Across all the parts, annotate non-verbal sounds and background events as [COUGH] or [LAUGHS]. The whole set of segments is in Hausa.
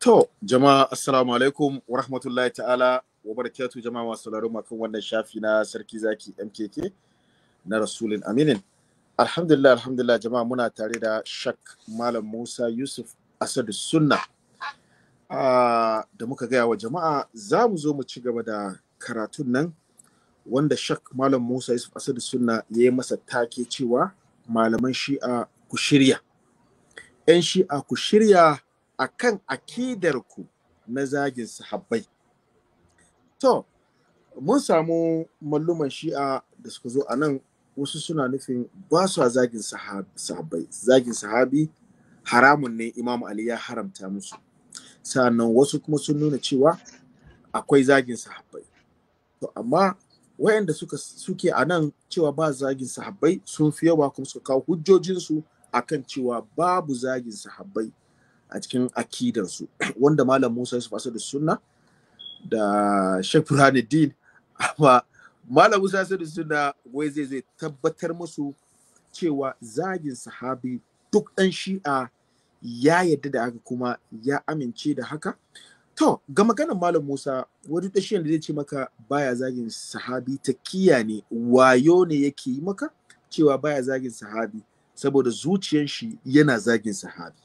To, jama'a assalamu alaikum wa rahmatullahi ta'ala wa barakatu jama'a masu sauraro kan wannan shafi na sarki zaki MKK na Rasulun Aminin. Alhamdulillah, alhamdulillah jama'a muna tare da Shak Malam Musa Yusuf Asadu Sunna. Uh, da muka gaya wa jama'a za mu zo mu ci gaba da karatun nan wanda Shak Malam Musa Yusuf Asadu Sunna ya yi masa take cewa malaman shi'a ku shirya. 'Yan shi'a ku shirya a akan akidarku na zagin sahabbai to mun samu malluman shi'a da suka zo a nan wasu suna nufin ba su zagin sahabbai zagin sahabi haramun ne Imam ali ya haramta musu sannan wasu kuma sun nuna cewa akwai zagin sahabbai to amma wayanda suka suke a nan cewa ba zagin sahabbai sun fi yawa kuma suka kawo hujjojinsu akan cewa babu zagin sahabbai a cikin akidansu [CLEARS THROAT] wanda malam musa yusuf asadu sunna da shek burhanuddin [LAUGHS] amma malam musa asadu sunna wai zai zai tabbatar musu cewa zagin sahabi duk ɗan shi'a ya yadda da haka kuma ya amince da haka to ga maganar malam musa wani ɗan shi da zai ce maka baya zagin sahabi ta ne wayo ne yake yi maka cewa baya zagin sahabi saboda zuciyar shi yana zagin sahabi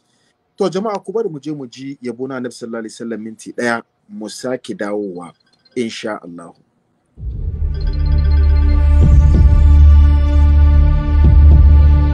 To jama'a ku bari mu je mu ji yabo na Nabi sallallahu alaihi wasallam minti daya mu sake dawowa insha Allah.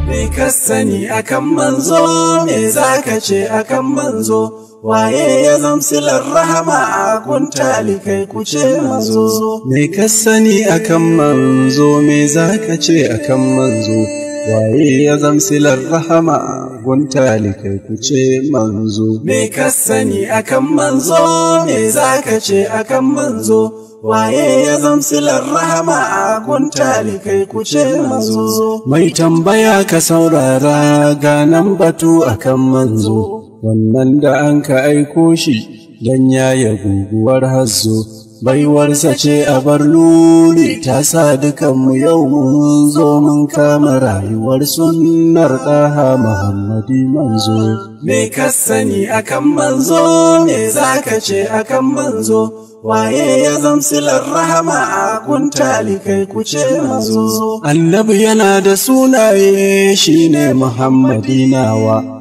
Me ka sani akan manzo me zaka ce akan manzo waye ya zamsilar rahama a tali kai kuce manzo me ka sani akan manzo me zaka ce akan manzo waye ya zamsilar rahama gunta likai ku ce manzo me ka sani akan manzo me za ka ce akan manzo waye ya zamsilar rahama a gunta likai ku ce manzo mai tambaya ka saurara ganan batu akan manzo wannan da an ka aiko shi dan yi guguwar hazo. baiwarsa ce a bar luli ta sa dukan mu yau mun zo mun kama rayuwar sunnar ɗaha muhammadi manzo me ka sani akan manzo me za ka ce akan manzo waye ya zamsilar rahama a kuntali kai kuce manzo annabi yana da sunaye shine muhammadi nawa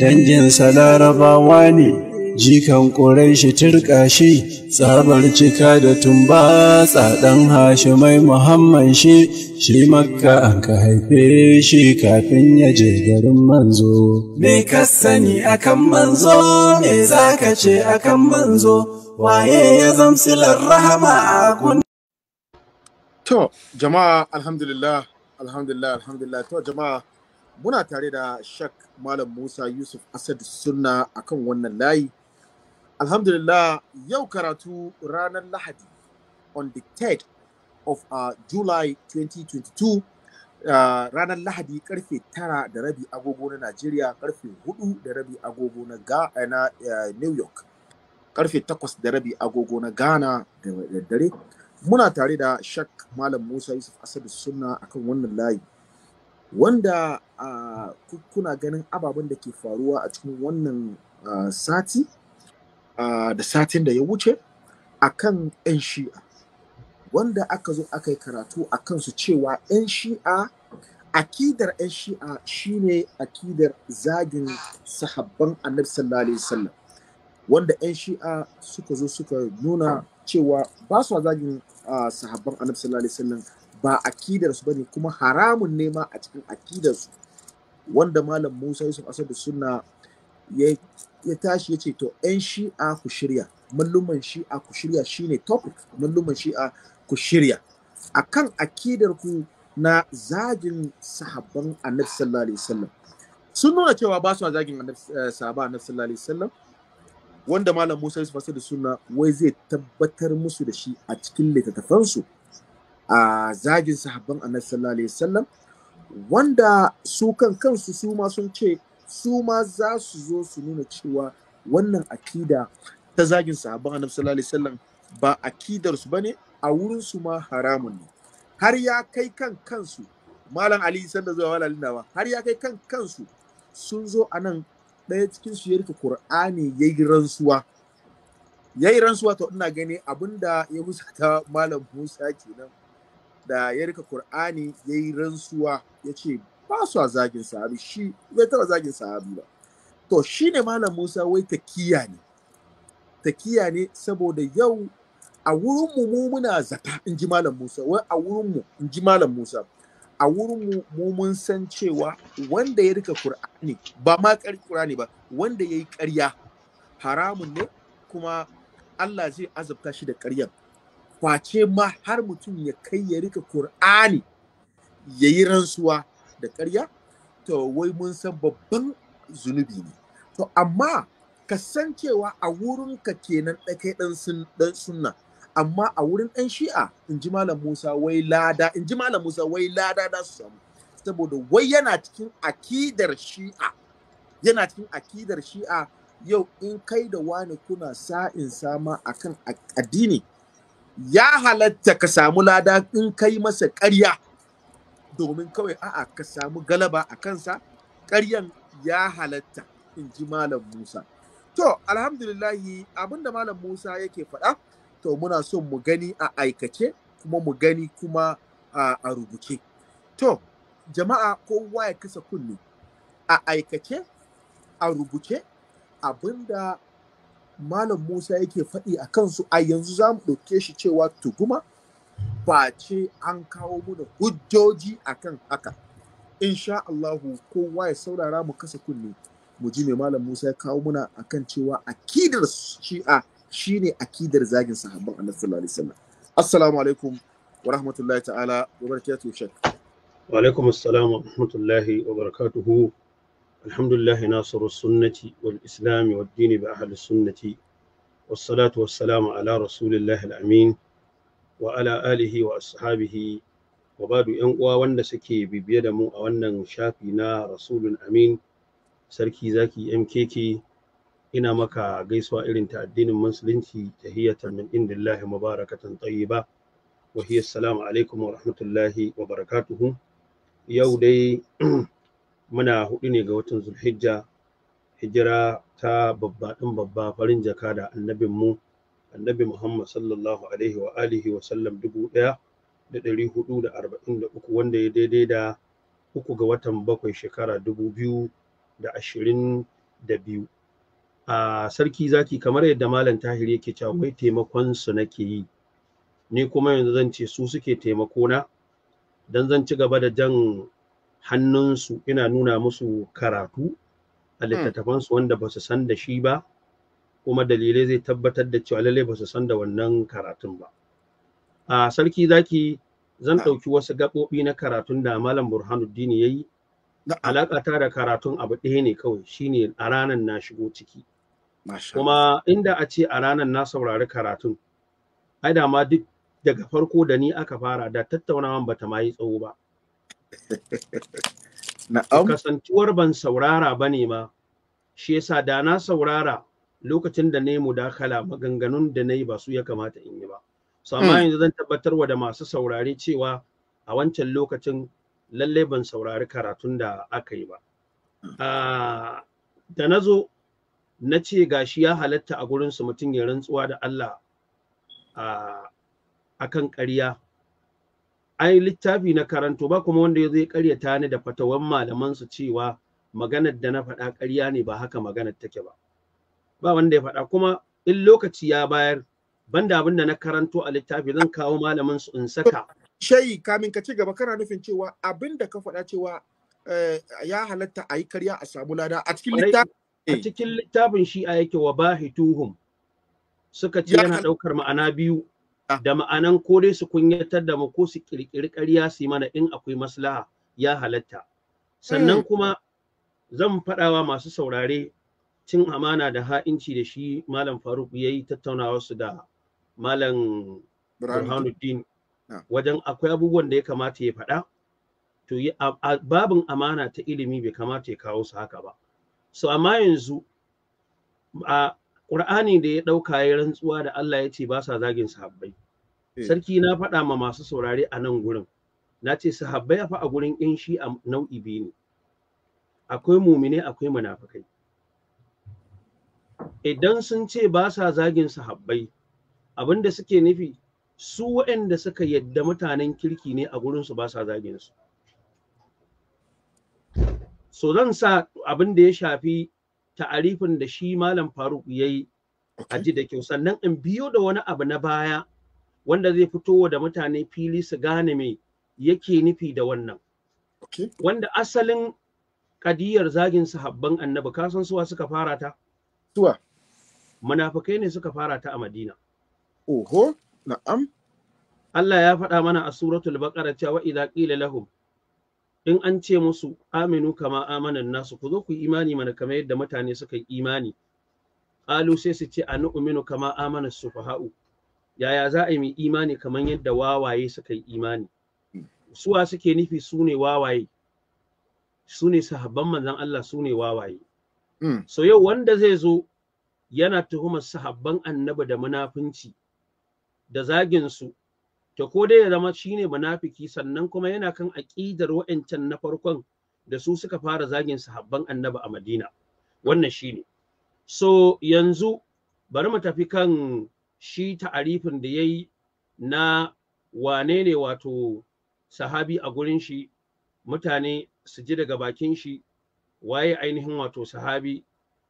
danginsa larabawa ne jikan shi turka shi tsabar cika da tumba tsadan mai muhamman shi shi makka an ka haife shi kafin ya je garin manzo me ka sani akan manzo me za ka ce akan manzo waye ya zamsi larrahama a kun to jama'a alhamdulillah alhamdulillah alhamdulillah to jama'a muna tare da shak malam musa yusuf asad sunna akan wannan layi alhamdulillah yau karatu ranar lahadi on the of uh, july 2022 uh, ranar lahadi karfe tara da rabi agogo na najeriya karfe hudu da rabi agogo na, uh, new york karfe takwas da rabi agogo na ghana da dare muna tare da shak malam musa yusuf asad sunna akan wannan layi wanda uh, kuna ganin ababen da ke faruwa a cikin wannan uh, sati uh, da satin da ya wuce a kan 'yan shi'a wanda aka zo aka yi karatu a kansu cewa 'yan shi'a akidar 'yan shi'a shine akidar zagin sahabban annabi sallallahu alaihi wasallam wanda 'yan shi'a suka zo suka nuna cewa ba su zagin sahabban annabi sallallahu alaihi wasallam ba akidarsu ba ne kuma haramun ne ma a cikin akidarsu wanda malam musa yusuf asadu suna ya tashi ya ce to 'yan shi'a ku shirya malluman shi'a ku shirya shine topic malluman shi'a ku shirya akan akidar ku na zagin sahabban annabi sallallahu alaihi wasallam sun nuna cewa ba su zagin eh, sahabban annabi sallallahu alaihi wasallam wanda malam Musa Yusuf asadu suna wai zai tabbatar musu da shi a cikin littattafansu a zagin sahabban annabi sallallahu alaihi wanda su kan kansu su ma sun ce su ma za su zo su nuna cewa wannan akida ta zagin sahabban annabi sallallahu alaihi ba akidar su bane a wurin su ma haramun ne har ya kai kan kansu malam ali sanda zuwa wala lindawa har ya kai kan kansu sun zo a nan ɗaya cikin su ya qur'ani yayi rantsuwa yayi rantsuwa to ina gani abinda ya musata ta malam musa kenan da ya rika Kur'ani ya yi rantsuwa ya ce ba su a zagin sahabi shi zai taba zagin sahabi ba to shi ne malam musa wai takiya ne takiya ne saboda yau a wurinmu mu muna zata in ji malam musa wai a wurinmu in ji malam musa a wurinmu mu mun san cewa wanda ya rika Kur'ani ba ma ƙarƙura ba wanda ya yi ƙarya haramun ne kuma Allah zai azabta shi da ƙaryar kwace ma har mutum ya kai ya rika Kur'ani ya yi rantsuwa da ƙarya to wai mun san babban zunubi ne to amma cewa a wurin ka kenan ɗakai ɗan sunna amma a wurin ɗan shi'a in ji malam musa wai lada in ji malam musa wai lada da su samu saboda wai yana cikin akidar shi'a yana cikin akidar shi'a yau in kai da wani kuna sa'in sama akan addini ya halatta ka samu lada in kai masa ƙarya domin kawai a'a ka samu galaba a kansa ƙaryan ya halatta in ji malam musa to alhamdulillahi abinda malam musa yake faɗa to muna son mu gani a aikace kuma mu gani kuma a, a rubuce to jama'a kowa ya kasa kunne a aikace a rubuce abinda malam musa yake faɗi a kansu a yanzu za mu ɗauke shi cewa tuguma ba ce an kawo mu da hujjoji akan haka insha Allahu kowa ya saurara mu kasa kunne mu ji me malam musa ya kawo muna a kan cewa akidar shi'a shine akidar zagin sahabban annabi sallallahu alaihi wasallam assalamu alaikum wa rahmatullahi ta'ala wa barakatuhu shek wa alaikum assalam wa rahmatullahi wa barakatuhu الحمد لله ناصر السنة والإسلام والدين بأهل السنة والصلاة والسلام على رسول الله الأمين وعلى آله وأصحابه وبعد bibiye da سكي a wannan shafi شافينا رسول أمين sarki zaki keke. ina maka gaisuwa irin ta addinin musulunci tahiyatan min indillahi mubarakatan tayyiba wa hiya assalamu alaikum wa rahmatullahi wa barakatuhu yau dai [CLEARS THROAT] muna huɗu ne ga watan zulhijja hijira ta babba ɗin babba farin jaka da annabin mu annabi muhammad sallallahu alaihi wa alihi wa sallam dubu ɗaya da ɗari hudu da arba'in da uku wanda ya daidai da uku ga watan bakwai shekara dubu biyu da ashirin da biyu a sarki zaki kamar yadda malam tahir yake cewa akwai taimakon su nake yi ni kuma yanzu zan ce su suke taimako na dan zan ci gaba da jan hannunsu ina nuna musu karatu a hmm. littattafansu wanda ba su san da shi ba kuma dalilai zai tabbatar da cewa lallai ba su san da wannan karatun ba a sarki zaki zan ɗauki wasu gaɓoɓi na karatun da malam burhanuddin ya yi alaƙa ta da karatun abu ɗaya ne kawai shine a ranan na shigo ciki kuma inda a ce a ranan na saurari karatun ai da ma duk daga farko da ni aka fara da tattaunawan bata ma yi tsawo ba [LAUGHS] Kasantuwar ban saurara ba ne ma, shi yasa da na saurara lokacin da na yi mudakala maganganun da na yi ba su ya kamata in yi ba. So amma hmm. yanzu zan tabbatar wa da masu saurari cewa a wancan lokacin lallai ban saurari karatun da aka yi ba. Hmm. Ah, da nazo zo na ce gashi ya halatta a gurinsu mutum ya rantsuwa da Allah ah, a kan ƙarya ai littafi na karanto ba kuma wanda zai karyata ni da fatawan malaman su cewa maganar da na faɗa ƙarya ne ba haka maganar take ba ba wanda ya faɗa kuma in lokaci ya bayar banda abin da na karanto a littafi zan kawo malamin su in saka shayi kamin ka ci gaba kana nufin cewa abin da ka faɗa cewa eh, ya halatta a yi karya a samu lada a cikin littafin a cikin littafin shi a yake wa bahituhum suka ce yana ɗaukar ma'ana biyu Ah. da ma'anan ko dai su kunyatar da mu ko su kirkiri ƙarya su mana in akwai maslaha ya halatta sannan hmm. kuma zan faɗawa masu saurare cin amana da ha'inci da shi malam faruk ya yi tattaunawa su da malam burhanuddin ah. wajen akwai abubuwan da ya kamata ya faɗa to babin amana ta ilimi bai kamata ya kawo su haka ba so amma yanzu a Ƙur'ani da ya ɗauka ya rantsuwa da Allah ya ce ba sa zagin sahabbai. Eh. Sarki na faɗa ma masu saurare a nan gurin. Na ce sahabbai fa a gurin ƴan shi a nau'i biyu ne. Akwai mumine akwai munafukai. Idan sun ce ba sa zagin sahabbai abin da suke nufi su waɗanda suka yadda mutanen kirki ne a gurinsu ba sa zagin su. So zan sa abin da ya shafi ta'arifin da shi malam faruk ya yi a ji da kyau sannan in biyo da wani abu na baya wanda zai fito da mutane fili su gane me yake nufi da wannan wanda asalin kadiyar zagin sahabban annabi kasan suwa suka fara ta suwa munafikai ne suka fara ta a madina oho na'am Allah ya faɗa mana a suratul baqara cewa idza qila lahum in an ce musu aminu kama amanan nasu ku zo ku imani mana kamar yadda mutane suka yi imani alu sai su ce anu uminu kama amanan sufaha'u yaya za a yi imani kamar yadda wawaye suka yi imani suwa suke nufi su ne wawaye su ne sahabban manzon Allah su ne wawaye hmm. so yau wanda zai zo yana tuhumar sahabban annabi da munafunci da zagin su to ko dai ya zama shine munafiki sannan kuma yana kan aƙidar wa'ancan na farkon da su suka fara zagin sahabban annabi a Madina wannan shine so yanzu bari mu tafi kan shi ta'arifin da yayi na wane ne wato sahabi a gurin shi mutane su ji daga bakin shi waye ainihin wato sahabi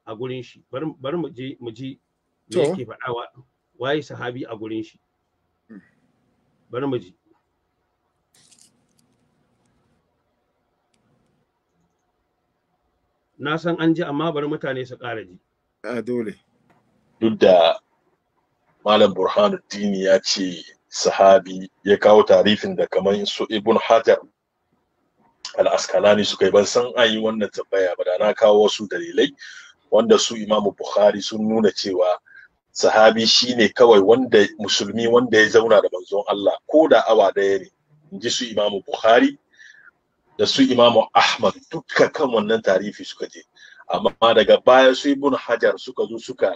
a gurin shi bari mu je mu ji me yake faɗa waye sahabi a gurin shi bari mu ji na san an ji amma bari mutane su ƙara ji a dole duk da malam burhanuddin ya ce sahabi ya kawo tarifin da kamar su ibn hajar al-askalani suka yi ban san ayi wannan tambaya ba da na kawo wasu dalilai wanda su imamu bukhari sun nuna cewa sahabi shine kawai wanda musulmi wanda ya zauna da manzon Allah ko da awa daya ne inji su imamu bukhari da su imamu ahmad duka kan wannan tarifi suka je amma daga baya su ibn hajar suka zo suka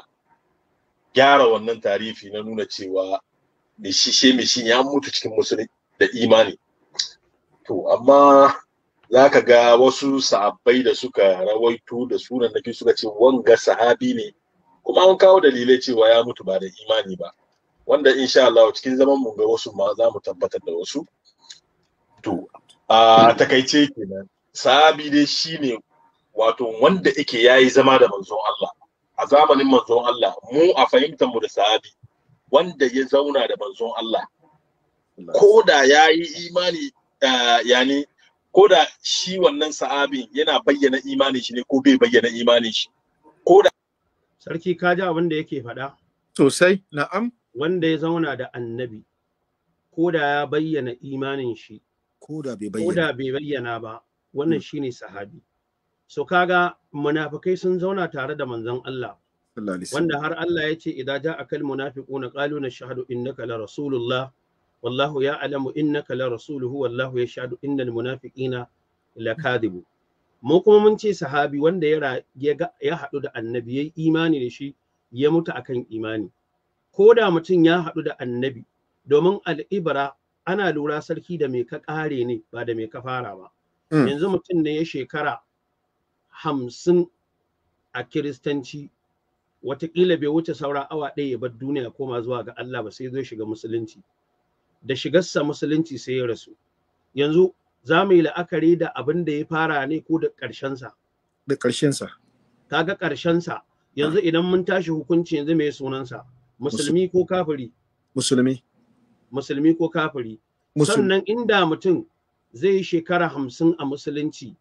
gyara wannan tarifi na nuna cewa shi she mai shi ya mutu cikin musulmi da imani to amma za ka ga wasu sahabbai da suka rawaito da sunan nabi suka ce wanga sahabi ne kuma an kawo dalilai cewa ya mutu ba da imani ba wanda insha Allah cikin zaman mu ga wasu ma za mu tabbatar da wasu to a takaice kenan sahabi dai shine wato wanda yake yayi zama da manzon Allah a zamanin manzon Allah mu a fahimtar mu da sahabi wanda ya zauna da manzon Allah ko da yayi imani yani ko da shi wannan sahabin yana bayyana imanin shi ne ko bai bayyana imanin shi ko da sarki ka ji abin da yake faɗa sosai na'am wanda ya zauna da annabi ko da ya bayyana imanin shi ko da bai bayyana ba wannan mm. shine sahabi so kaga munafikai sun zauna tare da manzon Allah wanda har Allah ya ce idan ja akal munafiquna qalu nashhadu innaka la rasulullah wallahu ya'lamu innaka la rasuluhu wallahu yashhadu innal munafiqina lakadibu mu kuma mun ce sahabi wanda ya ya haɗu da annabi ya imani da shi ya mutu akan imani ko da mutum ya haɗu da annabi domin al'ibra ana lura sarki da mai ka ƙare ne ba da mai ka fara ba hmm. yanzu mutum ne ya shekara hamsin a kiristanci watakila bai wuce saura awa ɗaya ya bar duniya koma zuwa ga Allah ba sai zo shiga musulunci da shigarsa musulunci sai ya rasu yanzu za mu yi la'akari da abin da ya fara ne ko da ƙarshensa. Da ƙarshensa. Kaga ƙarshensa yanzu idan mun tashi hukunci yanzu mai sunansa musulmi ko kafiri. Musulmi. Musulmi ko kafiri. Sannan inda mutum zai yi shekara hamsin a musulunci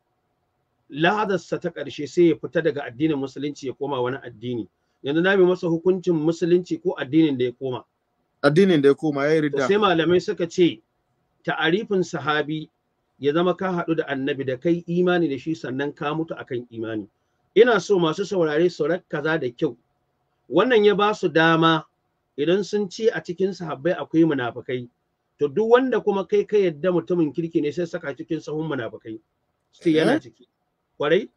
lahazarsa ta ƙarshe sai ya fita daga addinin musulunci ya koma wani addini. Yanzu na masa hukuncin musulunci ko addinin da ya koma. Addinin da ya koma ya yi Sai malamai suka ce ta'arifin sahabi ya zama ka haɗu da annabi da kai imani da shi sannan ka mutu akan imani ina so masu saurare su kaza da kyau wannan ya ba su dama idan sun ci a cikin sahabbai akwai munafukai to duk wanda kuma kai ka yadda mutumin kirki ne sai saka cikin sahun munafukai sai yana eh? ciki kwarai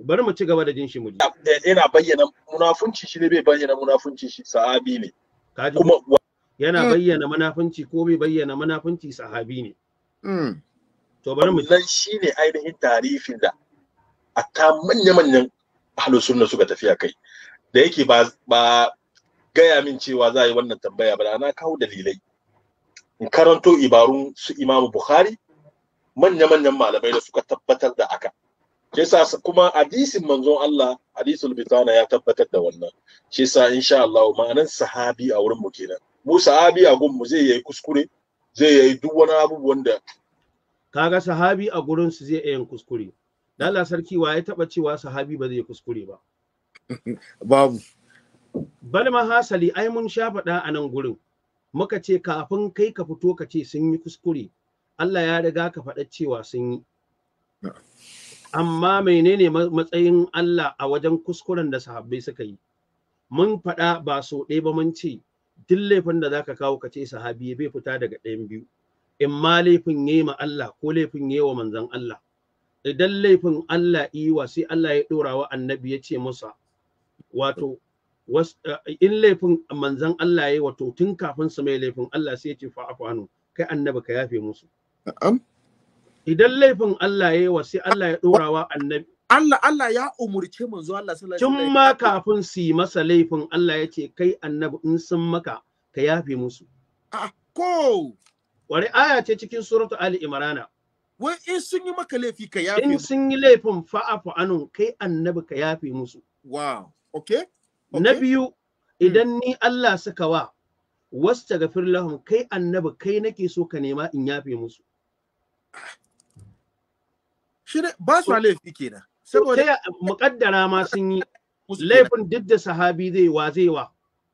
bari mu ci gaba da jin shi mu ji yana bayyana munafunci shi ne bai bayyana munafunci shi sahabi ne kuma yana hmm. bayyana munafunci ko bai bayyana munafunci sahabi ne hmm. to bari mu ne shine ainihin tarihin da a ta manya-manyan ahlus sunna suka tafi kai da yake ba ba gaya min cewa za a yi wannan tambaya ba na kawo dalilai in karanto ibarun su imamu bukhari manya-manyan malamai da suka tabbatar da aka shi yasa kuma hadisin manzon Allah hadisul bitana ya tabbatar da wannan shi yasa insha Allah ma'anan sahabi a wurin mu kenan mu sahabi a gun mu zai yayi kuskure zai yayi duk wani abubuwan da kaga sahabi a gurin su zai yin kuskure dala sarki wa ya taba cewa sahabi ba zai kuskure ba babu bal ma hasali ai mun sha faɗa a nan gurin muka ce kafin kai ka fito ka ce sun yi kuskure Allah ya riga ka faɗa cewa sun yi amma menene matsayin Allah a wajen kuskuren da sahabbai suka yi mun faɗa ba so ɗaya ba mun ce duk laifin da zaka kawo ka ce sahabi bai fita daga ɗayan biyu in ma laifin yayi ma Allah ko laifin yayi wa manzon Allah idan laifin Allah yi wa, sai Allah ya dora wa annabi ya ce masa wato eh, in laifin manzon Allah yayi wato tun kafin su mai laifin Allah sai ya ce fa afanu kai annabi ka yafe musu idan laifin Allah yayi wa sai Allah ya dora wa annabi Allah Allah ya umurce manzo Allah sallallahu alaihi wasallam ma kafin su yi masa laifin Allah ya ce kai annabi in sun maka ka yafe musu ko Wani aya ce cikin suratu Ali Imrana. Wai in sun yi maka laifi ka yafe In sun yi laifin fa'afu anun kai annabi ka yafe musu. Wow, okay. okay. Na biyu, hmm. idan ni Allah suka wa, wasta gafir lahum kai annabi kai nake so ka nema in yafe musu. Shi ba su laifi kenan. Saboda muƙaddara ma sun yi [LAUGHS] laifin duk da sahabi zai wa zai wa.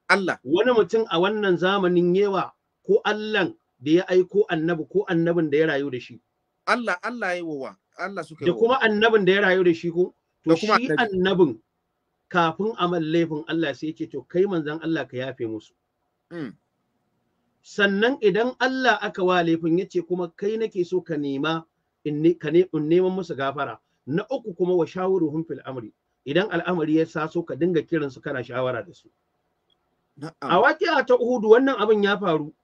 Allah. Wani mutum a wannan zamanin yewa ko Allah da ya aiko annabi ko annabin da ya rayu da shi Allah Allah ya Allah suka da kuma annabin da ya rayu da shi ko to shi annabin kafin a laifin Allah sai yake to kai manzon Allah ka yafe musu hmm. sannan idan Allah aka wa laifin yace kuma kai nake so ka nema in neman musu gafara na uku kuma wa shawaruhum fil amri idan al'amari ya saso ka dinga kiransu kana shawara da su a wakiya ta Uhudu wannan abin ya faru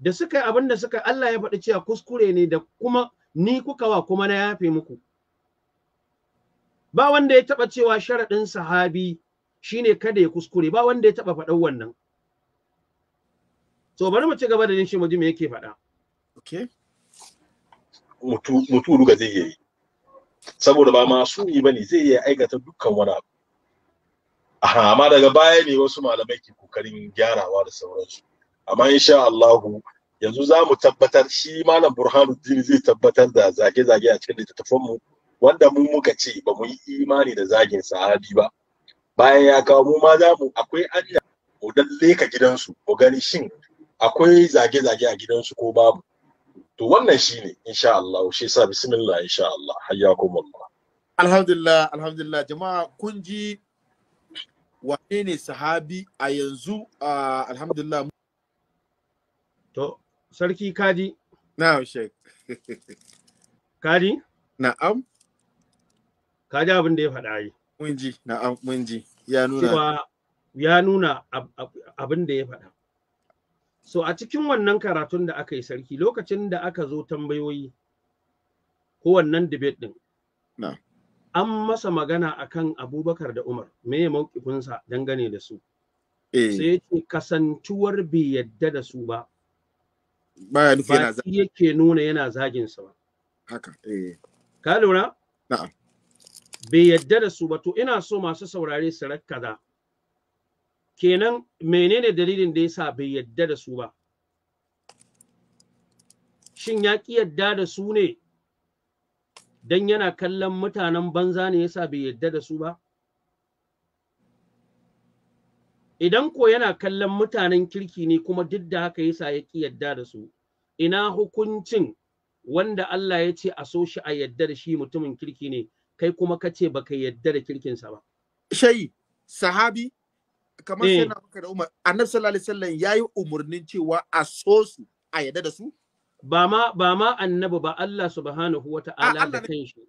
da suka yi abin da suka Allah ya faɗi cewa kuskure ne da kuma ni kuka wa kuma na yafe muku ba wanda ya taɓa cewa sharaɗin sahabi shine kada ya kuskure ba wanda ya taɓa faɗan wannan so bari mu ci gaba da jin shi mu ji me yake faɗa okay mutu mutu duka zai yi saboda ba masu yi bane zai iya aikata dukkan wani abu amma daga baya ne wasu malamai ke kokarin gyarawa da sauransu amma insha Allah yanzu za mu tabbatar shi malam burhanuddin zai tabbatar da zage-zage a cikin littattafan mu wanda mu muka ce ba mu yi imani da zagin sahabi ba bayan ya kawo mu ma za mu akwai anya mu dan leka gidansu mu gani shin akwai zage-zage a gidansu ko babu to wannan shine insha Allah shi sa bismillah insha Allah hayyakum Allah alhamdulillah alhamdulillah jama'a kun ji wane ne sahabi a yanzu ah, alhamdulillah To, sarki kaji. Na'am, Sheikh. [LAUGHS] kaji? Na'am. Kaji abin da ya faɗa yi. Mun ji, na'am, mun ji. Ya nuna. Cewa ya nuna abin da ya faɗa. So a cikin wannan karatun da aka yi sarki lokacin da aka zo tambayoyi ko wannan debate ɗin. Na. An masa magana akan Abubakar da Umar, me ya kunsa, dangane da su. Eh. Sai ya ce kasantuwar bai yadda da su ba, baya nufi yana zagin yake nuna yana zagin sa ba haka eh ka lura na'am bai yadda da su ba to ina so masu saurare su rakkaza kenan menene dalilin da yasa bai yadda da su ba shin ya ki yadda da su ne dan yana kallon mutanen banza ne yasa bai yadda da su ba idan ko yana kallon mutanen kirki ne kuma duk da haka yasa ya ki yadda da su ina hukuncin wanda Allah ya ce a so shi a yadda da shi mutumin kirki ne kai kuma ka ce baka yadda da kirkinsa ba shayi sahabi kamar eh. sai na baka da Umar Annabi sallallahu alaihi wasallam yayi umurnin cewa a so su a yadda da su ba ma ba ma annabi ba Allah subhanahu wata'ala da kanshi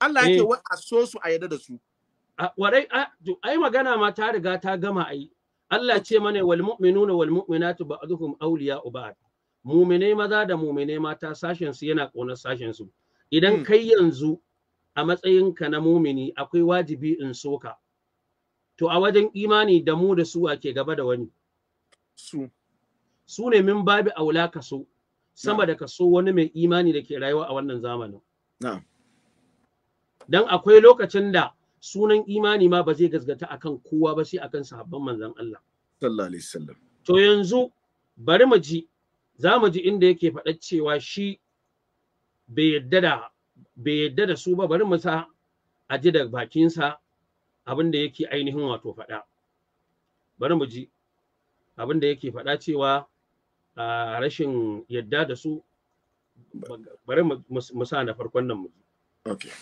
Allah yake eh. wa a so su a yadda da su warai ai magana ma ta riga ta gama ai Allah ce mana wal mu'minuna wal mu'minatu ba'dhum awliya ba'd mu'mine maza da mu'mine mata sashen su yana kona sashen su idan hmm. kai yanzu a matsayin ka na mumini akwai wajibi in soka to a wajen imani da mu da su ke gaba da wani su su ne min babi aula kaso sama da kaso wani mai imani da ke rayuwa a wannan zamanin dan akwai lokacin da sunan imani ma ba zai gazgata akan kowa ba sai akan sahabban manzon Allah sallallahu alaihi wasallam to yanzu bari mu ji za mu ji inda yake faɗa cewa shi bai yadda da bai yadda da su ba bari mu sa a ji da bakinsa abin da yake ainihin wato faɗa bari mu ji abin da yake faɗa cewa a rashin yadda da su bari mu sa na farkon nan mu okay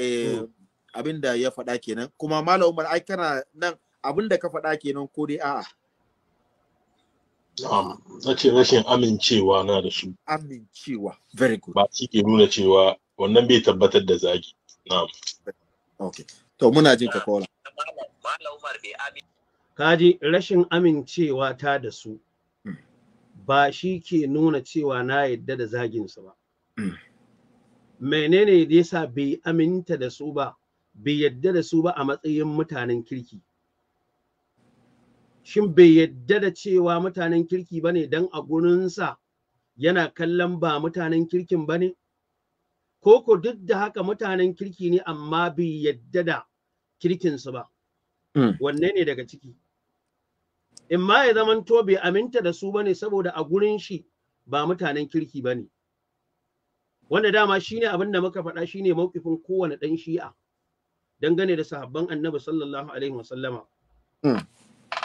eh hmm. abin da ya faɗa kenan kuma malam umar ai kana nan abin da ka faɗa kenan ko dai a'a na ce rashin amincewa na da su amincewa very good ba shi ke nuna cewa wannan bai tabbatar da zagi na'am okay to muna jin ka kola malam umar bai amin kaji rashin amincewa ta da su hmm. ba shi ke nuna cewa na yadda da zaginsu ba. Hmm. Menene da yasa bai aminta da su ba, bai yadda da su ba a matsayin mutanen kirki shin bai yadda da cewa mutanen kirki ba ne don a gurinsa yana kallon ba mutanen kirkin ba ne? Koko duk da haka mutanen kirki ne amma bai yadda da kirkinsu ba, hmm. wanne ne daga ciki? In ma ya zamanto bai aminta da su ba ne saboda a gurin shi ba mutanen kirki ba ne. Wanda dama shi ne abin da muka faɗa shine ne mawkifin kowane ɗan shi'a. dangane da sahabban annabi sallallahu alaihi wasallama hmm.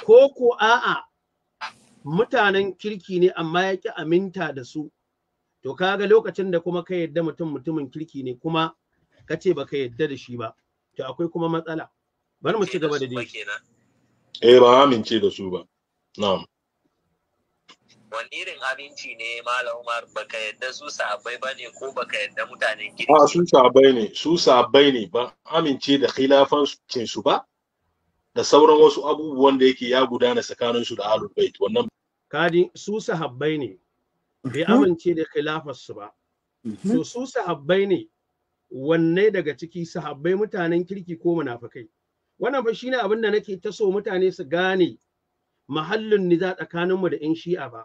ko ko a'a mutanen kirki ne amma ya ƙi aminta da su to kaga lokacin da kuma ka yadda mutum mutumin kirki ne kuma ka ce baka yadda da shi ba to akwai kuma matsala bari mu ci gaba da dai eh ba amince da su ba na'am wani irin aminci ne malam Umar baka yadda su ba bane ko baka yadda mutanen kirki ba ah, su sabai ne su sabai ne ba amince da khilafancin su ba da sauran wasu abubuwan da yake ya gudana tsakanin su da ahlul bait wannan kadi su sahabbai ne bai hmm? amince da khilafar su ba to hmm? su sahabbai ne wanne daga ciki sahabbai mutanen kirki ko munafikai wannan ba shine abin da nake taso mutane su gane mahallin niza tsakaninmu da in shi'a ba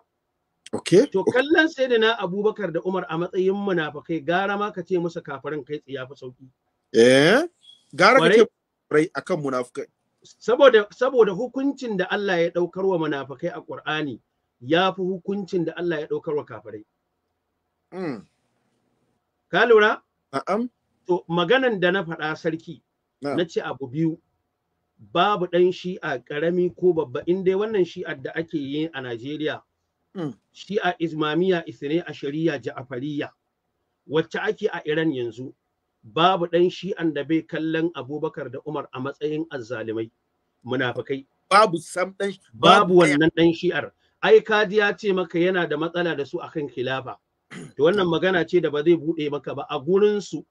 Okay. To kallon sai da na Abubakar da Umar a matsayin munafakai gara ma ka ce musu kafirin kai tsiya fi sauki. Eh, gara ka ce rai akan munafakai. Saboda saboda hukuncin da Allah ya daukar wa munafukai a Qur'ani ya fi hukuncin da Allah ya daukar wa kafirai. Mm. Ka lura? Na'am. To maganan da na faɗa sarki. Na ce abu biyu. Babu ɗan shi'a ƙarami ko babba in dai wannan shi'ar da ake yi a Najeriya. Mm. shi'a ismamiya isne a shari'a ja'afariya wacce ake a iran yanzu babu ɗan shi'an da bai kallon abubakar da umar a matsayin azzalimai munafukai babu sam ɗan babu wannan ɗan shi'ar ai kadi ya ce maka yana da matsala da su akan khilafa to wannan magana ce da ba zai buɗe maka ba a gurin su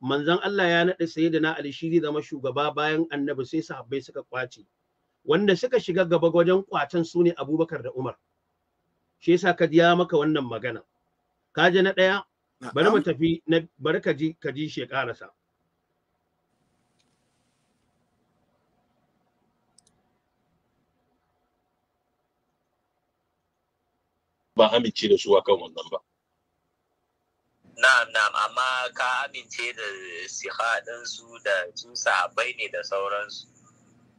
manzon Allah ya naɗa sayyidina Ali shiri da zama shugaba bayan annabi sai sahabbai suka kwace wanda suka shiga gaba wajen kwacen su ne Abubakar da Umar shi yasa ka ya maka wannan magana ka ji na ɗaya bari mu tafi na bari ka ji ka ji shi karasa ba amince da su kan wannan ba na'am amma ka amince da siha su da su sahabbai ne da sauransu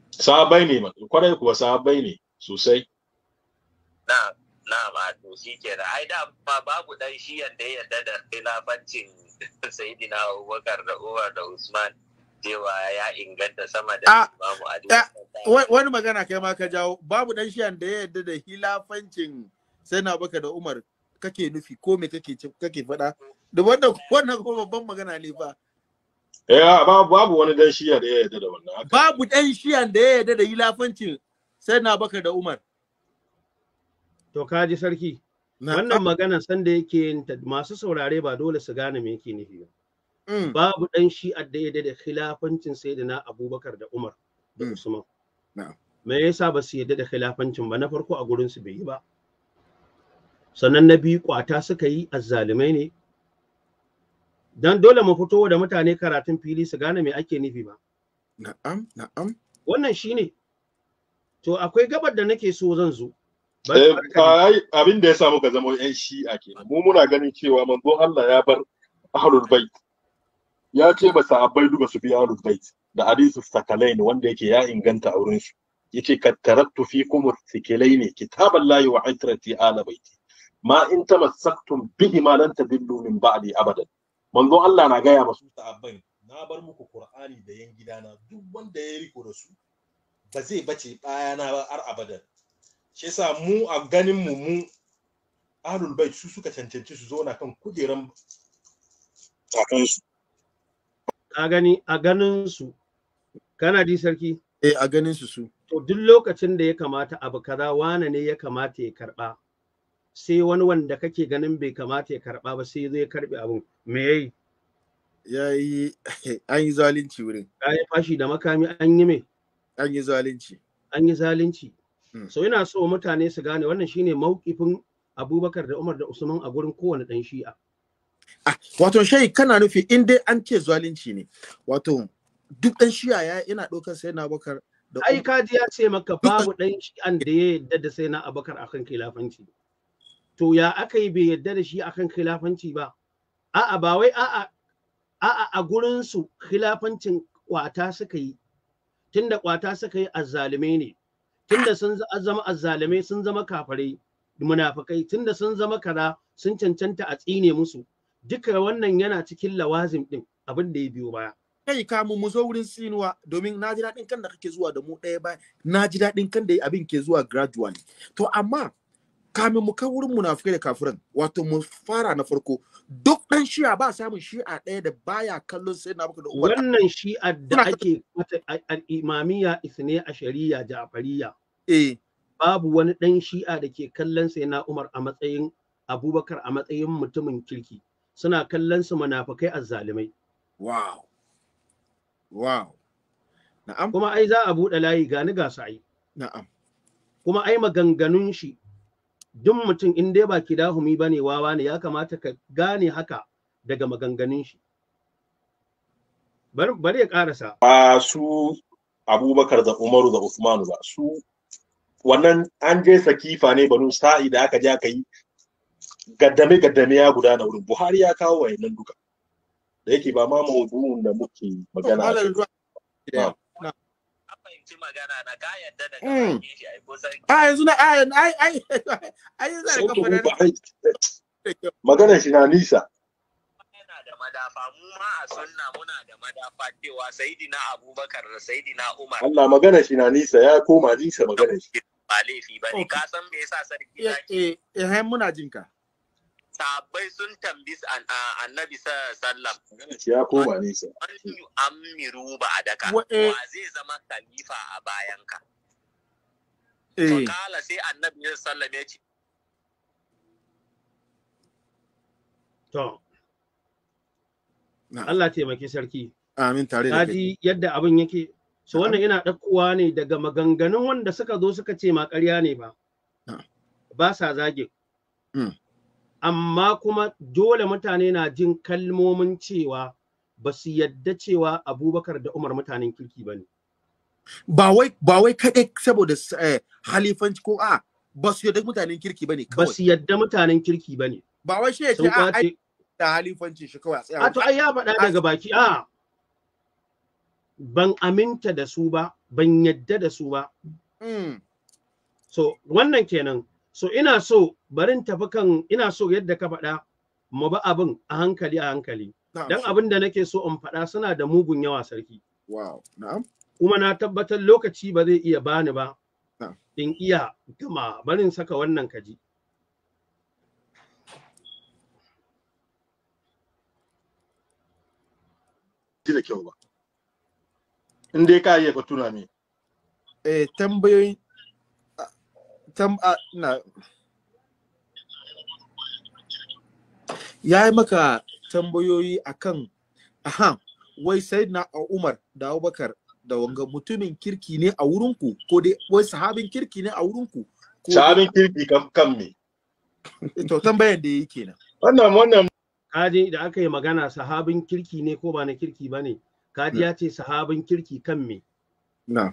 sahabbai ne kwarai kuwa sahabbai ne sosai na'am na ma to shi kenan ai da ba babu dan shi yadda yadda da khilafancin [LAUGHS] sayyidina Abubakar da Umar da Usman cewa ya inganta sama da ah, Imam Ali eh, wani magana kai ma ka jawo babu dan shi yadda yadda da khilafancin sayyidina Abubakar da Umar kake nufi ko me kake kake faɗa da wannan wannan ko babban magana ne fa Eh babu babu wani dan shiya da ya da wannan babu dan shi da ya da hilafancin sai na baka da Umar To ka ji sarki. Wannan maganar sanda yake yin masu saurare ba dole su gane me yake nufi ba. Mm. Babu ɗan shi addaida da khilafancin sayyidina Abubakar da Umar da mm. Usman. Me yasa ba su yadda da khilafancin ba na farko a gurin su bai yi ba. Sannan na biyu kwata suka yi azzalumai ne. Dan dole mu fito da mutane karatun fili su gane me ake nufi ba. Na'am, na'am. Wannan shine. To akwai gabar da nake so zan zo. Eh, abin da ya samu ka zama yan shi'a kenan mu muna ganin cewa manzo Allah ya bar ahlul bait ya ce ba sahabbai duka su bi ahlul bait da hadisu sakalain wanda yake ya inganta auren su yace kattarattu fikum sikalain kitaballahi wa itrati ala baiti ma in tamassaktum bihi ma lan tadillu min ba'di abadan manzo Allah na gaya masu sahabbai na bar muku qur'ani da yan gidana duk wanda ya riko da su ba zai bace bayana ba har abadan shi yasa mu a ganin mu mu ahlul bait su suka cancanci su zauna kan kujeran su. a gani a ganin su kana di sarki eh a ganin su su to duk lokacin da ya kamata abu kaza wane ne ya kamata ya karba sai wani wanda kake ganin bai kamata ya karba ba sai zai karbe abun me yayi yayi [LAUGHS] an yi zalunci wurin Ya yi fashi da makami an yi me an yi zalunci an yi zalunci Mm. so ina so mutane su gane wannan shine mawkifin abubakar da umar da usman a gurin kowane ɗan shi'a ah, wato shai kana nufi in dai an ce zalunci ne wato duk ɗan shi'a ya yana ɗaukar sai na abubakar da ai kaji ya ce maka babu ɗan Shi'a da ya yadda da sai na abubakar akan khilafanci to ya aka yi bai yadda da shi akan khilafanci ba a'a ba wai a'a a'a a gurin su khilafancin kwata suka yi tunda kwata suka yi zalume ne tunda sun zama azzalimai sun zama kafare, munafikai tunda sun zama kaza sun cancanta a tsine musu duka wannan yana cikin lawazim din abin da ya biyo baya kai kamu mu zo wurin tsinuwa domin na ji daɗin kan da kake zuwa da mu ɗaya ba na ji daɗin kan da abin ke zuwa gradually to amma kamin mu kai wurin munafikai da kafiran wato mu fara na farko duk dan shi'a ba samun shi'a ɗaya da baya kallon sai na da wannan shi'a da ake mata al isne a shari'a ja'fariya eh babu wani dan shi'a da ke kallon sai na umar a matsayin abubakar a matsayin mutumin kirki suna kallon su munafikai azzalimai wow wow na'am kuma ai za a buɗe layi gani ga su ai na'am kuma ai maganganun shi duk mutum in dai ba kidahumi ba ne wawa ne ya kamata ka gane haka daga maganganun shi bari ya karasa ba su abubakar da umaru da usmanu ba su wannan an je sakifa ne banu sa'i da aka je aka yi gaddame gaddame ya gudana wurin buhari ya kawo wayannan duka da yake ba ma maudu'un da muke magana fahimci magana na ka yadda da hmm. shi ai ko A yanzu na ai ai [LAUGHS] ai ai zai ka fara. Magana shi na nisa. Yana da madafa mu ma a sunna muna da madafa cewa Saidina Abubakar da Saidina Umar. Allah magana shi na nisa ya koma nisa magana shi. Ba laifi ba ne ka san me yasa sarki ya eh, ce. Eh eh muna jinka. sahabbai sun tambi annabi sallam ya koma an amiru ba a daka eh. wa zai zama khalifa a bayanka ka. Eh. kala sai annabi sallam ya ce Allah taimaki sarki amin tare da kai yadda abin yake so wannan ina ɗaukowa ne daga maganganun wanda suka zo suka ce ma ƙarya ne ba ba sa zage. Hmm. amma kuma dole mutane na jin kalmomin cewa ba su yadda cewa abubakar da umar mutanen kirki ba ne ba wai ba wai kaɗai saboda eh, halifanci ko a ba su yadda mutanen kirki ba ne ba su yadda mutanen kirki ba ne ba wai shi ya ce a halifanci shi kawai a to ai ya faɗa daga baki a ban aminta da su ba ban yadda da su ba hmm. so wannan kenan so ina so barin tafi kan ina so yadda ka faɗa mu ba abin a hankali a hankali dan abin da nake so in faɗa suna da mugun yawa sarki wow na'am kuma na tabbatar lokaci ba zai iya bani ba in iya gama barin saka wannan kaji ji kyau ba in dai ka iya ka tuna eh tambayoyi tam na ya yi maka tambayoyi akan aha wai sai na Umar da Abubakar da wanga mutumin kirki ne a wurinku ko dai wai sahabin kirki ne a wurinku sahabin kirki kan kan me eh, to tambayan da yake kenan wannan wannan kaje da aka yi magana sahabin kirki ne ko ba na kirki bane kaji ya ce sahabin kirki kan me na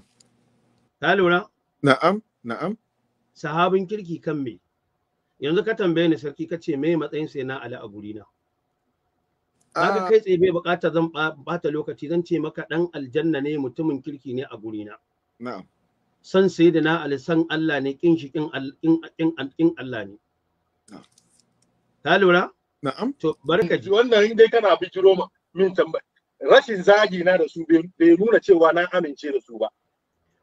ta lura na'am na'am sahabin kirki kan me yanzu ka tambaye ni sarki ka ce me matsayin sai na ali a gurina Haka ah. kai tsaye bai bukata zan bata lokaci zan ce maka dan aljanna ne mutumin kirki ne a gurina. Na'am. San sai da na ali san Allah ne kin shi kin kin Allah ne. Ta lura? Na'am. To barka ji. Wannan dai kana bijiro min tambaya. Rashin zagi na da su bai nuna cewa na amince da su ba.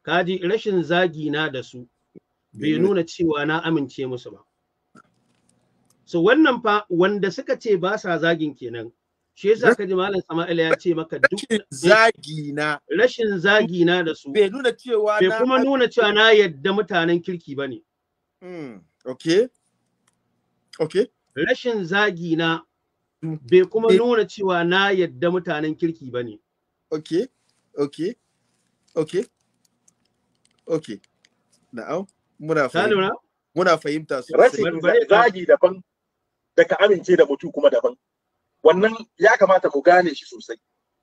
Kaji rashin zagi na da su bai nuna cewa na amince musu ba so wannan fa wanda suka ce ba sa zagin kenan shi yasa ka ji malam Sama'ila ya ce maka duk zagi na rashin zagi na da su bai nuna cewa bai kuma nuna cewa na yadda mutanen kirki bane ne. Hmm, okay okay rashin zagi na hmm. bai kuma nuna cewa na yadda mutanen kirki bane okay okay okay okay na'am muna fahimta muna fahimta su rashin zagi daban da ka amince da mutu kuma daban wannan ya kamata mu gane shi sosai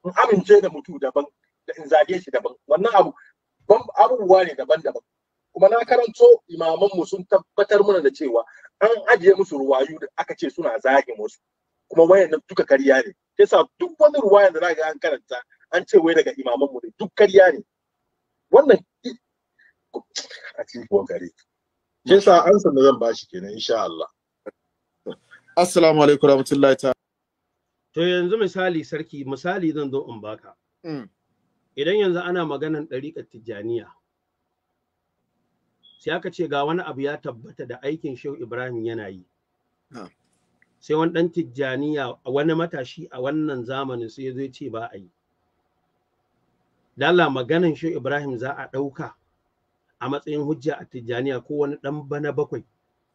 in amince da mutu daban da in zage shi daban wannan abu abubuwa ne daban-daban kuma na karanto imamanmu sun tabbatar mana da cewa an ajiye musu ruwayu da aka ce suna zagin wasu kuma wayannan duka karya ne yasa duk wani ruwayan da zaka an karanta an ce wai daga imamanmu ne duk karya ne wannan a cikin an zan bashi kenan insha Allah assalamu alaikum rahmatullahi ta to yanzu misali sarki misali zan zo in baka hmm. idan yanzu ana maganan ɗariƙar tijjaniya sai aka ce ga wani abu ya tabbata da aikin shehu ibrahim yana yi sai wani ɗan tijjaniya wani matashi a wannan zamanin sai zo ce ba a yi Lala maganan shehu ibrahim za a ɗauka a matsayin hujja a tijjaniya ko wani dan bana bakwai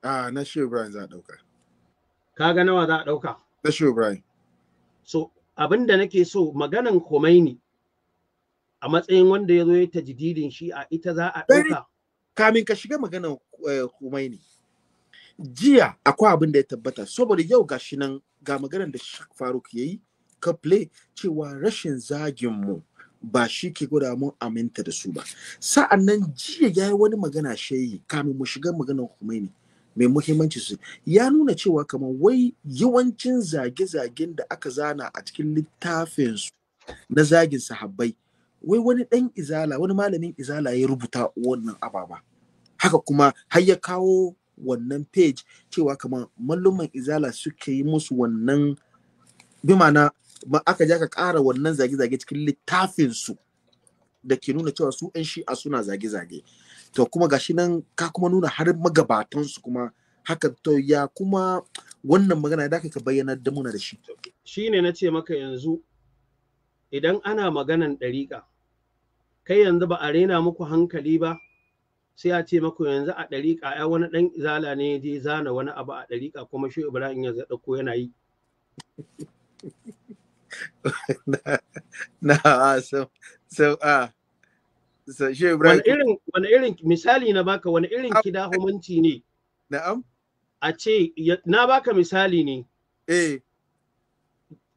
a na shi za a dauka kaga nawa za a dauka na shi so abin da nake so maganan Khomeini a matsayin wanda ya zo ya tajdidin shi a ita za a dauka kamin ka shiga maganan eh, Khomeini jiya akwai abin da ya tabbata saboda yau gashi nan ga maganar da Faruk ya yi, ka play cewa rashin zagin mu ba shi ke gwada mun aminta da su ba sa'an nan jiya ya yi wani magana shehi kamin mu shiga maganar Khomeini mai muhimmanci su ya nuna cewa kamar wai yawancin zage-zagen da aka zana a cikin littafin su na zagin sahabbai wai wani ɗan izala wani malamin izala ya rubuta wannan ababa haka kuma har ya kawo wannan page cewa kamar malluman izala suka yi musu wannan bi ma'ana ma aka ji aka ƙara wannan zage-zage cikin littafinsu da ke nuna cewa su 'yan shi'a suna zage-zage to kuma gashi nan ka kuma nuna har magabatansu kuma haka to ya kuma wannan magana da ka bayyana da muna da shi shi ne na ce maka yanzu idan ana maganan ɗariƙa kai yanzu ba a rena muku hankali ba sai a ce maku yanzu a ɗariƙa ya wani ɗan izala ne ya je zana wani abu a ɗariƙa kuma shi ibrahim ya ko yana yi [LAUGHS] na ah, so so ah so she wani irin wani irin misali na baka wani irin ah. kida humanci ne na'am a ce na baka misali ne eh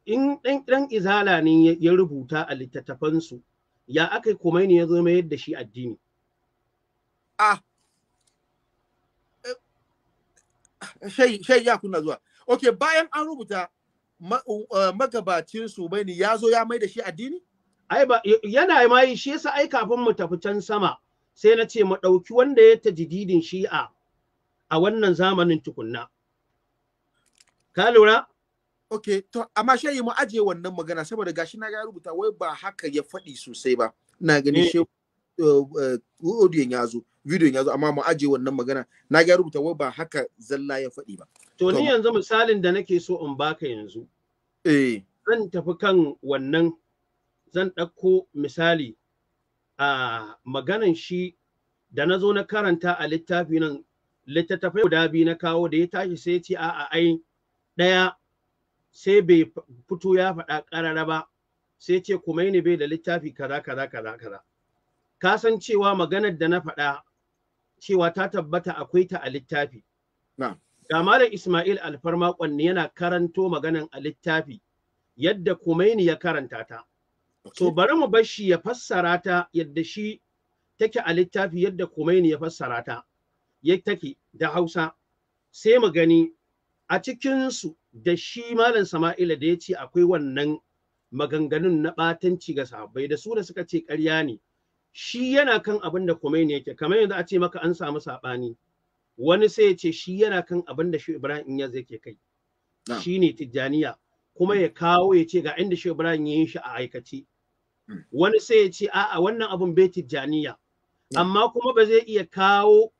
in dan dan izala ne ya rubuta a littattafansu ya aka yi komai ne ya zo yadda shi addini ah eh. shay ya kuna zuwa ok bayan an rubuta Uh, magabacin su bane ya zo ya mai da shi addini ai ba yana mai shi yasa ai kafin mu tafi can sama sai na ce mu ɗauki wanda ya jididin shi'a a wannan zamanin tukunna ka lura Okay, to amma yi mu aje wannan magana saboda gashi na ga rubuta wai ba haka ya faɗi sosai ba. Na gani eh. shi uh, uh, audio ya zo, video ya zo amma mu aje wannan magana. Na ga rubuta wai ba haka zalla ya faɗi ba. To ni yanzu misalin da nake so in baka yanzu. Eh. Zan tafi kan wannan zan ɗauko misali a maganan shi da na zo na karanta a littafi nan littattafai guda biyu na kawo da ya tashi sai ce a ai ɗaya sai bai fito ya faɗa ƙarara ba sai ce kuma ne bai da littafi kaza kaza kaza kaza ka san cewa maganar da na faɗa cewa ta tabbata akwai ta a littafi ga malam Ismail Alfarma Kwanni yana karanto maganan a littafi yadda Kumaini ya karanta ta. So bari mu bar shi ya fassara ta yadda shi take a littafi yadda Kumaini ya fassara ta. Ya take da Hausa sai mu gani a cikinsu da shi malam Sama'ila da ya ce akwai wannan maganganun na ɓatanci ga sahabbai da su da suka ce ƙarya ne. Shi yana kan abin da Kumaini yake kamar yanzu a ce maka an samu saɓani. wani sai ya ce shi yana kan abin da shi Ibrahim Inyas yake kai ne tijjaniya kuma ya kawo ya ce ga inda shi Ibrahim ya yi shi a aikace hmm. wani sai ya ce a'a wannan abin bai tijjaniya amma kuma ba zai iya kawo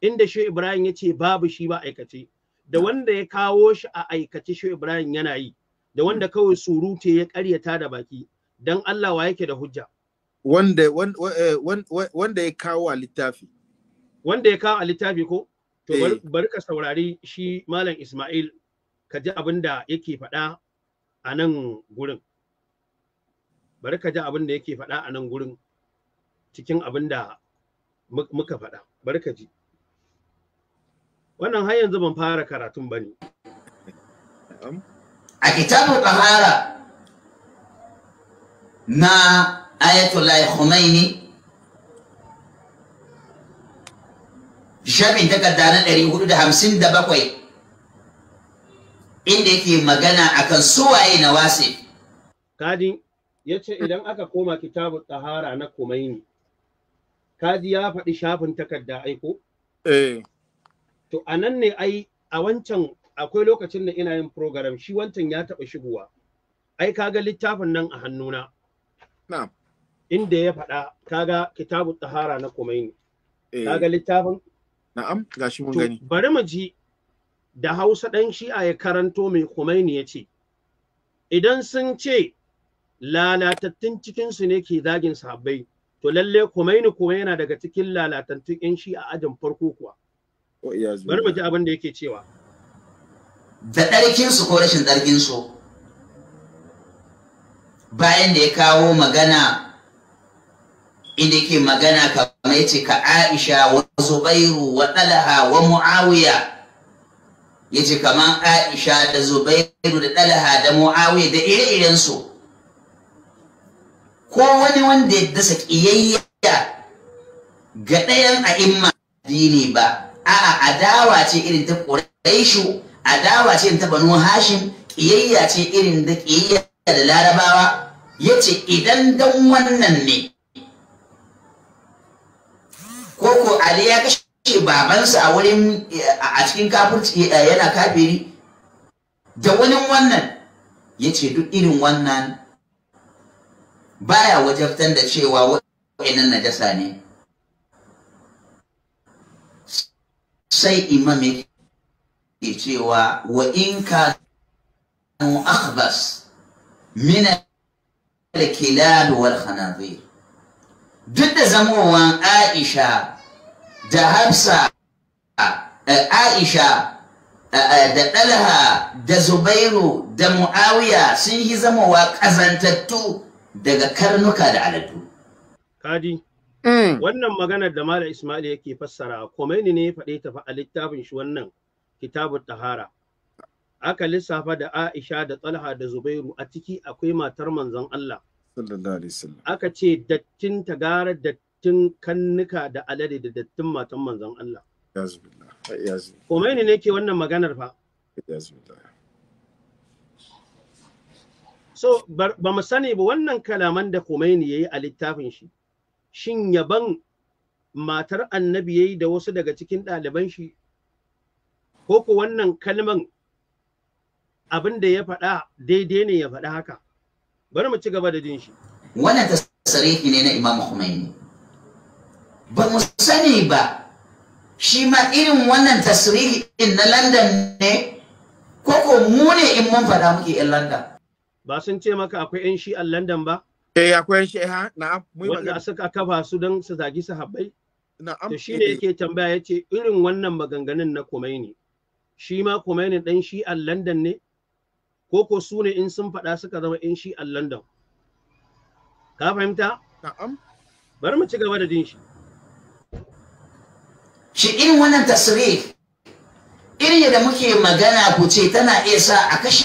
inda shi Ibrahim ya ce babu shi ba aikace da wanda ya kawo shi a aikace shi Ibrahim yana yi da hmm. wanda kawai surute ya karyata da baki dan Allah wa yake da hujja wanda eh, wanda ya kawo a littafi wanda ya kawo a littafi ko To eh. bari ka saurari shi Malam Ismail ka ji abin da yake faɗa a nan gurin. Bari ka ji abin da yake faɗa a nan gurin cikin abin da muka faɗa. Bari ka ji. Wannan har yanzu ban fara karatun ba ne. A kitabun Bahara na Ayatollah Khomeini sharhin takarda na 457 inda yake magana akan suwaye na wasif. kadi ya ce idan aka koma kitabun tsahara na kumaini kadi ya faɗi shafin takarda aiko eh to a nan ne ai a wancan akwai lokacin da ina yin program shi wancan ya taɓa shigowa ai kaga littafin nan a hannuna na'am inda ya faɗa kaga kitabu tsahara na kumaini eh. kaga littafin Na'am, gashi mun gani. Bari mu ji da Hausa ɗan Shi'a ya karanto mai Khomeini ya ce, Idan sun ce lalatattun cikinsu ne ke zagin sahabbai, to lalle Khomeini kuma yana daga cikin lalatattun 'yan Shi'a ajin farko kuwa. Bari mu ji abin da yake cewa. Da ɗarkinsu ko rashin ɗarkinsu, bayan da ya kawo magana inda yake magana kamar yace ka Aisha wa Zubairu wa Talha wa Muawiya yace kamar Aisha da Zubairu da Talha da Muawiya da ire-iren su ko wani wanda ya dasa kiyayya ga ɗayan a'imma addini ba a'a adawa ce irin ta Quraishu adawa ce ta Banu Hashim kiyayya ce irin da kiyayya da Larabawa yace idan dan wannan ne ko ali ya kashe babansa a wurin a cikin kafirci eh, yana kafiri da wani wannan ya ce duk irin wannan baya wajabtar da cewa na najasa ne sai imam ke cewa wa in ka akhbas min al-kilal wal khanazir duk da zamowan Aisha da hafsa aisha da ɗalha eh, da zubairu da mu'awiya sun yi zamawa ƙazantattu daga karnuka da aladu. Kadi, mm. wannan maganar da Malam Ismail yake fassara, komai ne ya faɗe ta fa a littafin shi wannan kitabun tahara. Aka lissafa da Aisha da Talha da Zubairu a ciki akwai matar manzon Allah. Aka ce dattin ta gara dattin kannuka da alade da dattin matan manzon Allah Kome ne ke wannan maganar fa so ba mu sani ba wannan kalaman da ya yi a littafin shi shin yaban matar annabi yi da wasu daga cikin ɗaliban shi ko ku wannan kalman abin da ya faɗa daidai ne ya faɗa haka bari mu ci gaba da jin shi wannan tasarihi ne na Imam Khomeini ba mu sani ba shi ma irin wannan tasiri din na london ne ko ko mu ne in mun faɗa muke yan london ba sun ce maka akwai yan shi a london ba eh akwai yan shi ha na mun wanda suka kafa su don su zagi sahabbai na'am shi ne eh. yake tambaya yace irin wannan maganganun na komaini shi ma Khomeini dan shi a london ne ko ko su ne in sun faɗa suka zama yan shi a london ka fahimta na'am bari mu ci gaba da din shi shi irin wannan tasiri irin da muke magana ku ce tana iya sa a kashe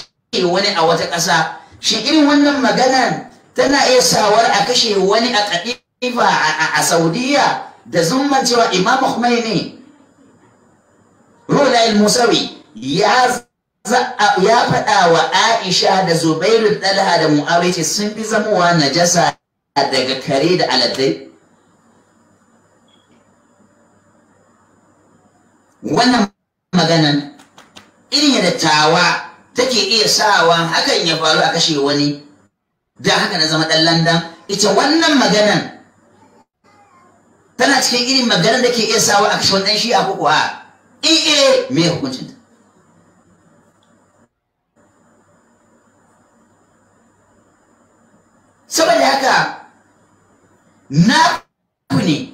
wani a wata ƙasa shi irin wannan maganan tana iya sawar a kashe wani a ƙadifa a saudiya da zumman cewa imam khomeini rola musawi ya ya faɗa wa aisha da zubairu ɗalha da mu'awiya sun fi zamowa najasa daga kare da aladdai wannan maganan irin da tawa take iya sawa hakan ya faru a kashe wani da haka na zama ɗan landan ita wannan maganan tana cikin irin maganar da ke iya sawa a kashe wani shi a ko kuwa ee eh, eh, me hukuncin ta saboda haka na ku ne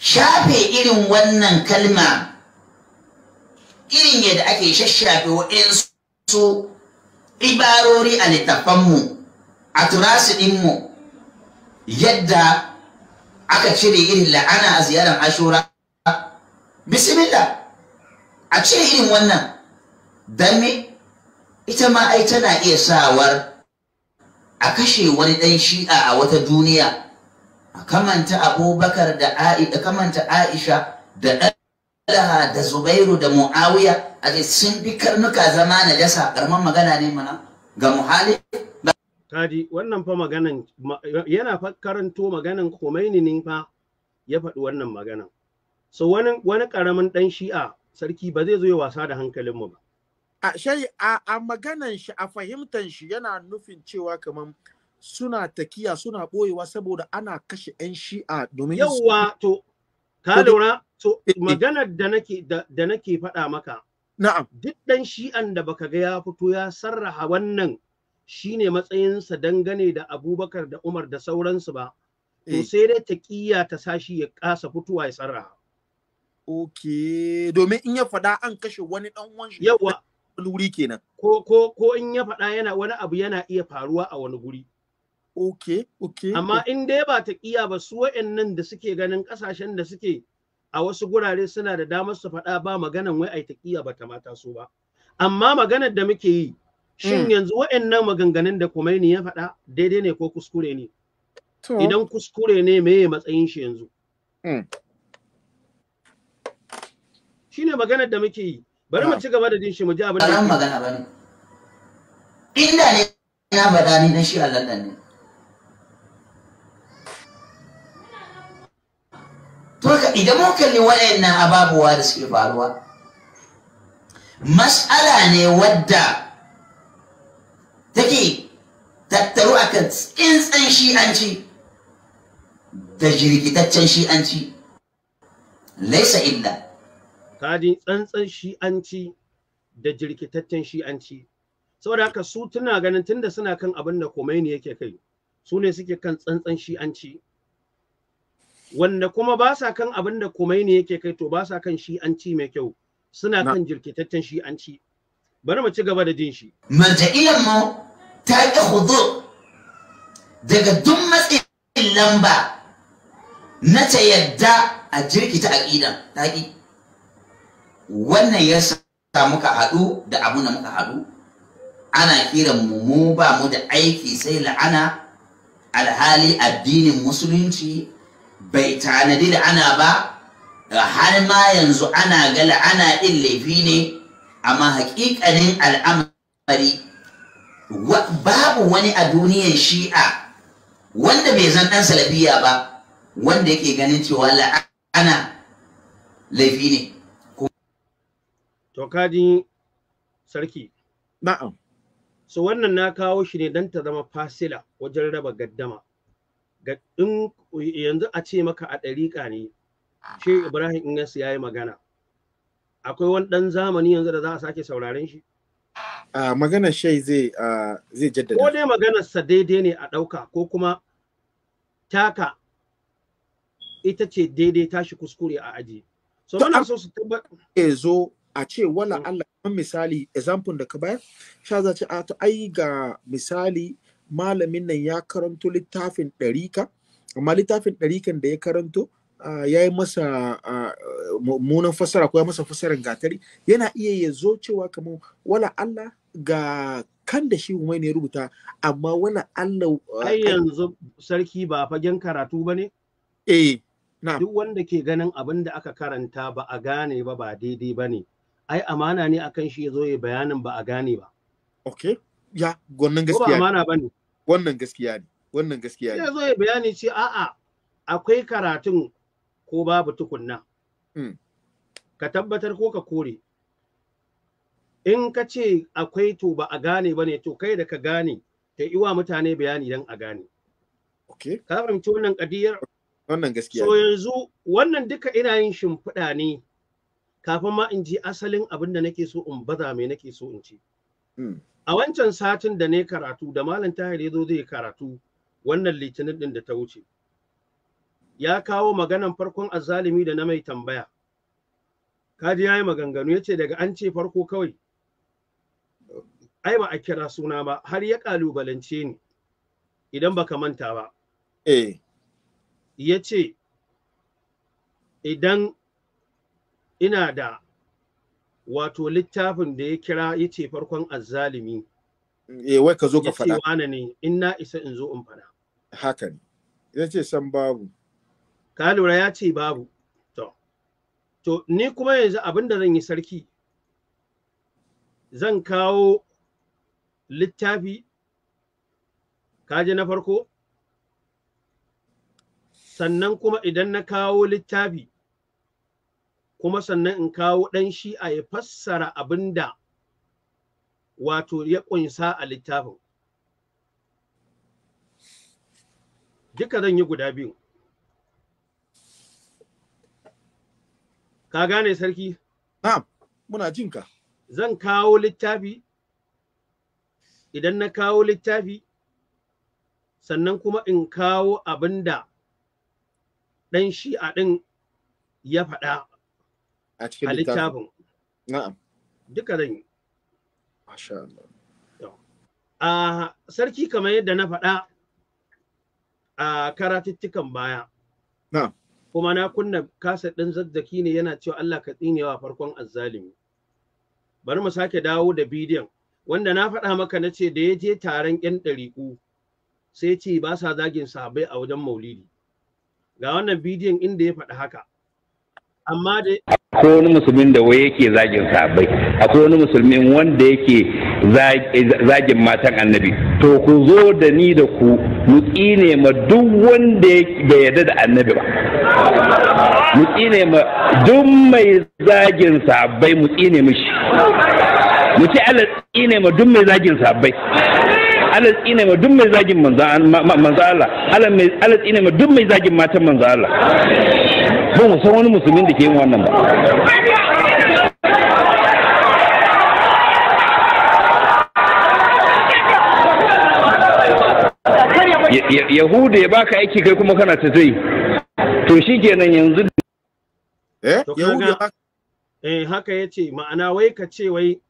shafe irin wannan kalma irin yadda ake shashafe waɗansu ibarori a littafanmu a turasiɗinmu yadda aka cire irin la'ana a ziyarar ashura bisimila a cire irin wannan don me ita ma ai tana iya sawar a kashe wani ɗan shi'a a wata duniya a kamanta abubakar da aisha da da da Zubairu da Muawiya a ce sun bi karnuka zama na jasa karman magana ne mana ga muhali kadi wannan fa maganan yana fa karanto maganan Khomeini ne fa ya faɗi wannan magana, so wani wani karamin dan shi'a sarki ba zai zo ya wasa da hankalin mu ba a shai a, maganan shi a fahimtan shi yana nufin cewa kamar suna takiya suna ɓoyewa saboda ana kashe 'yan shi'a domin yawwa to ka lura So eh, eh. maganar da nake da nake faɗa maka. Na'am. Duk ɗan shi'an da baka ga ya fito ya sarraha wannan shine matsayinsa dangane da Abubakar da Umar da sauransu ba. To eh. sai dai ƙiya ta sashi ya kasa fitowa ya sarraha. Ok, domin in ya faɗa an kashe wani ɗan uwan shi. Yawa. Luri kenan. Ko ko ko in ya faɗa yana wani abu yana iya faruwa a wani guri. Ok, ok. Amma in dai ba ƙiya ba su wa'annan da suke ganin ƙasashen da suke a wasu gurare suna da damar su faɗa ba maganan wai ai taƙiya ba ta mata so ba amma maganar da muke yi shin mm. yanzu wa'annan maganganun da Khomeini ya faɗa daidai ne ko kuskure ne idan kuskure ne meye matsayin shi yanzu mm. shine maganar da muke yi bari mu ci gaba da jin shi mu ji abin da magana bane inda ne na faɗa ni dan shi Allah ne idan mun kalli waɗannan ababuwa da suke faruwa mas'ala ne wadda take tattaru akan tsintsin shi'anci da jirgitaccen shi'anci laisa illa kadi tsantsan shi'anci da jirkitaccen shi'anci saboda haka su tuna ganin tunda suna kan abin da komai ne yake kai su ne suke kan tsantsan shi'anci wanda kuma ba sa kan abin da Khomeini yake kai to ba sa kan shi an ci mai kyau suna kan jirkitaccen shi an ci bari mu ci gaba da jin shi mu ta ki hudu daga duk matsayin lamba na ta yadda a jirkita aqidan taqi wannan ya sa muka haɗu da abu da muka haɗu ana kiran mu mu ba mu da aiki sai la'ana alhali addinin musulunci bai tanadi la'ana ba har ma yanzu ana ga la'ana ɗin laifi ne amma haƙiƙanin al'amari babu wani a duniyar shi'a wanda bai zan ɗan salafiya ba wanda yake ganin cewa la'ana laifi ne to kaji sarki na'am so wannan na kawo shi ne dan ta zama fasila wajen raba gaddama in yanzu a ce maka a ɗariƙa ne shi ibrahim in ya yi magana akwai wani ɗan zamani yanzu da za a sake sauraren shi uh, maganar shai zai zai jaddada ko dai maganarsa daidai ne a ɗauka ko kuma taka ita ce daidai tashi kuskure a aji so muna so su tabbatar zo a ce wala mm. Allah kamar misali example da ka bayar sha za ce a to ai ga misali malamin nan ya karanto littafin ɗarika amma littafin ɗarikan da ya karanto ya yi masa munan fasara ko ya masa fasarar gatari yana iya ya zo cewa kamar wala Allah ga kan da shi umai ya rubuta amma wala Allah ai yanzu sarki ba fagen karatu ba ne? Eh na duk wanda ke ganin abin da aka karanta ba a gane ba ba daidai ba ne ai amana ne akan shi ya zo ya bayanin ba a gane ba. Okay. ya wannan gaskiya amana bane wannan gaskiya ne wannan gaskiya ne yazo ya bayani ce a'a akwai karatun ko babu tukunna hmm. ka tabbatar ko ka kore in ka ce akwai to ba a gane ba ne to kai da ka gane ta iwa mutane bayani dan a gane. Okay. Ka fahimci wannan kadiyar? Wannan gaskiya. So yanzu wannan duka ina yin shimfiɗa ne kafin ma in ji asalin abin da nake so in baza mai nake so in ce. Hmm. a wancan satin da ne karatu da malam tahir ya zo zai karatu wannan litinin din da ta wuce ya kawo maganan farkon azzalimi da na mai tambaya kaji ya yi maganganu ya ce daga an ce farko kawai ai ba a kira suna ba har ya kalubalance ni idan baka manta ba eh ya ce idan ina da wato littafin da ya kira ya ce farkon azzalimi. Eh wai ka zo ka faɗa. Ya ce ne ina isa in zo in faɗa. Haka ne. Ya ce san babu. Ka lura ya ce babu. To. To ni kuma yanzu abin da zan yi sarki. Zan kawo littafi kaji na farko sannan kuma idan na kawo littafi kuma sannan in kawo ɗan shi'a ya fassara abin da wato ya ƙunsa a littafin duka zan yi guda biyu ka gane sarki na'am muna jin ka zan kawo littafi idan na kawo littafi sannan kuma in kawo abin da ɗan shi'a ɗin ya faɗa a cikin littafin na'am duka zan yi masha Allah a sarki kamar yadda na faɗa a karatuttukan baya na'am kuma na kunna kasa ɗin zazzaki ne yana cewa Allah ka tsinewa farkon azzalimi bari mu sake dawo da bidiyon wanda na faɗa maka na ce da ya je taron 'yan ɗariƙu sai ce ba sa zagin sahabai a wajen maulidi ga wannan bidiyon inda ya faɗi haka amma da akwai wani musulmin da wai yake zagin sahabbai akwai wani musulmin wanda yake zagin matan annabi to ku zo da ni da ku mu tsine ma duk wanda ya yarda da annabi ba mu tsine ma duk mai zagin sahabbai mu tsine mishi mu ce Allah tsine ma duk mai zagin sahabbai Allah tsine ma duk mai zagin manzo Allah Allah tsine ma duk mai zagin matan manzo Allah ba mu san wani musulmin da ke yin wannan ba yahuda ya baka aiki kai kuma kana ta zai to shi kenan yanzu eh yahuda eh haka ce, ma'ana wai ka ce wai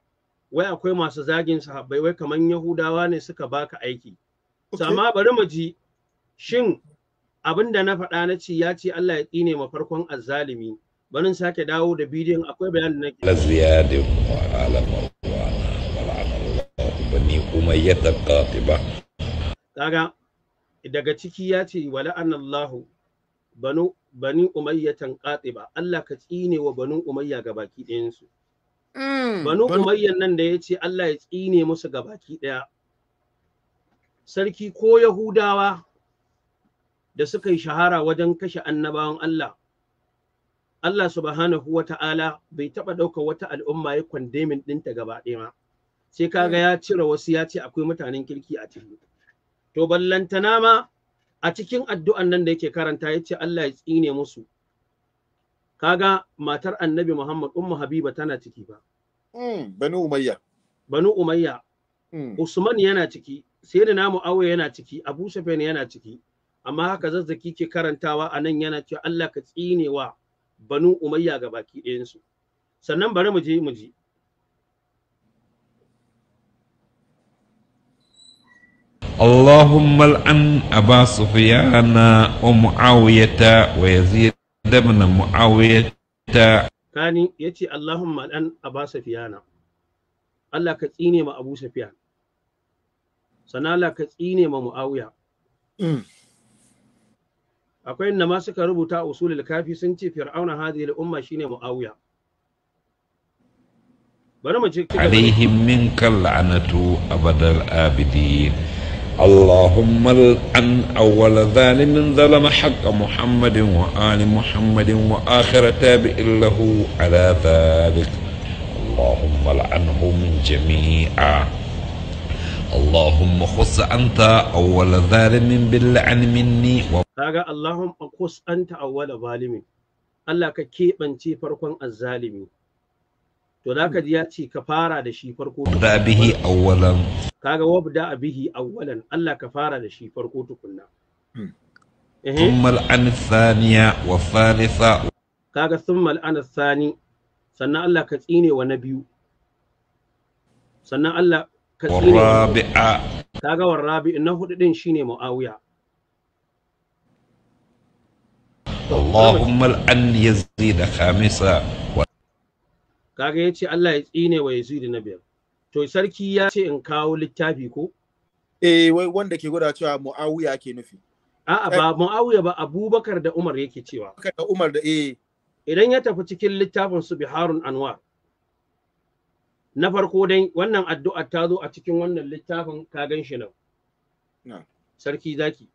wai akwai masu zagin sahabbai wai kamar yahudawa ne suka baka aiki sama bari mu ji shin abin da na faɗa na ce ya ce Allah ya tsine ma farkon azzalimi barin sake dawo da bidiyon akwai bayanin nake la ziyadin wa ala marwana wa la'anallahu bani umayya taqatiba kaga daga ciki ya ce wa la'anallahu banu bani umayya ba? Allah ka tsine wa banu umayya gabaki baki ɗayansu. Mm. banu umayyan nan da ya ce Allah ya tsine musu gabaki ɗaya sarki ko yahudawa da suka yi shahara wajen kashe annabawan Allah Allah subhanahu wa ta'ala bai taɓa ɗaukar wata al'umma ya kwandemin ɗinta gaba ɗaya sai kaga ya cire wasu ya ce akwai mutanen kirki a ciki to ballantana ma a cikin addu'an nan da yake karanta ya ce Allah ya tsine musu kaga matar annabi Muhammad ummu Habiba tana ciki ba hmm, banu umayya banu umayya hmm. Usman yana ciki Sayyidina Muawiya yana ciki Abu Sufyan yana ciki amma haka zazzaki ke karantawa a nan yana cewa Allah ka tsinewa banu umayya ga baki ɗayansu sannan bari mu je mu ji اللهم العن أبا سفيان ومعاوية ويزيد بن معاوية كاني يتي اللهم Allah أبا سفيان الله كتيني ما أبو سفيان سنالا كتيني ما معاوية akwai inda ma suka rubuta usulul kafi sun ce fir'auna hadhihi al-umma shine muawiya bari mu je alaihim min anatu abadal abidin اللهم الان اول ظالم ظلم حق محمد وال محمد واخر تابع له على ذلك اللهم لعنهم جميعا اللهم خص أنت أول ظالم باللعن مني kaga Allahun akus an ta'awwala zalimi Allah ka keɓance farkon azzalimi to za ka ji ya ce ka fara da shi farko da bihi awwalan kaga wabda bihi awwalan Allah ka fara da shi farko tukunna hmm. thumma al'an thaniya wa thalitha kaga thumma sannan Allah ka na biyu warabi'a kaga warabi'a na hudu din shine muawiya اللهم الان يزيد ga kaga yace Allah ya tsine wa Yazid na biyar to sarki ya ce in kawo littafi ko eh wai wanda ke gwada cewa Muawiya ke nufi a'a ba Muawiya ba Abubakar da Umar yake cewa Abubakar da Umar da eh idan ya tafi cikin littafin su Biharun Anwar na farko dai wannan addu'a ta zo a cikin wannan littafin ka gan shi nan sarki zaki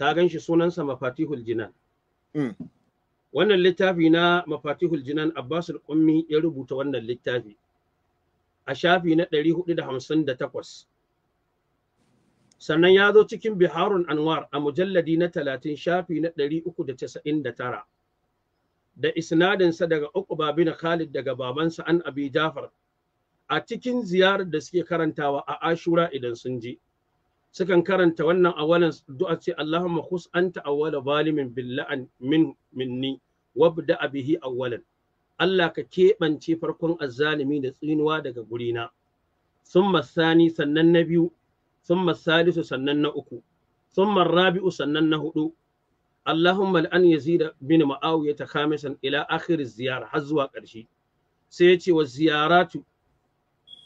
ka gan shi sunansa mafatihul jinan mm. wannan littafi na mafatihul jinan abbasul ummi ya rubuta wannan littafi a shafi na 458 sannan ya zo cikin biharun anwar a mujalladi na 30 shafi na 399 da isnadinsa daga Uqba bin Khalid daga babansa an Abi Jafar a cikin ziyarar da suke karantawa a Ashura idan sun je sukan karanta wannan awalan du'a ce Allahumma khus anta awwala zalimin billa'an min minni wabda abihi awwalan Allah ka keɓance farkon azzalimi da tsinuwa daga gurina sun masani sannan na biyu sun masalisu sannan na uku sun rabi'u sannan na hudu Allahumma al'an yazi da mini ta khamisan ila akhir ziyara har zuwa ƙarshe sai ya ce wa ziyaratu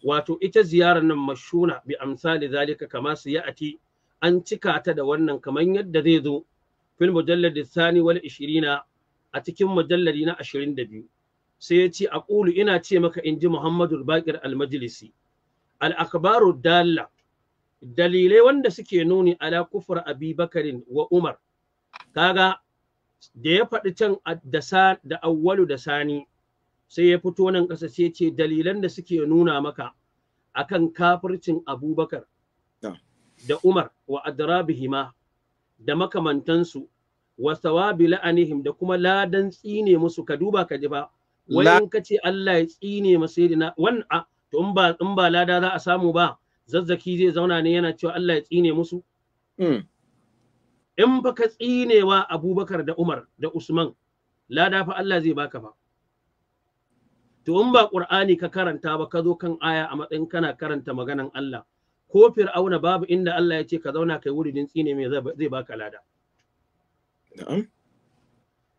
wato ita ziyarar nan mashuna bi amsali zalika kama su ya'ati an cika ta da wannan kamar yadda zai zo fil mujallad sani wal 20 a cikin mujalladi na biyu. sai ya ce aqulu ina ce maka inji Muhammadu Bakir al-Majlisi al-akbaru dalla dalilai wanda suke nuni ala kufur Abi wa Umar kaga da ya faɗi can da sa da awwalu da sani sai ya fito nan ƙasa sai ce dalilan da suke nuna maka akan kafircin abubakar da umar wa adrabihima da makamantansu wa sawabi la'anihim da kuma ladan tsine musu ka duba ka ji ba wani ka ce Allah ya tsine masayidina wan a to in ba in ba lada za a samu ba zazzaki zai zauna ne yana cewa Allah ya tsine musu hmm. in baka tsinewa abubakar da umar da usman lada fa Allah zai baka fa to in ba qur'ani ka karanta ba ka zo kan aya a matsayin kana karanta maganan Allah ko fir'auna babu inda Allah ya ce ka zauna kai wuridin tsine mai zai baka lada na'am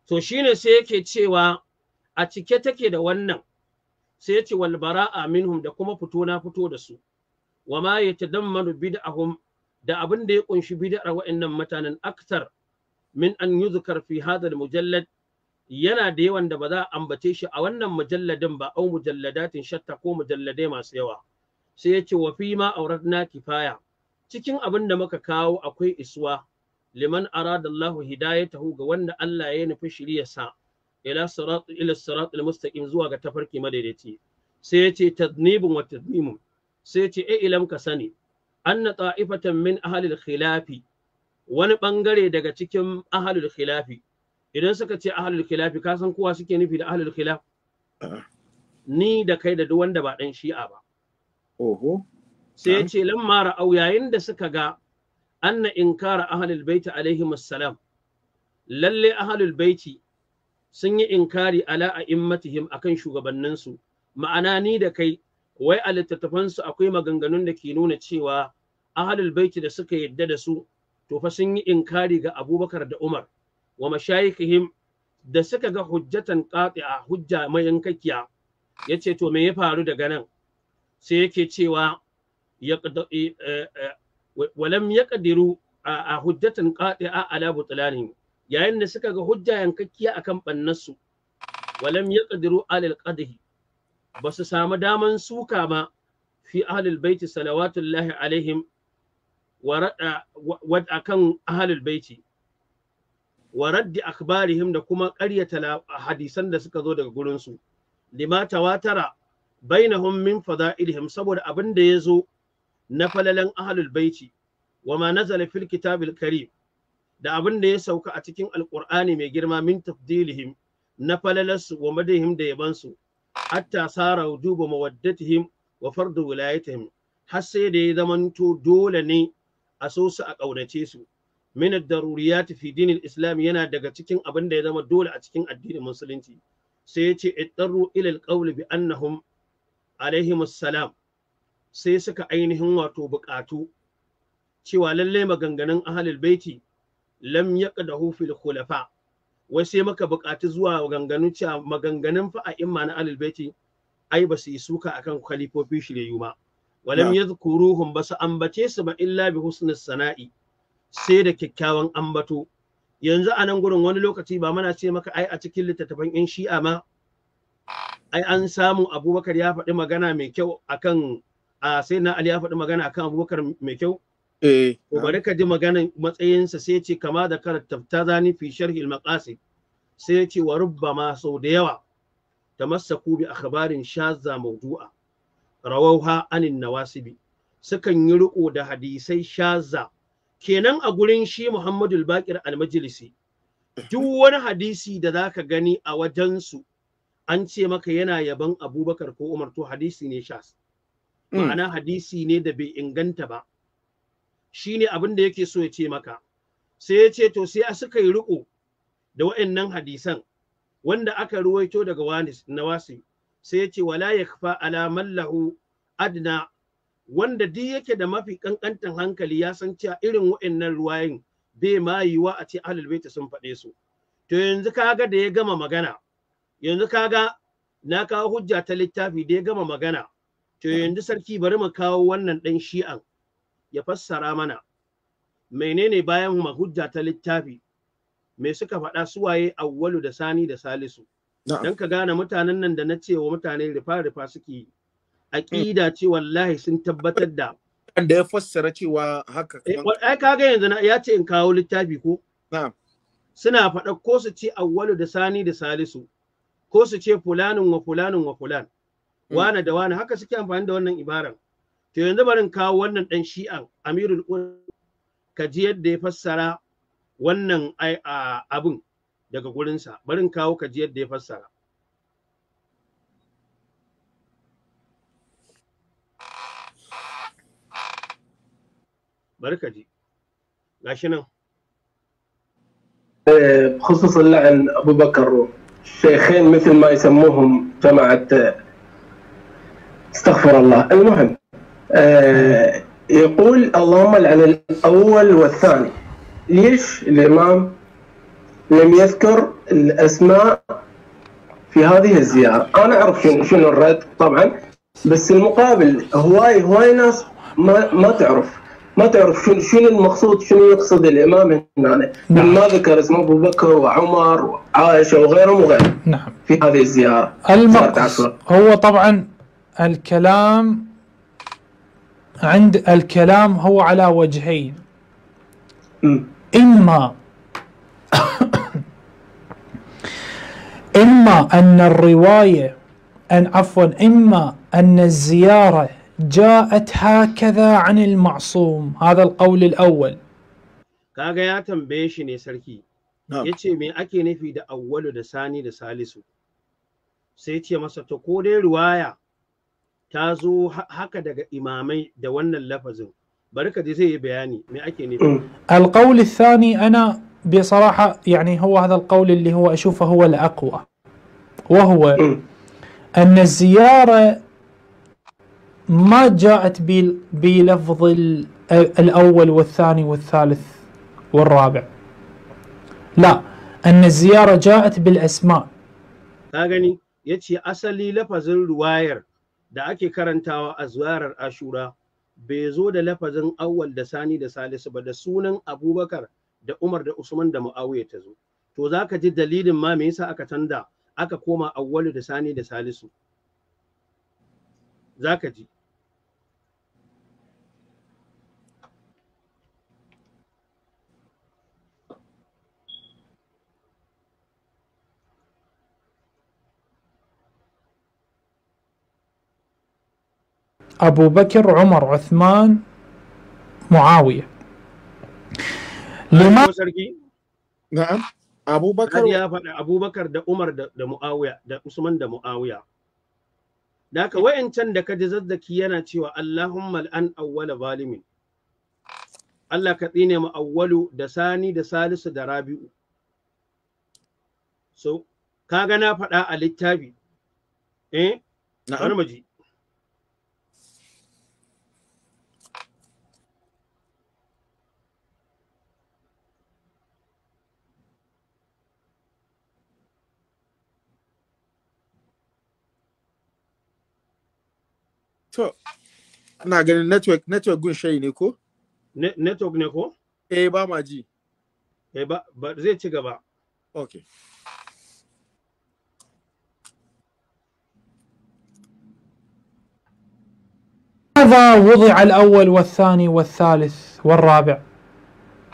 to shine sai yake cewa a cike take da wannan sai ya ce wal bara'a minhum da kuma fito na fito da su wa ma yatadammanu bid'ahum da abin da ya kunshi bid'ar wa'annan mutanen aktar min an yuzkar fi hadha mujallad yana da yawan da ba za a ambace shi a wannan mujalladin ba au mujalladatin shatta ko mujalladai masu yawa sai ya ce wa fi ma auratna kifaya cikin abin da muka kawo akwai iswa liman aradallahu hidayatahu ga wanda Allah ya nufi shiryarsa ila sirat ila sirat almustaqim zuwa ga tafarki madaidaici sai ya ce tadnibun wa tadmimun sai ya ce e ilam ka sani anna ta'ifatan min ahalil khilafi wani bangare daga cikin ahlul khilafi idan suka ce ahlul khilafi ka san kowa suke nufi da ahlul khilaf ni da kai da duk wanda ba dan shi'a ba oho sai ya ce lamma ra'au yayin da suka ga anna inkara ahlul baiti alaihim assalam lalle ahlul baiti sun yi inkari ala a'immatihim akan shugabanninsu ma'ana ni da kai wai a littattafansu akwai maganganun da ke nuna cewa ahalul baiti da suka yadda da su to fa sun yi inkari ga abubakar da umar wa mashayikihim da suka ga hujjatan qati'a hujja mai yankakiya yace to me ya faru daga nan sai yake cewa eh, eh, walam yaqdiru a hujjatan qati'a ala butlanihim yayin da suka ga hujja yankakkiya akan bannansu walam yaqdiru alal qadhi ba su samu daman suka ba fi ahlul baiti salawatullahi alaihim a kan ahlul baiti wa raddi akbarihim da kuma ƙaryata hadisan da suka zo daga gurinsu lima tawatara bainahum min fada'ilihim saboda abin da ya zo na falalan ahlul baiti wa ma nazala fil kitabil karim da abin da ya sauka a cikin alqur'ani mai girma min tafdilihim na falalarsu wa madahim da yabansu hatta sara wujubu mawaddatihim wa fardu wilayatihim har sai da ya zamanto dole ne a so su a ƙaunace su min ad-daruriyat islam yana daga cikin abin da ya zama dole a cikin addinin musulunci sai ya ce ittaru ila al-qawli bi annahum alaihim assalam sai suka ainihin wato buƙatu cewa lallai maganganun ahlul baiti lam yaqdahu fil khulafa wai sai maka buƙaci zuwa maganganun cewa maganganun fa a imma na ai ba su yi suka akan kalifofin shirayu ba walam yadhkuruhum ba su ambace su ba illa bi husnis sana'i sai da kyakkyawan ambato yanzu a nan gurin wani lokaci ba mana ce maka ai a cikin littattafan yan shi'a ma ai an samu abubakar ya faɗi magana mai kyau akan sai na ali ya faɗi magana akan abubakar mai kyau eh bari ka ji maganan matsayinsa sai ce kama da ta zani fi sharhi al maqasi sai ce wa rubbama sau da yawa tamassaku bi akhbarin shazza mawdu'a rawauha anin nawasibi sukan yi riko da hadisai shazza kenan a gurin shi muhammadul Al-Baqir al-Majlisi duk wani hadisi da zaka gani a wajensu an ce maka yana yaban Abubakar ko Umar to hadisi ne shaz hmm. ma'ana hadisi ne da bai inganta ba shine abin da yake so ya ce maka sai ya ce to sai a suka yi riko da wa'annan hadisan wanda aka ruwaito daga wanis nawasi sai ya ce wala yakfa ala mallahu adna wanda duk yake da mafi kankantan hankali ya san cewa irin wa'annan ruwayin bai ma yiwa a ce ahlul baiti sun faɗe su to yanzu kaga da ya gama magana yanzu kaga na kawo hujja ta littafi da ya gama magana to yanzu sarki bari mu kawo wannan ɗan shi'an ya fassara mana menene bayan hujja ta littafi me suka faɗa suwaye awwalu da sani da salisu Dan ka gane mutanen nan da na ce wa mutane rifa-rifa suke yi mm. aƙida ce wallahi sun tabbatar da da ya fassara cewa haka eh, ai kaga yanzu ya ce in kawo littafi ko suna faɗa ko su ce awwalu da sani da salisu ko su ce fulanin wa fulanin wa fulan mm. wane da wane haka suke amfani da wannan ibaran to yanzu barin kawo wannan dan shi'an amirul ka ji yadda ya fassara wannan ai abun daga gurin sa barin kawo ka ji yadda ya fassara barka ji gashi nan بخصوص اللعن ابو بكر شيخين مثل ما يسموهم جماعه استغفر الله المهم آه، يقول اللهم لعن الأول والثاني ليش الإمام لم يذكر الأسماء في هذه الزيارة أنا أعرف شنو, شنو الرد طبعا بس المقابل هواي هواي ناس ما, ما تعرف ما تعرف شنو شنو المقصود شنو يقصد الامام هنا نعم. ما ذكر اسمه ابو بكر وعمر وعائشه وغيرهم وغيرهم نعم في هذه الزياره المقصود هو طبعا الكلام عند الكلام هو على وجهين إما إما أن الرواية أن عفوا إما أن الزيارة جاءت هكذا عن المعصوم هذا القول الأول kaga ya tambaye shi ne sarki ya ce me ake nufi da awwalu da sani da salisu sai ce masa tazo haka daga imamai da wannan lafazin bari ka zai yi bayani me ake nufi القول الثاني انا بصراحه يعني هو هذا القول اللي هو اشوفه هو الاقوى وهو ان الزياره ما جاءت بلفظ الاول والثاني والثالث والرابع لا ان الزياره جاءت بالاسماء أغني يتي ya لفظ asali da ake karantawa a ziyarar ashura bai zo da lafazin awwal da sani da salisu ba da sunan abubakar da umar da usman da muawiya ta zo to za ka ji dalilin ma me yasa aka canza aka koma awwalu da sani da salisu za ka ji أبو بكر عمر عثمان معاوية لما نعم أبو بكر أبو بكر ده عمر ده معاوية ده عثمان ده معاوية da haka wayancan da ka ji zazzaki yana cewa Allahumma al'an awwala zalimin Allah ka tsine mu awwalu da sani da salisu da rabi'u so kaga na faɗa a littafi eh na maji To, ina ganin network, network gun shayi ne ko? Network ne ko? Eh ba ma ji. Eh ba, ba zai ci gaba. Okay. وضع الأول والثاني والثالث والرابع؟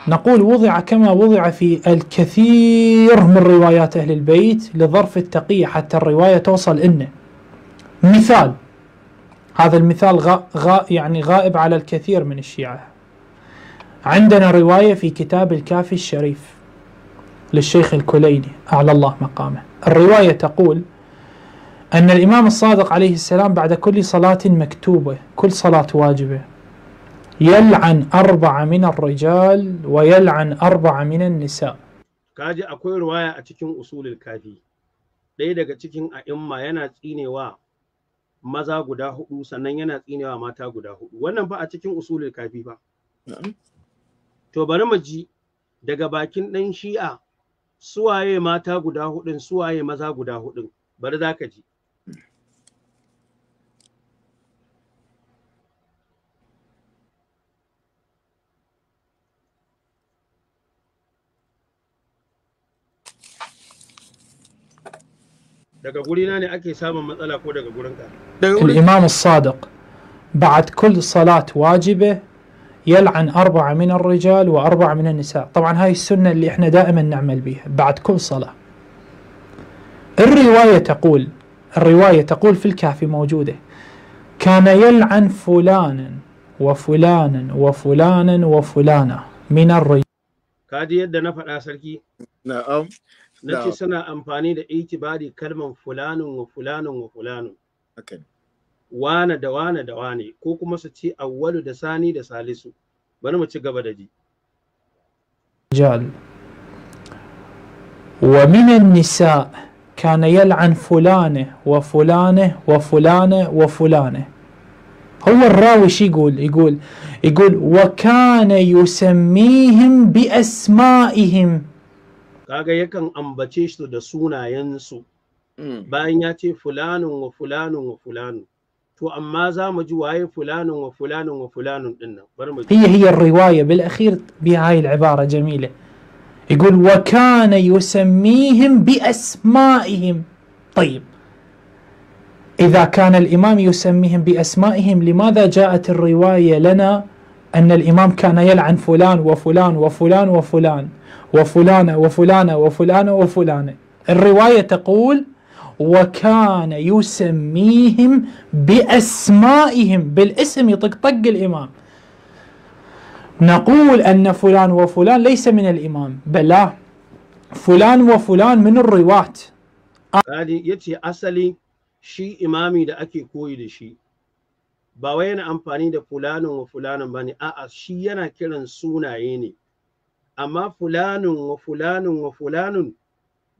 نقول وضع كما وضع في الكثير من روايات أهل البيت لظرف التقية حتى الرواية توصل إنه مثال هذا المثال غا غا يعني غائب على الكثير من الشيعة عندنا رواية في كتاب الكافي الشريف للشيخ الكليني أعلى الله مقامه الرواية تقول أن الإمام الصادق عليه السلام بعد كل صلاة مكتوبة كل صلاة واجبة يلعن أربعة من الرجال ويلعن أربعة من النساء كاجي أكوي رواية أتكين أصول الكافي ɗaya أتكين أئمة a'imma yana واق maza guda hudu sannan yana tsinewa mata guda hudu wannan ba a cikin usulul kafi ba to bari mu ji daga bakin ɗan shi'a suwaye mata guda hudun suwaye maza guda hudun bari za ka ji الإمام الصادق بعد كل صلاة واجبة يلعن أربعة من الرجال وأربعة من النساء طبعا هاي السنة اللي احنا دائما نعمل بها بعد كل صلاة الرواية تقول الرواية تقول في الكافي موجودة كان يلعن فلانا وفلانا وفلانا وفلانا من الرجال كادي يد نفر نعم na ce suna amfani da itibari kalman fulanin wa fulanin wa fulanin wane da wane da wane ko kuma su ce awwalu da sani da salisu bari mu ci gaba da ji jal wa min nisa كان يلعن فلانه وفلانه وفلانه وفلانه هو الراوي شو يقول يقول يقول وكان يسميهم بأسمائهم kaga yakan ambace shi da sunayensu bayan ya ce fulanin wa fulanin wa fulanin to amma za mu ji waye fulanin wa fulanin wa fulanin din nan bar mu hiya hiya riwaya bil akhir bi hay al ibara jamila يقول وكان يسميهم باسمائهم طيب اذا كان الامام يسميهم باسمائهم لماذا جاءت الروايه لنا ان الامام كان يلعن فلان وفلان وفلان وفلان وفلانة وفلانة وفلانة وفلانة الرواية تقول وكان يسميهم بأسمائهم بالاسم يطقطق الإمام نقول أن فلان وفلان ليس من الإمام بل لا فلان وفلان من الرواة هذه يتي أصلي شي إمامي دا أكي كوي دا شي باوين wai دا فلان وفلان باني أأس fulanin ba ne a'a shi amma fulanun wa fulanun wa fulanun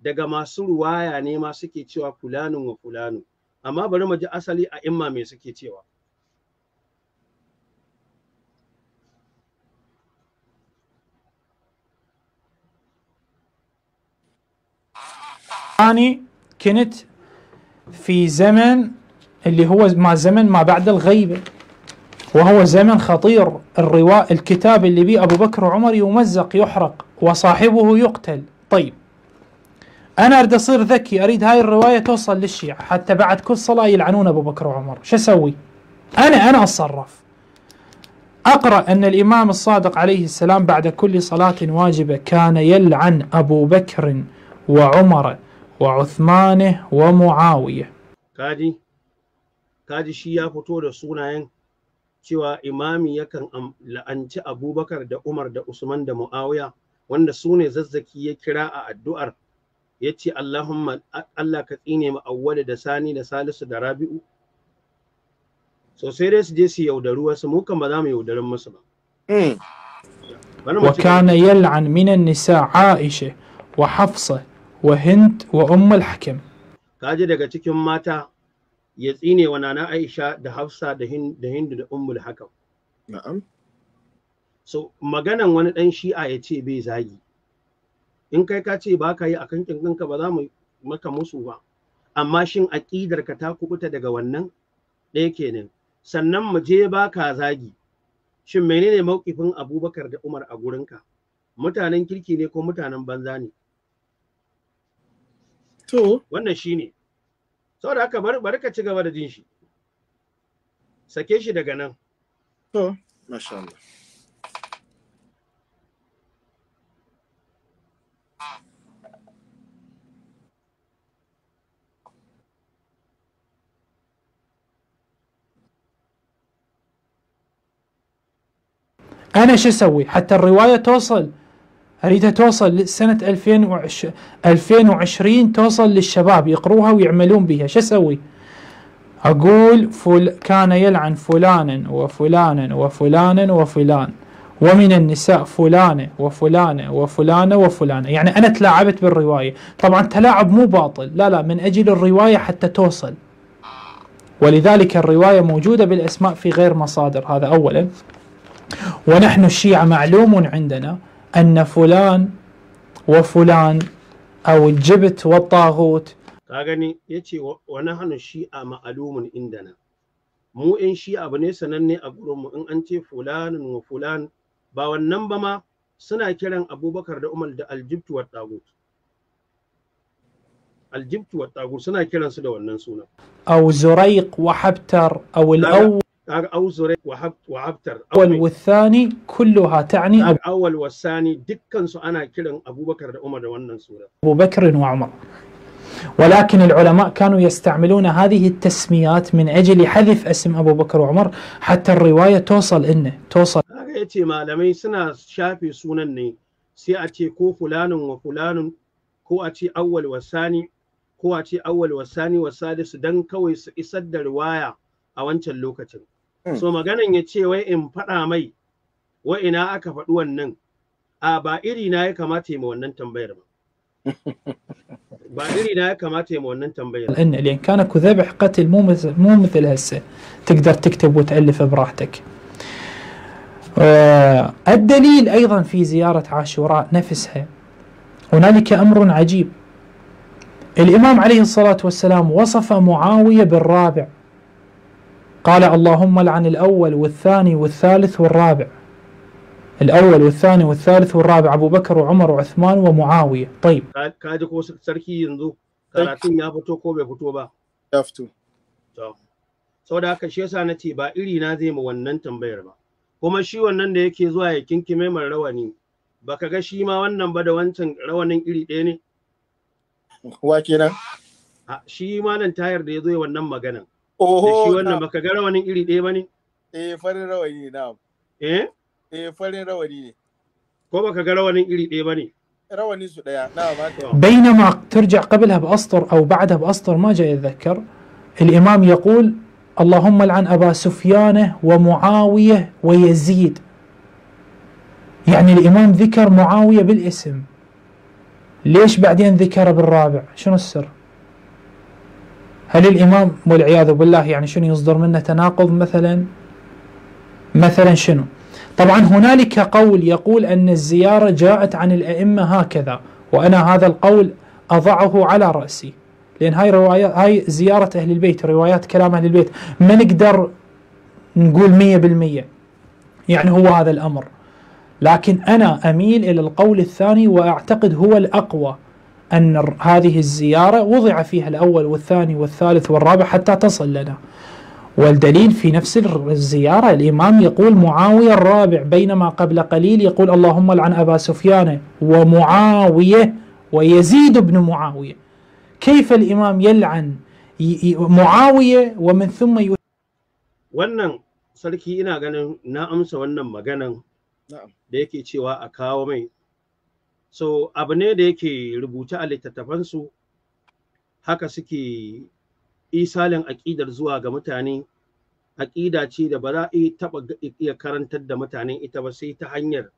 daga masu ruwaya ne ma suke cewa fulanun wa fulanun amma bari mu ji asali a imma me suke cewa أني كنت في زمن اللي هو ما زمن ما بعد الغيبة وهو زمن خطير الرواء الكتاب اللي بيه أبو بكر وعمر يمزق يحرق وصاحبه يقتل طيب أنا أريد أصير ذكي أريد هاي الرواية توصل للشيعة حتى بعد كل صلاة يلعنون أبو بكر وعمر شو أسوي أنا أنا أتصرف أقرأ أن الإمام الصادق عليه السلام بعد كل صلاة واجبة كان يلعن أبو بكر وعمر وعثمانه ومعاوية كادي كادي شيا فتو da cewa imami yakan la'anci abubakar da umar da usman da mu'awiya wanda su ne zazzaki ya kira a addu'ar ya ce allahumma allah ka tsine mu awwala da sani da salisu da rabi'u so sai dai su je su yaudari wasu mu kan ba za mu yaudarin musu ba وكان يلعن من النساء عائشة وحفصة وهند وأم الحكم كاجي daga cikin mata ya tsine wa nana Aisha da Hafsa da Hindu da Ummul Hakam. Na'am. So maganan wani ɗan Shi'a ya ce bai zagi. In kai ka ce ba ka yi akan kinkanka ba za mu maka musu ba. Amma shin aƙidar ka ta kubuta daga wannan ɗaya kenan. Sannan mu je ba ka zagi. Shin menene mauƙifin Abubakar da Umar a gurinka? Mutanen kirki ne ko mutanen banza ne? To. Wannan shine. saboda haka bari ka ci gaba da jin shi sake shi daga nan to masha Allah انا شو اسوي حتى الروايه توصل اريدها توصل لسنه 2020 2020 توصل للشباب يقروها ويعملون بها شو اسوي؟ اقول فل كان يلعن فلانا وفلانا وفلانا وفلان ومن النساء فلانة وفلانة وفلانة وفلانة يعني أنا تلاعبت بالرواية طبعا تلاعب مو باطل لا لا من أجل الرواية حتى توصل ولذلك الرواية موجودة بالأسماء في غير مصادر هذا أولا ونحن الشيعة معلوم عندنا أن فلان وفلان أو الجبت والطاغوت كاغني يتي ونحن الشيعة معلوم عندنا مو إن شيعة بني سنني أقولوا مو إن أنت فلان وفلان باوان نمبما سنة كيران أبو بكر دا أمال دا الجبت والطاغوت الجبت والطاغوت سنة كيران سنة والنسونة أو زريق وحبتر أو الأول أو وحب وعبتر أول والثاني كلها تعني أول والثاني دكان سو أنا كلا أبو بكر وعمر وأنا سورة أبو بكر وعمر ولكن العلماء كانوا يستعملون هذه التسميات من أجل حذف اسم أبو بكر وعمر حتى الرواية توصل إنه توصل يأتي ما لم يسنا شافي سونني سيأتي كو فلان وفلان كو أتي أول والثاني كو أتي أول والثاني والثالث دن كوي سيسد الرواية a wancan lokacin. Hmm. So maganan ya ce wai in fada mai wai ina aka fadu wannan a ba iri na ya kamata mai wannan tambayar ba. [LAUGHS] ba iri na ya kamata ma wannan tambayar. لأن لأن كانك ذبح قتل مو مثل مو مثل هسه تقدر تكتب وتألفه براحتك. آه، الدليل أيضا في زيارة عاشوراء نفسها هنالك أمر عجيب الإمام عليه الصلاة والسلام وصف معاوية بالرابع قال اللهم لعن الأول والثاني والثالث والرابع الأول والثاني والثالث والرابع أبو بكر وعمر وعثمان ومعاوية طيب كاد سركي ينزو karatun ya fito ko bai fito ba ya fito to saboda haka shi yasa na ce ba iri na zai mu wannan tambayar ba kuma shi wannan da yake zuwa ya kinkime mai rawani baka ga shi ma wannan ba da wancan rawanin iri ɗaya ne wa kenan shi ma nan tayar da ya zo wannan maganan Oho. Da shi wannan baka ga rawanin iri ɗaya ba Eh farin rawani ne na'am. Eh? Eh farin rawani ne. Ko baka ga rawanin iri ɗaya ba ne? رواني بينما ترجع قبلها بأسطر أو بعدها بأسطر ما جاء يتذكر الإمام يقول اللهم لعن أبا سفيان ومعاوية ويزيد يعني الإمام ذكر معاوية بالاسم ليش بعدين ذكر بالرابع شنو السر؟ هل الإمام والعياذ بالله يعني شنو يصدر منه تناقض مثلا مثلا شنو طبعا هنالك قول يقول أن الزيارة جاءت عن الأئمة هكذا وأنا هذا القول أضعه على رأسي لأن هاي روايات هاي زيارة أهل البيت روايات كلام أهل البيت ما نقدر نقول مية بالمية يعني هو هذا الأمر لكن أنا أميل إلى القول الثاني وأعتقد هو الأقوى أن هذه الزيارة وضع فيها الأول والثاني والثالث والرابع حتى تصل لنا والدليل في نفس الزيارة الإمام يقول معاوية الرابع بينما قبل قليل يقول اللهم لعن أبا سفيان ومعاوية ويزيد بن معاوية كيف الإمام يلعن معاوية ومن ثم ي... wannan sarki ina ganin na amsa wannan maganan da yake cewa a kawo mai so abu ne da yake rubuta a littattafansu haka suke isalin aƙidar zuwa ga mutane aƙida ce da ba za a taɓa iya karantar da mutane ita ba sai ta hanyar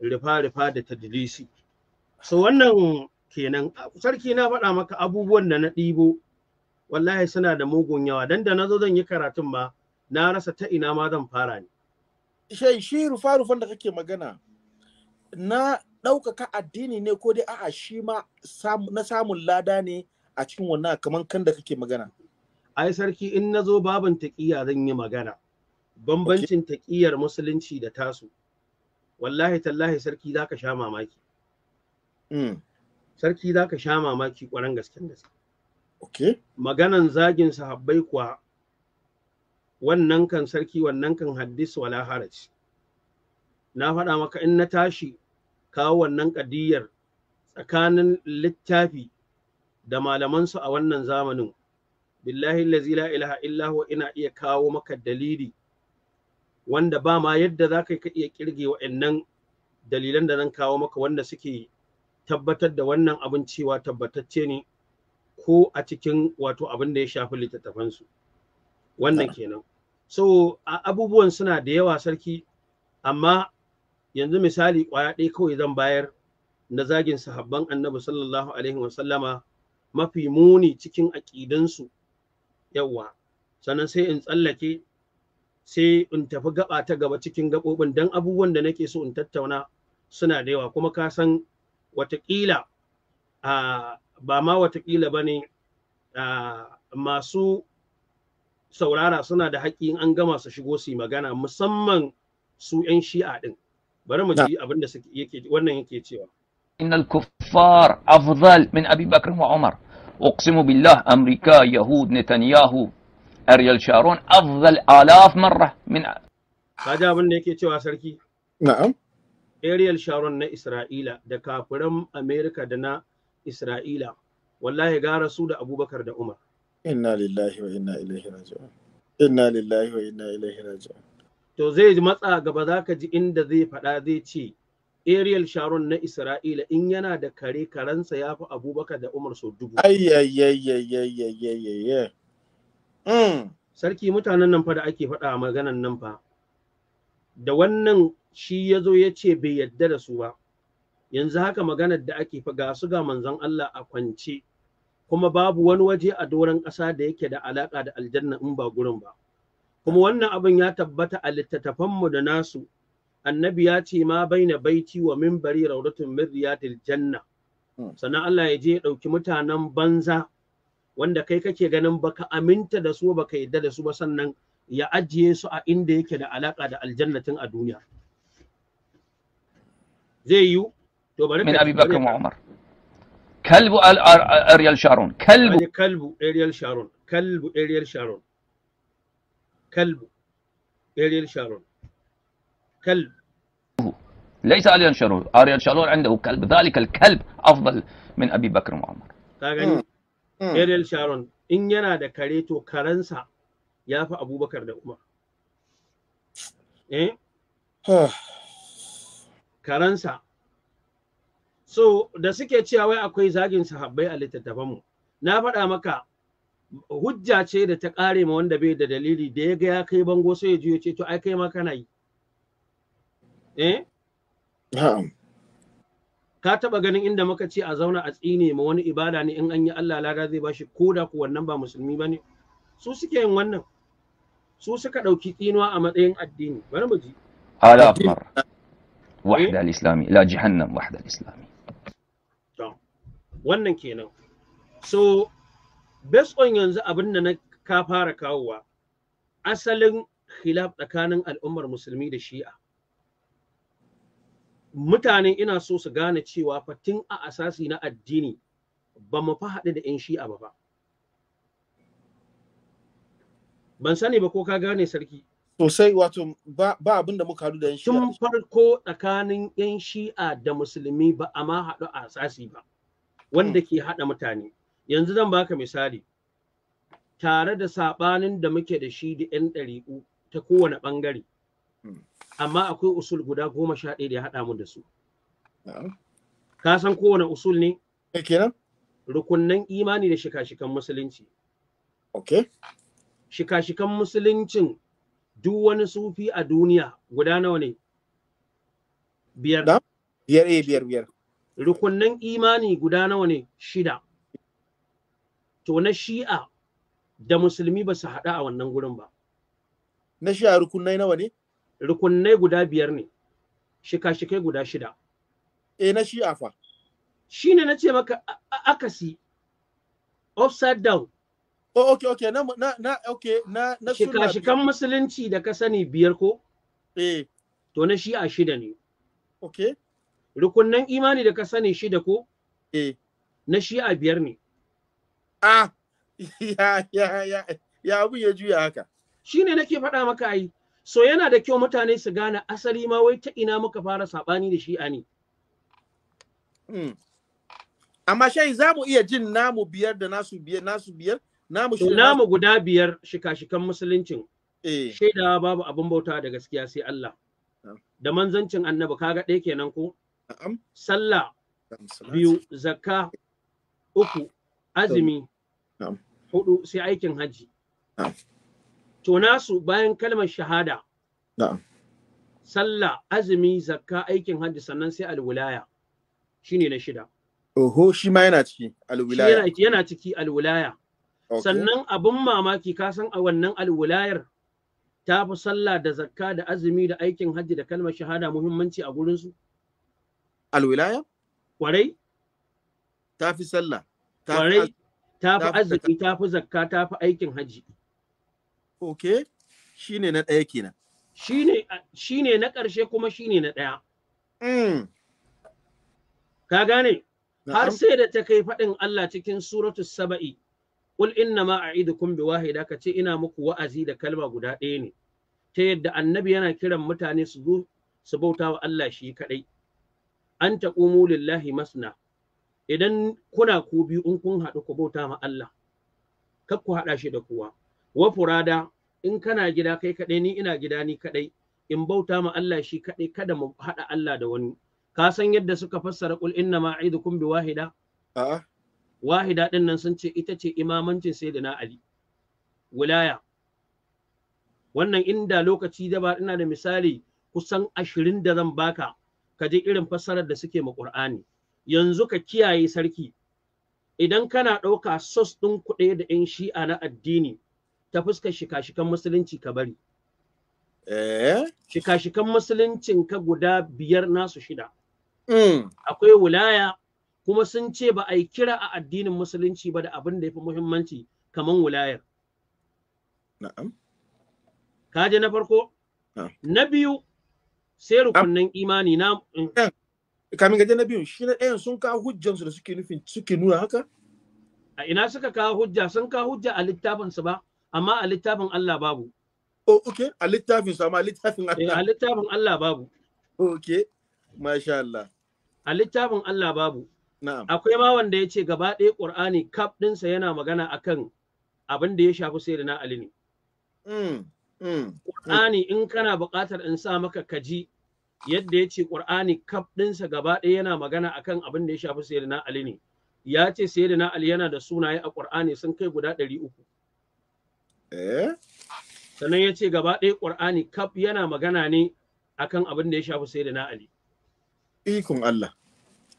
rufa-rufa da tadlisi so wannan kenan ah, sarki na faɗa maka abubuwan da na ɗibo wallahi suna da mugun yawa dan da na zo zan yi karatun ma na rasa ta ina ma zan fara ne shi rufa-rufan da kake magana na ɗaukaka addini ne ko dai a'a shi ma na samun lada ne a cikin wannan kamar kan da kake magana. Ai sarki in na zo babin taƙiyya zan yi magana. Bambancin taƙiyyar musulunci da tasu. Wallahi tallahi sarki za ka sha mamaki. Mm. Sarki za ka sha mamaki ƙwaran gasken gaske. Okay. Maganan zagin sahabbai kuwa wannan kan sarki wannan kan haddis wala haraj. Na faɗa maka in na tashi kawo wannan kadiyar tsakanin littafi da malamansu a wannan zamanin billahi lazi la ilaha illahu ina iya kawo maka dalili wanda ba ma yadda za ka iya kirge wa'annan dalilan da zan kawo maka wanda suke tabbatar da wannan abin cewa tabbatacce ne ko a cikin wato abin da ya shafi littattafansu wannan kenan so abubuwan suna da yawa sarki amma yanzu misali kwaya ɗaya kawai zan bayar na zagin sahabban annabi sallallahu alaihi wasallama mafi muni cikin aƙidansu yawa sannan sai in tsallake sai in tafi gaba ta gaba cikin gaɓoɓin don abubuwan da nake so in tattauna suna da yawa kuma ka san watakila ba ma watakila ba ne masu saurara suna da haƙƙi in an gama su shigo su yi magana musamman su 'yan shi'a ɗin bari mu ji abin da yake wannan yake cewa innal kuffar afdal min abi bakr wa umar اقسم بالله امريكا يهود نتنياهو اريل شارون افضل الاف مره من kaji abin da yake cewa sarki na'am Ariel Sharon na Isra'ila da kafiran Amerika da na Isra'ila wallahi gara su da Abubakar da Umar inna lillahi wa inna ilaihi raji'un inna lillahi wa inna ilaihi raji'un to zai matsa gaba za ka ji inda zai faɗa zai ce Ariel Sharon na Isra'ila in yana da kare karensa ya fi abubakar da Umar sau dubu. Sarki mutanen nan fa da ake faɗa a maganan nan fa, da wannan shi ya zo ya ce bai yadda da su ba, yanzu haka maganar da ake fa ga su ga manzon Allah a kwance, kuma babu wani waje a doron ƙasa da yake da alaƙa da aljanna in ba gurin ba. kuma wannan abin ya tabbata a littattafanmu da nasu annabi ya ce ma baina baiti wa minbari raudatun min riyadil janna hmm. sannan Allah ya je ya ɗauki mutanen banza wanda kai kake ganin baka aminta da su baka yadda da su ba sannan ya ajiye su a inda yake da alaka da aljannatin a duniya zai yiwu to bari min abi bakar umar kalbu al ariel sharon kalbu kalbu ariel sharon kalbu ariel sharon كلب إريال شارون كلب ليس أريان شارون أريان شارون عنده كلب ذلك الكلب أفضل من أبي بكر وعمر كاغني إريال شارون إن ينا دا كاريتو كارنسا يافا أبو بكر ده عمر إيه karansa. آه. So ده suke cewa wai akwai zagin sahabbai a littattafanmu, na faɗa maka hujja ce da ta ƙare ma wanda bai da dalili da ya ga ya kai bango sai ya ji ce to ai kai ma kana yi eh ka taba ganin inda muka ce a zauna a tsine ma wani ibada ne in an yi Allah lada zai bashi ko da ku wannan ba musulmi bane su suke yin wannan su suka dauki tsinuwa a matsayin addini bari mu ji ala mar wahda al-islami ila jahannam wahda al-islami wannan kenan so based on yanzu abin da na ka fara kawowa asalin khilaf tsakanin al'ummar musulmi da shi'a mutane ina so su gane cewa fatin a asasi na addini ba mu fa haɗu da 'yan shi'a ba ba ban sani ba ko ka gane sarki sosai wato ba, abin da muka haɗu da 'yan shi'a tun farko tsakanin 'yan shi'a da musulmi ba a ma haɗu a asasi ba wanda ke haɗa mutane yanzu zan baka misali tare da sabanin da muke da shi da yan ɗari'u ta kowane ɓangare hmm. amma akwai usul guda goma sha ɗaya da ya haɗa mu da su ka san kowane usul ne rukunnan imani da shika-shikan musulunci okay. shika-shikan musuluncin duk wani sufi a duniya guda nawa ne biyar biyar eh, biyar biyar rukunnan imani guda nawa ne shida to na shi'a da musulmi ba su haɗa a wannan gurin ba. Na shi'a rukunai nawa ne? Rukunai guda biyar ne, shika-shikai guda shida. E na shi'a fa? Shi ne na ce maka akasi, upside down. Oh, ok, ok, na, na, na, ok, na, na Shika-shikan musulunci da ka sani biyar ko? Eh. To na shi'a shida ne. Ok. Rukunan imani da ka sani shida ko? Eh. Na shi'a biyar ne. ah [LAUGHS] ya ya ya juya haka shine nake faɗa maka ai so yana da kyau mutane su gane asali ma wai ta ina muka fara sabani da shi ani mm. amma shai za mu iya jin namu biyar da nasu biyar nasu biyar namu shi namu guda biyar shika-shikan musuluncin eh babu abin bauta da gaskiya sai Allah da manzancin annabi kaga ɗaya kenan ko sallah biyu zakka uku azumi hudu sai aikin haji to nasu bayan kalmar shahada sallah azumi zakka aikin haji sannan sai alwilaya shine na shida oho shi ma yana ciki alwilaya yana ciki alwilaya sannan abin mamaki ka san a wannan alwilayar ta fi sallah da zakka da azumi da aikin hajji da kalmar shahada muhimmanci a gurinsu? Alwilaya? Kwarai? Ta fi sallah. Kwarai? ta fi arziki ta fi zakka ta fi aikin hajji ok shine na ɗaya kenan shine shine na ƙarshe kuma shine na ɗaya mm. ka gane har sai da ta kai faɗin Allah cikin suratu saba'i Kul inna ma a'idukum bi wahida ce ina muku wa'azi da kalma guda ɗaya ne ta yadda annabi yana kiran mutane su zo su bauta wa Allah shi kadai an taqumu lillahi masna idan kuna ku biyu in kun haɗu ku bauta ma Allah kar haɗa shi da kowa wa furada in kana gida kai kaɗai ni ina gida ni kaɗai in bauta ma Allah shi kaɗai kada mu haɗa Allah da wani ka san yadda suka fassara qul inna ma bi wahida wahida din nan sun ce ita ce imamancin sayyidina Ali wilaya wannan inda lokaci da ba ina da misali kusan ashirin da zan baka ka je irin fassarar da suke ma Qur'ani yanzu ka kiyaye sarki idan kana ɗauka sos ɗin kuɗe da 'yan shi'a na addini ta fuska shika-shikan musulunci ka bari. Eh? Shika-shikan musuluncin ka guda biyar nasu shida. Mm. Akwai wulaya kuma sun ce ba a yi kira a addinin musulunci ba da abin da ya fi muhimmanci kamar wilayar. Na'am. Kaje na farko? Na biyu sai rukunnan imani na. kamin gaje na biyun shi na ɗayan sun kawo hujjansu da suke nufin suke nuna haka a ina suka kawo hujja sun kawo hujja a littafin su ba amma a littafin Allah babu oh okay a littafin su amma a littafin Allah eh, a littafin Allah babu okay masha Allah a littafin Allah babu na'am akwai ma wanda ya ce gaba ɗaya Qur'ani kaf ɗinsa yana magana akan abin da ya shafi sayyidina Ali ne mm, mm, mm. Qur'ani in kana buƙatar in sa maka kaji yadda ya ce ƙur'ani kaf ɗinsa gaba ɗaya yana magana akan abin da ya shafi sayyidina Ali ne ya ce sayyidina Ali yana da sunaye a ƙur'ani sun kai guda ɗari uku eh sannan ya ce gaba ɗaya ƙur'ani kaf yana magana ne akan abin da ya shafi sayyidina Ali ikon Allah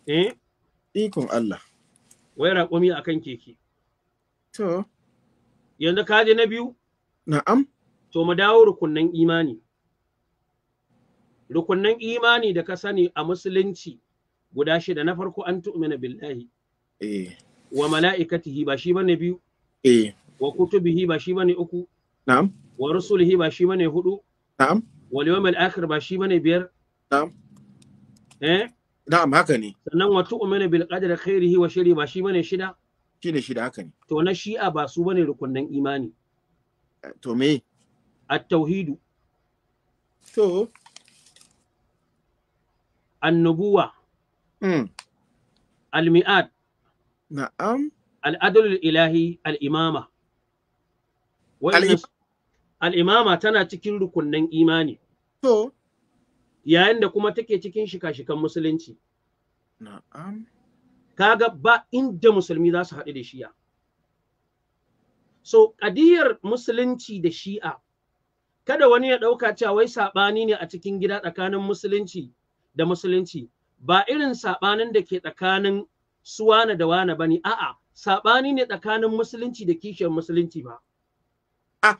eh ikon Allah wai raƙumi akan keke to yanzu ka je na biyu na'am to mu dawo rukunnan imani rukunnan imani da ka sani a musulunci guda shida na farko an tu'mina billahi eh. wa mala'ikatihi ba shi bane biyu eh. wa kutubihi ba shi bane uku na'am wa rusulihi ba shi bane hudu na'am wal yawmil akhir ba shi bane biyar na'am eh na'am haka ne sannan wa tu'mina bil qadri khairihi wa sharri ba shi bane shida shine shida haka ne to na shi'a ba su bane rukunnan imani to me at-tauhidu to annubuwa hmm. almi'ad na'am al'adul ilahi al'imama al'imama tana cikin rukunnan imani to yayin da kuma take cikin shika-shikan musulunci na'am kaga ba inda musulmi za su haɗu da shi'a so ƙadiyar musulunci da shi'a kada wani ya ɗauka cewa wai saɓani ne a cikin gida tsakanin musulunci da musulunci ba irin saɓanin da ke tsakanin su wane da wane ba ne, a'a, saɓani ne tsakanin musulunci da kishiyar musulunci ba. A,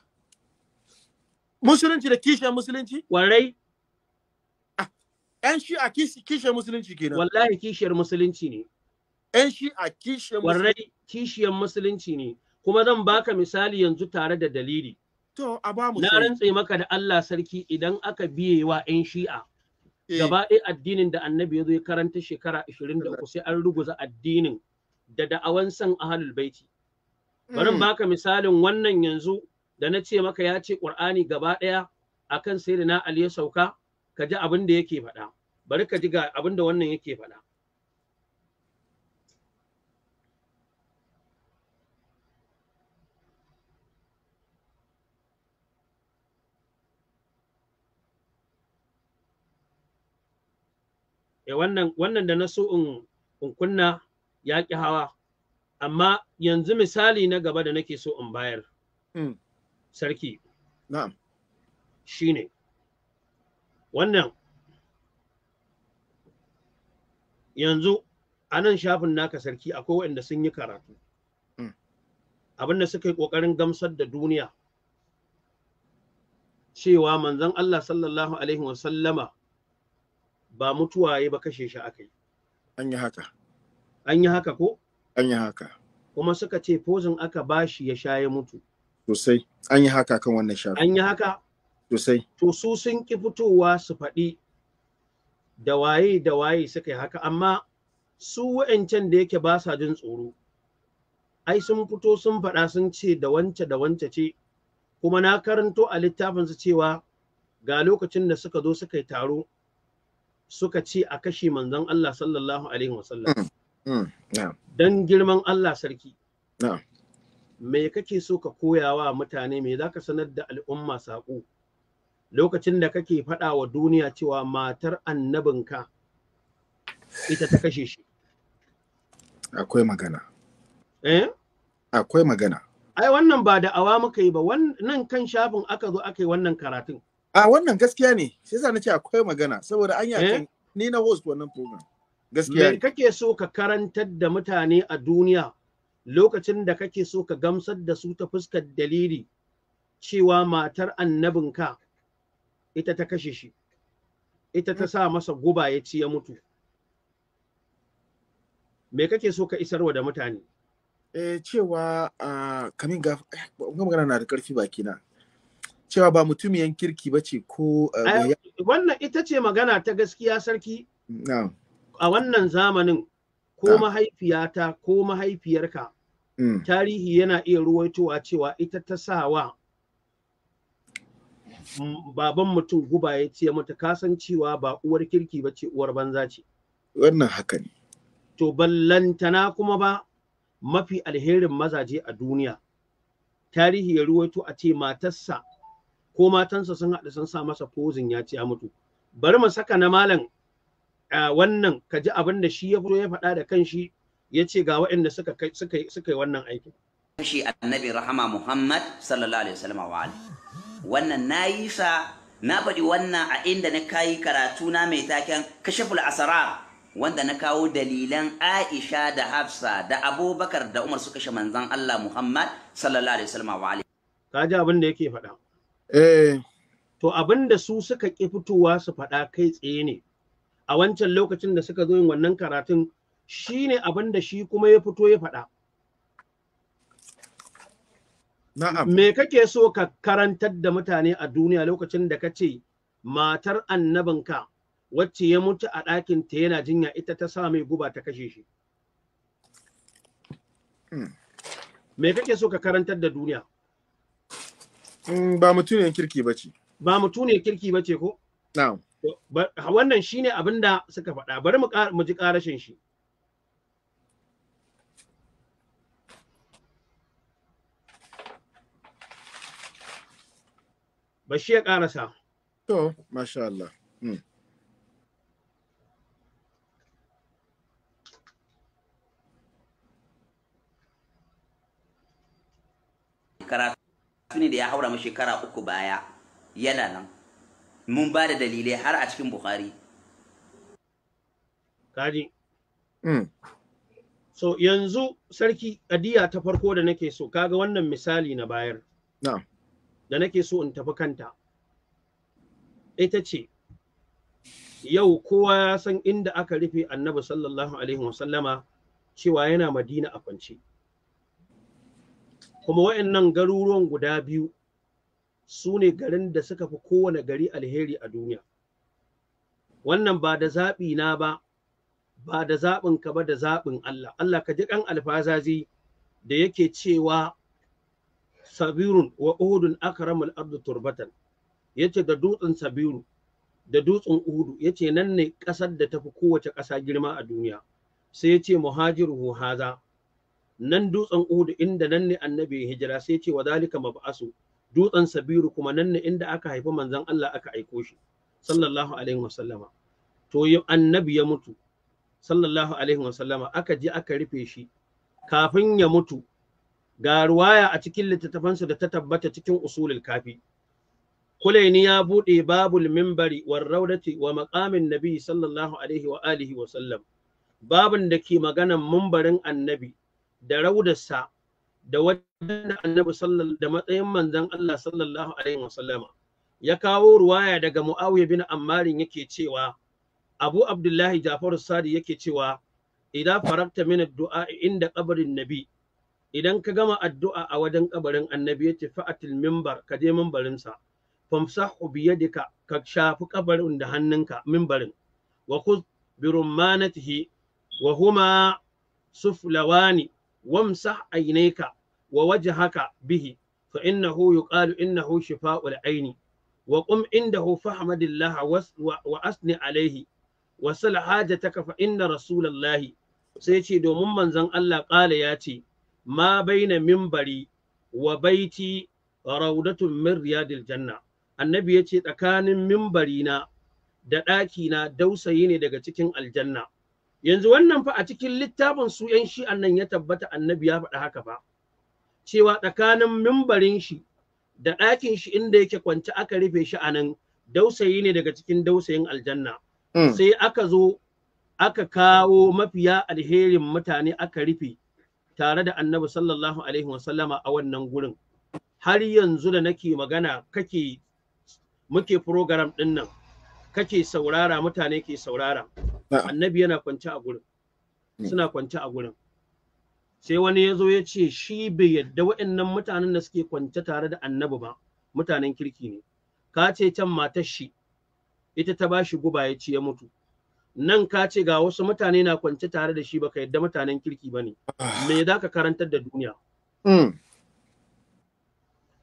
musulunci da kishiyar musulunci? Warai. ‘Yan shi a kishiyar musulunci kenan. Wallahi kishiyar musulunci ne. ‘Yan shi a kishiyar musulunci. Warai kishiyar musulunci ne, kuma zan baka misali yanzu tare da dalili. To, a ba mu. Na rantse maka da Allah sarki idan aka biye wa ‘yan shi'a. Eh. gaba ɗaya addinin da annabi ya zo ya karanta shekara 23 sai an ruguza addinin da da'awan san ahalul baiti bari mm. baka misalin wannan yanzu da na ce maka ya ce qur'ani gaba ɗaya akan sayyidina ali ya sauka ka ji abin da yake faɗa bari ka ji ga abin da wannan yake faɗa da eh, wannan wannan da na so in in kunna ya hawa amma yanzu misali na gaba da nake so in bayar hmm. sarki na'am shine wannan yanzu anan shafin naka sarki akwai waɗanda sun yi karatu hmm. abin da suka yi ƙoƙarin gamsar da duniya cewa manzon Allah sallallahu alaihi wasallama ba mutuwa ya ba kashe shi aka yi an yi haka an yi haka ko an yi haka kuma suka ce pozin aka bashi ya sha ya mutu sosai an yi haka kan wannan shafi an yi haka sosai to su sun ki fitowa su faɗi da waye da waye suka yi haka amma su wa'ancan da yake ba sa jin tsoro ai sun fito sun faɗa sun ce da wance da wance ce kuma na karanto a littafinsu cewa ga lokacin da suka zo suka yi taro suka ce a kashe manzon Allah sallallahu alaihi wasallam mm, mm, dan girman Allah sarki me kake so ka koya wa mutane me ka sanar da al'umma saƙo lokacin da kake faɗa wa duniya cewa matar annabinka ita ta kashe shi akwai magana eh akwai magana ai wannan ba da awa muka yi ba nan kan shafin aka zo aka yi wannan karatun A wannan gaskiya ne, sai sa ce akwai magana saboda an yakan eh? ni na host wannan program. Gaskiya. Me kake so ka karantar da mutane a duniya lokacin da kake so ka gamsar da su ta fuskar dalili cewa matar annabinka ita ta kashe shi. Ita ta hmm. sa masa guba ya ci ya mutu. Me kake so ka isarwa da mutane? Eh cewa ah, kamin ga eh, magana na da ƙarfi baki na. cewa ba mutumiyan kirki ba ce ko eh, wannan ita ce magana ta gaskiya sarki a wannan zamanin ko mahaifiyata ko mahaifiyarka mm. tarihi yana iya ruwaitowa cewa ita ta sawa baban mutum guba ya ce mata kasancewa ba uwar kirki ba ce uwar banza ce wannan haka ne to ballantana kuma ba mafi alherin mazaje a duniya tarihi ya ruwaito a ce matarsa ko matansa sun haɗu sun sa masa pozin ya ce ya mutu bari mu saka na malam wannan ka ji abin da shi ya fito ya faɗa da kanshi ya ce ga waɗanda suka suka yi wannan aikin shi annabi rahama muhammad sallallahu alaihi wasallam wa wannan nayi sa na faɗi wannan a inda na kayi karatu na mai taken kashiful asara, wanda na kawo dalilan Aisha da Hafsa da Abubakar da Umar suka shi manzon Allah Muhammad sallallahu alaihi wasallam wa Ka ji abin da yake faɗa. Eh. To abin da su suka ƙi fitowa su faɗa kai tsaye ne, a wancan lokacin da suka zo yin wannan karatun shi ne abin da shi kuma ya fito ya faɗa. Me kake so ka karantar da mutane a duniya lokacin da ka ce matar annabinka wacce ya mutu a ɗakin ta yana jinya ita ta sa mai guba ta kashe shi. Hmm. Me kake so ka karantar da duniya? Mm, ba mutune kirki ba ce. Ba mutune kirki ba ce ko? Na'am. Wannan shine abin da suka faɗa. Bari mu ji ƙarashin shi. shi ya ƙarasa. To, masha Allah. Hmm. karatu tuni da ya haura mu shekara uku baya yana nan mun ba da dalilai har a cikin bukhari kaji mm. so yanzu sarki adiya ta farko da nake so kaga wannan misali na bayar no. da nake so in tafi kanta ita ce yau kowa ya san inda aka rufe annabi sallallahu alaihi wasallama cewa yana madina a kwance. kuma wayannan garuruwan guda biyu su ne garin da suka fi kowane gari alheri a duniya wannan ba da zaɓi na ba ba da zaɓin ka ba da zaɓin Allah Allah ka ji kan alfazazi da yake cewa sabirun wa uhudun akramul ardu turbatan yace da dutsen sabiru da dutsen uhudu yace nan ne ƙasar da tafi kowace ƙasa girma a duniya sai yace muhajiru haza nan dutsen Uhud inda nan ne annabi hijira sai ce wa zalika mab'asu dutsen Sabiru kuma nan ne inda aka haifi manzon Allah aka aiko shi sallallahu alaihi wasallama to annabi ya mutu sallallahu alaihi wasallama aka je aka rufe shi kafin ya mutu ga ruwaya a cikin littattafansa da ta tabbata cikin usulul kafi kulaini ya bude babul mimbari war raudati wa maqamin nabi sallallahu alaihi wa alihi wasallam sallam babin da ke maganan mumbarin annabi da raudarsa da wanda annabi sallallahu da matsayin manzon Allah sallallahu alaihi wasallama ya kawo ruwaya daga Muawiya bin Ammarin yake cewa Abu Abdullahi Jafaru Sadi yake cewa idan farakta min addu'a inda kabarin nabi idan ka gama addu'a a wajen kabarin annabi yace fa'atil minbar ka je minbarin sa famsahu yadika ka shafi kabarin da hannunka minbarin wa khudh bi rumanatihi wa huma suflawani wamsah aynayka wa haka bihi fa innahu yuqalu innahu shifa'ul aini wa qum indahu fahmadillah wa asni alaihi wa sal hajataka fa inna rasulallahi sai ce domin manzon Allah ƙala ya ce ma baina mimbari wa baiti raudatun min riyadil janna annabi ya ce tsakanin mimbarina da ɗakina dausayi ne daga cikin aljanna yanzu wannan fa a cikin littafin su yan shi nan ya tabbata annabi ya faɗa haka fa cewa tsakanin mimbarin shi da ɗakin shi inda yake kwance aka rufe shi a nan dausayi ne daga cikin dausayin aljanna hmm. sai aka zo aka kawo mafiya alherin mutane aka rufe tare da annabi sallallahu alaihi wasallama a wannan gurin har yanzu da nake magana kake muke program ɗin nan kake saurara mutane ke saurara annabi yana kwance a gurin suna kwance a gurin sai wani ya zo ya ce shi bai yadda wa'annan mutanen da suke kwance tare da annabi ba mutanen kirki ne ka ce can matar shi ita ta bashi guba ya ci ya mutu nan ka ce ga wasu mutane na kwance tare da shi baka yadda mutanen kirki ba ne ah. me za ka karantar da duniya hmm.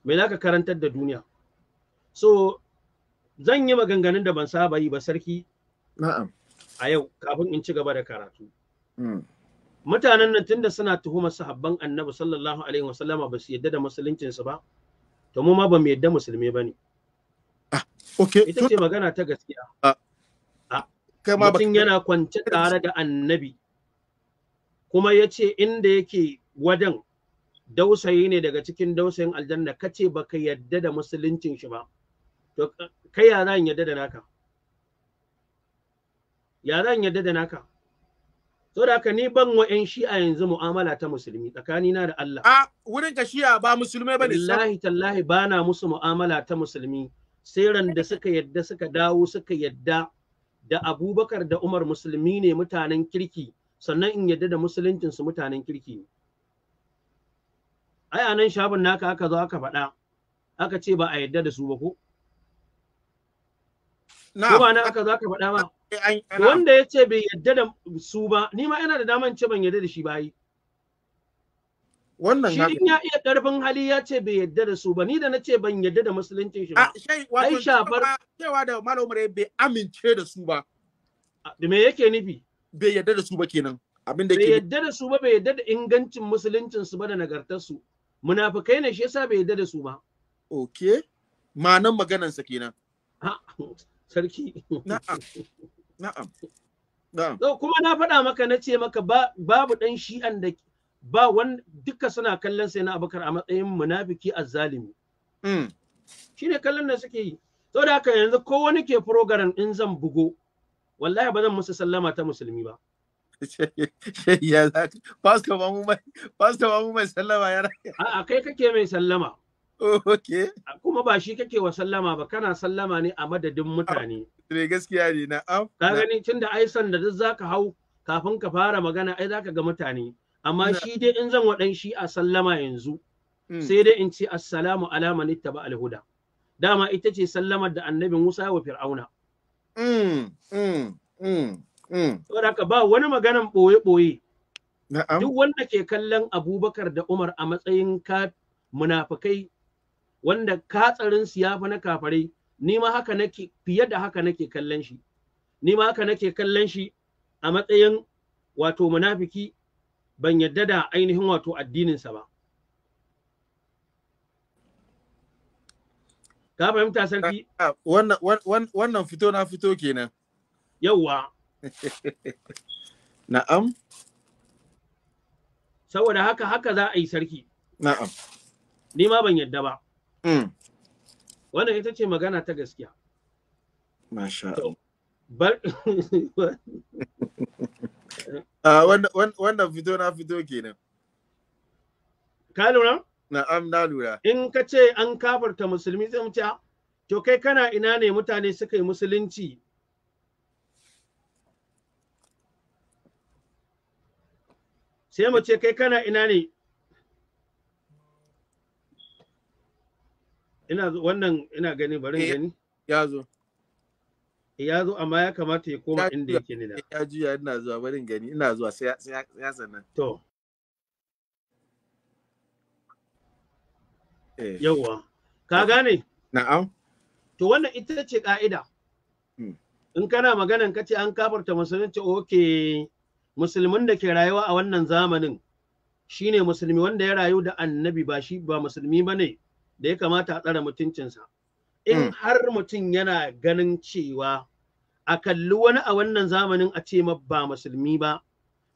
me za ka karantar da duniya so zan yi maganganun da ban saba yi ba sarki a yau kafin in ci gaba da karatu hmm. mutanen nan tunda suna tuhumar sahabban annabi sallallahu alaihi sallama ba su yadda da musuluncinsu ba to mu ma ba mu yadda musulmi ba ne ah okay ita ce magana ta gaskiya ah, ah mutum yana kwance [LAUGHS] tare da annabi kuma yace inda yake wajen dausayi ne daga cikin dausayin aljanna kace baka yadda da musuluncin shi ba to kai ya za in yadda da naka ya za in yadda da naka to da haka ni ban wa ƴan shi'a yanzu mu'amala ta musulmi tsakanina da Allah a wurin ka shi'a ba musulmai bane wallahi tallahi bana musu mu'amala ta musulmi sai ran da suka yadda suka dawo suka yadda da Abubakar da Umar musulmi ne mutanen kirki sannan in yadda da musuluncin su mutanen kirki ne ai anan shabun naka aka zo aka faɗa aka ce ba a yadda da su ba ko Kuma na aka za ka faɗa ma. Eh, Wanda ya ce bai yadda da su ba, ni ma yana da daman ce ban yadda da shi bayi. Wannan Shi in ya iya ƙarfin hali ya ce bai yadda da su ba, ni da na ce ban yadda da musuluncin shi ba. Ai shafar. Cewa da Malam Umar bai amince da su ba. Da me yake nufi? Bai yadda da su ba kenan. Abin da ke. Bai yadda da su ba, bai yadda da ingancin musuluncin su ba da nagartar su. Munafukai ne shi yasa bai yadda da su ba. Okay. Ma'anan maganansa kenan. sarki na'am na'am na'am kuma na faɗa maka na ce maka babu ɗan shi'an da ba wani duka suna kallon sai na abakar a matsayin munafiki azzalimi mm. shi ne kallon da suke yi da haka yanzu ko wani ke program in zan bugo wallahi ba zan musu sallama ta musulmi ba ya za ka fasko ba mu mai sallama ya a kai kake mai sallama [LAUGHS] Kuma ba shi kake wa sallama ba kana sallama ne a madadin mutane. Ne gaskiya ne na am. Ka gani tunda ai sanda duk zaka hau kafin ka fara magana ai zaka ga mutane. Amma shi dai in zan waɗan shi a sallama yanzu. Hmm. Sai dai in ce assalamu ala man ittaba alhuda. Dama ita ce sallamar da annabi Musa wa Fir'auna. Mm, mm, mm, ba wani maganan ɓoye-ɓoye. Duk wanda ke kallon Abubakar da Umar a matsayin ka munafukai wanda ya siyafa na kafare ni ma haka nake fiye da haka nake kallon shi ni ma haka nake kallon shi a matsayin wato munafiki ban yadda da ainihin wato addininsa ba ka fahimta sarki ah, wannan fito na fito kenan yauwa [LAUGHS] na'am saboda haka haka za a yi sarki na'am ni ma ban yadda ba Mm. Wannan ita ce magana ta gaskiya. Masha [LAUGHS] ah, Wannan fito na fito kenan. Ka lura? Na'am na lura. In ka ce an kafarta musulmi zai mutu ah, to kai kana ina ne mutane suka yi musulunci sai mu ce kai kana ina ne ina wannan ina gani barin eh, gani ya zo eh, ya zo amma ya kamata ya koma inda yake ne da ya juya ina zuwa barin gani ina zuwa sai ya sannan to eh. yawwa ka gane na'am to wannan ita ce ka'ida hmm. in kana maganan kace an kafarta musulunci oke musulmin da ke rayuwa a wannan zamanin shine musulmi wanda ya rayu da annabi ba shi ba musulmi bane da ya kamata a tsara mutuncinsa in hmm. har mutum yana ganin cewa a kalli wani a wannan zamanin a ce ba musulmi ba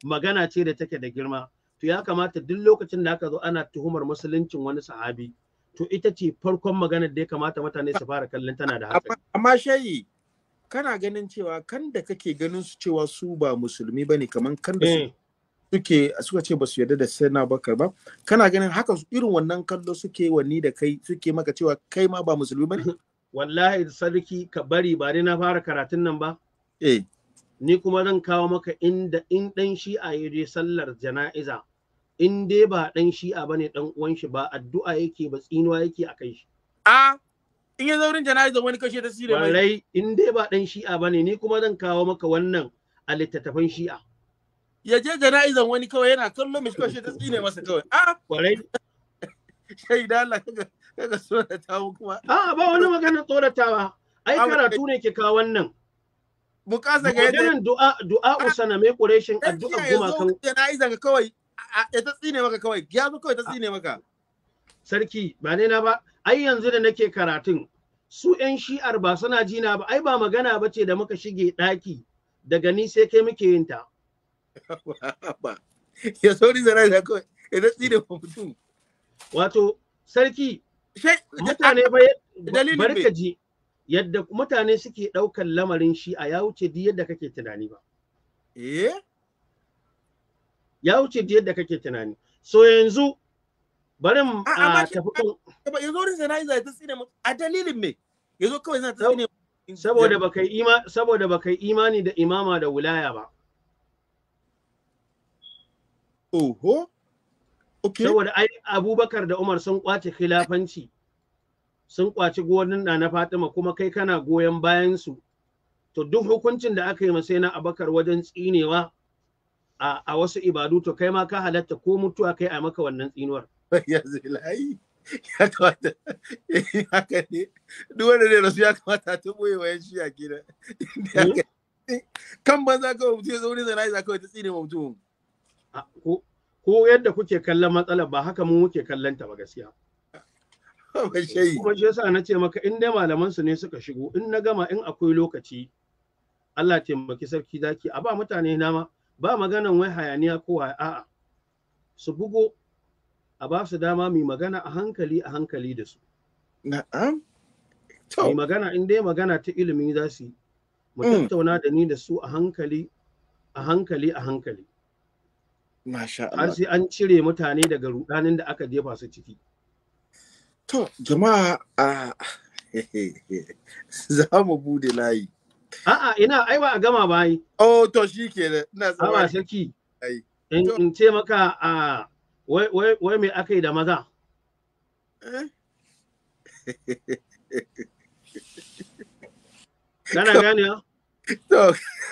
magana ce da take da girma to ya kamata duk lokacin da aka zo ana tuhumar musuluncin wani sahabi to ita ce farkon maganar da ya kamata mutane su fara kallon tana da hatsari amma shayi kana ganin cewa kan da kake ganin su cewa su ba musulmi bane kaman kan da su eh. suke suka ce ba su yarda da sayyidina bakar ba kana ganin haka irin wannan kallo suke wani da kai suke maka cewa kai ma ba musulmi bane [LAUGHS] wallahi sarki ka bari ba ni na fara karatun nan ba eh ni kuma zan kawo maka inda in dan shi'a ya je sallar jana'iza in dai ba dan shi'a bane dan uwan shi ba addu'a yake ba tsinuwa yake kai shi a in ya wurin jana'iza wani kashe ta sire mai in dai ba dan shi'a bane ni kuma zan kawo maka wannan a littattafan shi'a ya je jana'izan wani kawai yana kallon mai kawai ta tsine masa kawai a ah! kwarai [LAUGHS] shaida Allah kaga tsorata mu kuma a ah, ba wani magana tsoratawa ai karatu ne ke kawo wannan mu kasa ga yadda du'a du'a ah! usana mai quraishin addu'a goma kan jana'izan ka kawai ya ta tsine maka kawai ya zo kawai ta tsine maka sarki ba ne na ba ai yanzu da nake karatun su ƴan shi'ar ba suna jina ba ai ba magana ba ce da muka shige ɗaki daga ni sai kai muke yin ta ya sauri zara da kawai idan tsire mutum wato sarki mutane bari ka ji yadda mutane suke ɗaukan lamarin shi a ya wuce di yadda kake tunani ba eh ya wuce di yadda kake tunani so yanzu barin a tafi kan yanzu wurin zanayiza ya tsire mu a dalilin me yazo kawai zan ta tsire saboda baka yi imani da imama da wilaya ba Oho. Okay. Saboda ai Abubakar da Umar sun kwace khilafanci. Sun kwaci gonin na na Fatima kuma kai kana goyon bayan su. To duk hukuncin da aka yi ma sai na Abubakar wajen tsinewa a, a wasu ibadu to kai ma ka halatta ko mutuwa kai a maka wannan tsinuwar. [LAUGHS] Ya zilayi. Ya kamata. Eh, haka ne. Duk wanda ne rasu ya kamata ta boye wa shi a gida. Hmm? [LAUGHS] Kan banza kawai mutum ya zaune zana yi zakawa, ta tsine wa mutum. ko yadda kuke kallon matsalar ba haka mun muke kallon ta ba gaskiya [LAUGHS] kuma shi yasa na ce maka in dai malaman su ne suka shigo in na gama in akwai lokaci Allah taimaki sarki zaki a ba mutane nama ba maganan wai hayaniya ko a'a su bugo a ba su dama mai magana a hankali a hankali da su na'am magana in dai magana ta ilimi za su yi mu mm. tattauna da ni da su a hankali a hankali a hankali An sai an cire mutane daga rudanin da aka jefa su ciki. To, jama'a a [LAUGHS] za mu bude layi. A'a ina ai ba a gama ba yi. Oh to shi ke ina tsawa. sarki. In ce maka a wai me aka yi da maza. Eh? [LAUGHS] Kana gane to [LAUGHS]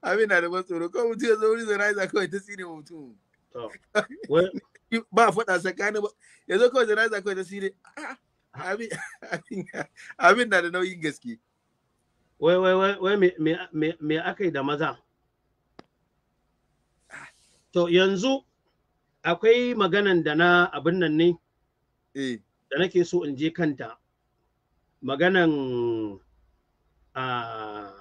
abin na da ban tsoro ko mutum ya zo wuri za kawai ta wa mutum [LAUGHS] ba faɗa tsakanin ba ya zo kawai za kawai ta tsine ah, [LAUGHS] abin na da nauyin gaske wai wai wai wai me aka yi da maza to yanzu akwai maganan da na abin nan ne eh. da nake so in je kanta maganan a ah,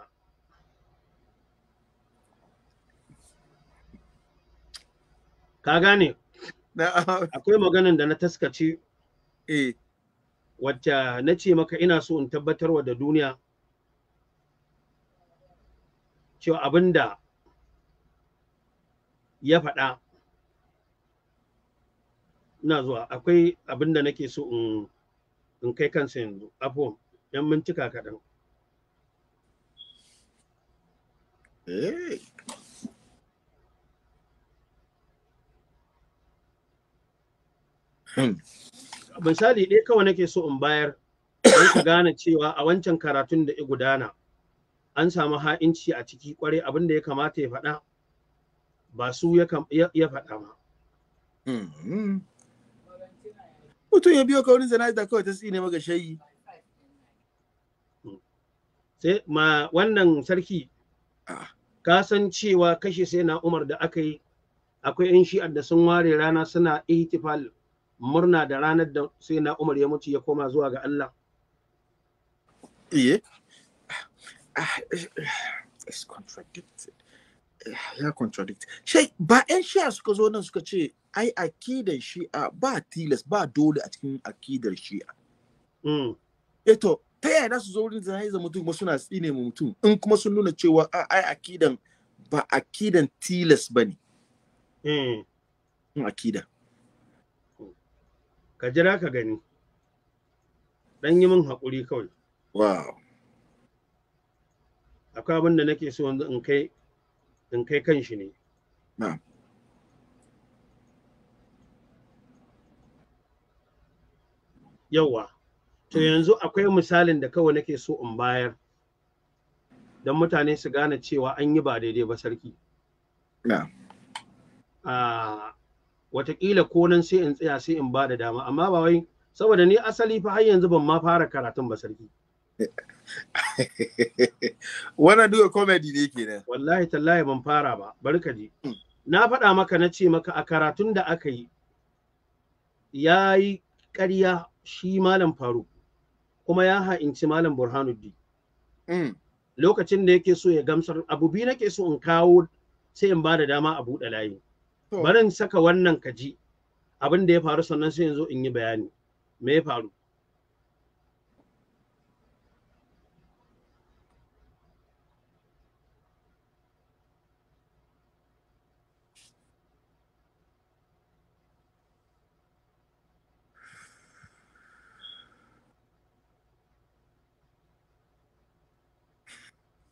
ka gane [LAUGHS] akwai maganin da na taskace e. wacce na ce maka ina so in tabbatarwa da duniya cewa abin da ya faɗa ina zuwa akwai abin da nake so in kai kansa yanzu abu yan mintika kaɗan. Hmm. misali ɗaya kawai nake so in bayar don ka gane cewa a wancan karatun da ya gudana an samu ha'inci a ciki kware abin da ya kamata ya faɗa ba su ya faɗa ma. Hmm. Mutum ya biyo kawai wurin da kawai ta tsine maka shayi. Sai ma wannan sarki ah. ka san cewa kashe sai na Umar da aka yi akwai 'yan shi'ar da sun ware rana suna ihtifal murna da ranar da sai na Umar ya mutu ya koma zuwa ga Allah? Iye. Ah, it's contradicted. Ya contradict. Shai, ba 'yan shi'a suka zo nan suka ce, ai akidar shi'a ba tilas ba dole a cikin akidar shi'a. Mm. Eto, eh ta yaya su zo wurin za mutum kuma suna tsine mu mutum in kuma sun nuna cewa ai akidan ba akidan tilas ba ne. Mm. Mm, akida. ka jira ka gani dan yi min haƙuri kawai wow akwai abin da nake so in kai in kai kan shi ne na'am to yanzu akwai misalin da kawai nake so in bayar don mutane su gane cewa an yi ba daidai ba sarki ah, Wataƙila ko nan sai in tsaya sai in ba da dama amma ba wai saboda ni asali fa har yanzu ban ma fara karatun ba sarki [LAUGHS] wannan duka comedy ne kenan wallahi tallahi ban fara ba barka ji na faɗa maka na ce maka a karatun da aka yi ya yi ƙarya shi malam faru kuma ya ha'inci malam burhanuddin mm. lokacin da yake so ya gamsar abu biyu nake so in kawo sai in ba da dama a buɗe layi Barin saka wannan kaji abin da ya faru sannan sai yanzu in yi bayani me ya faru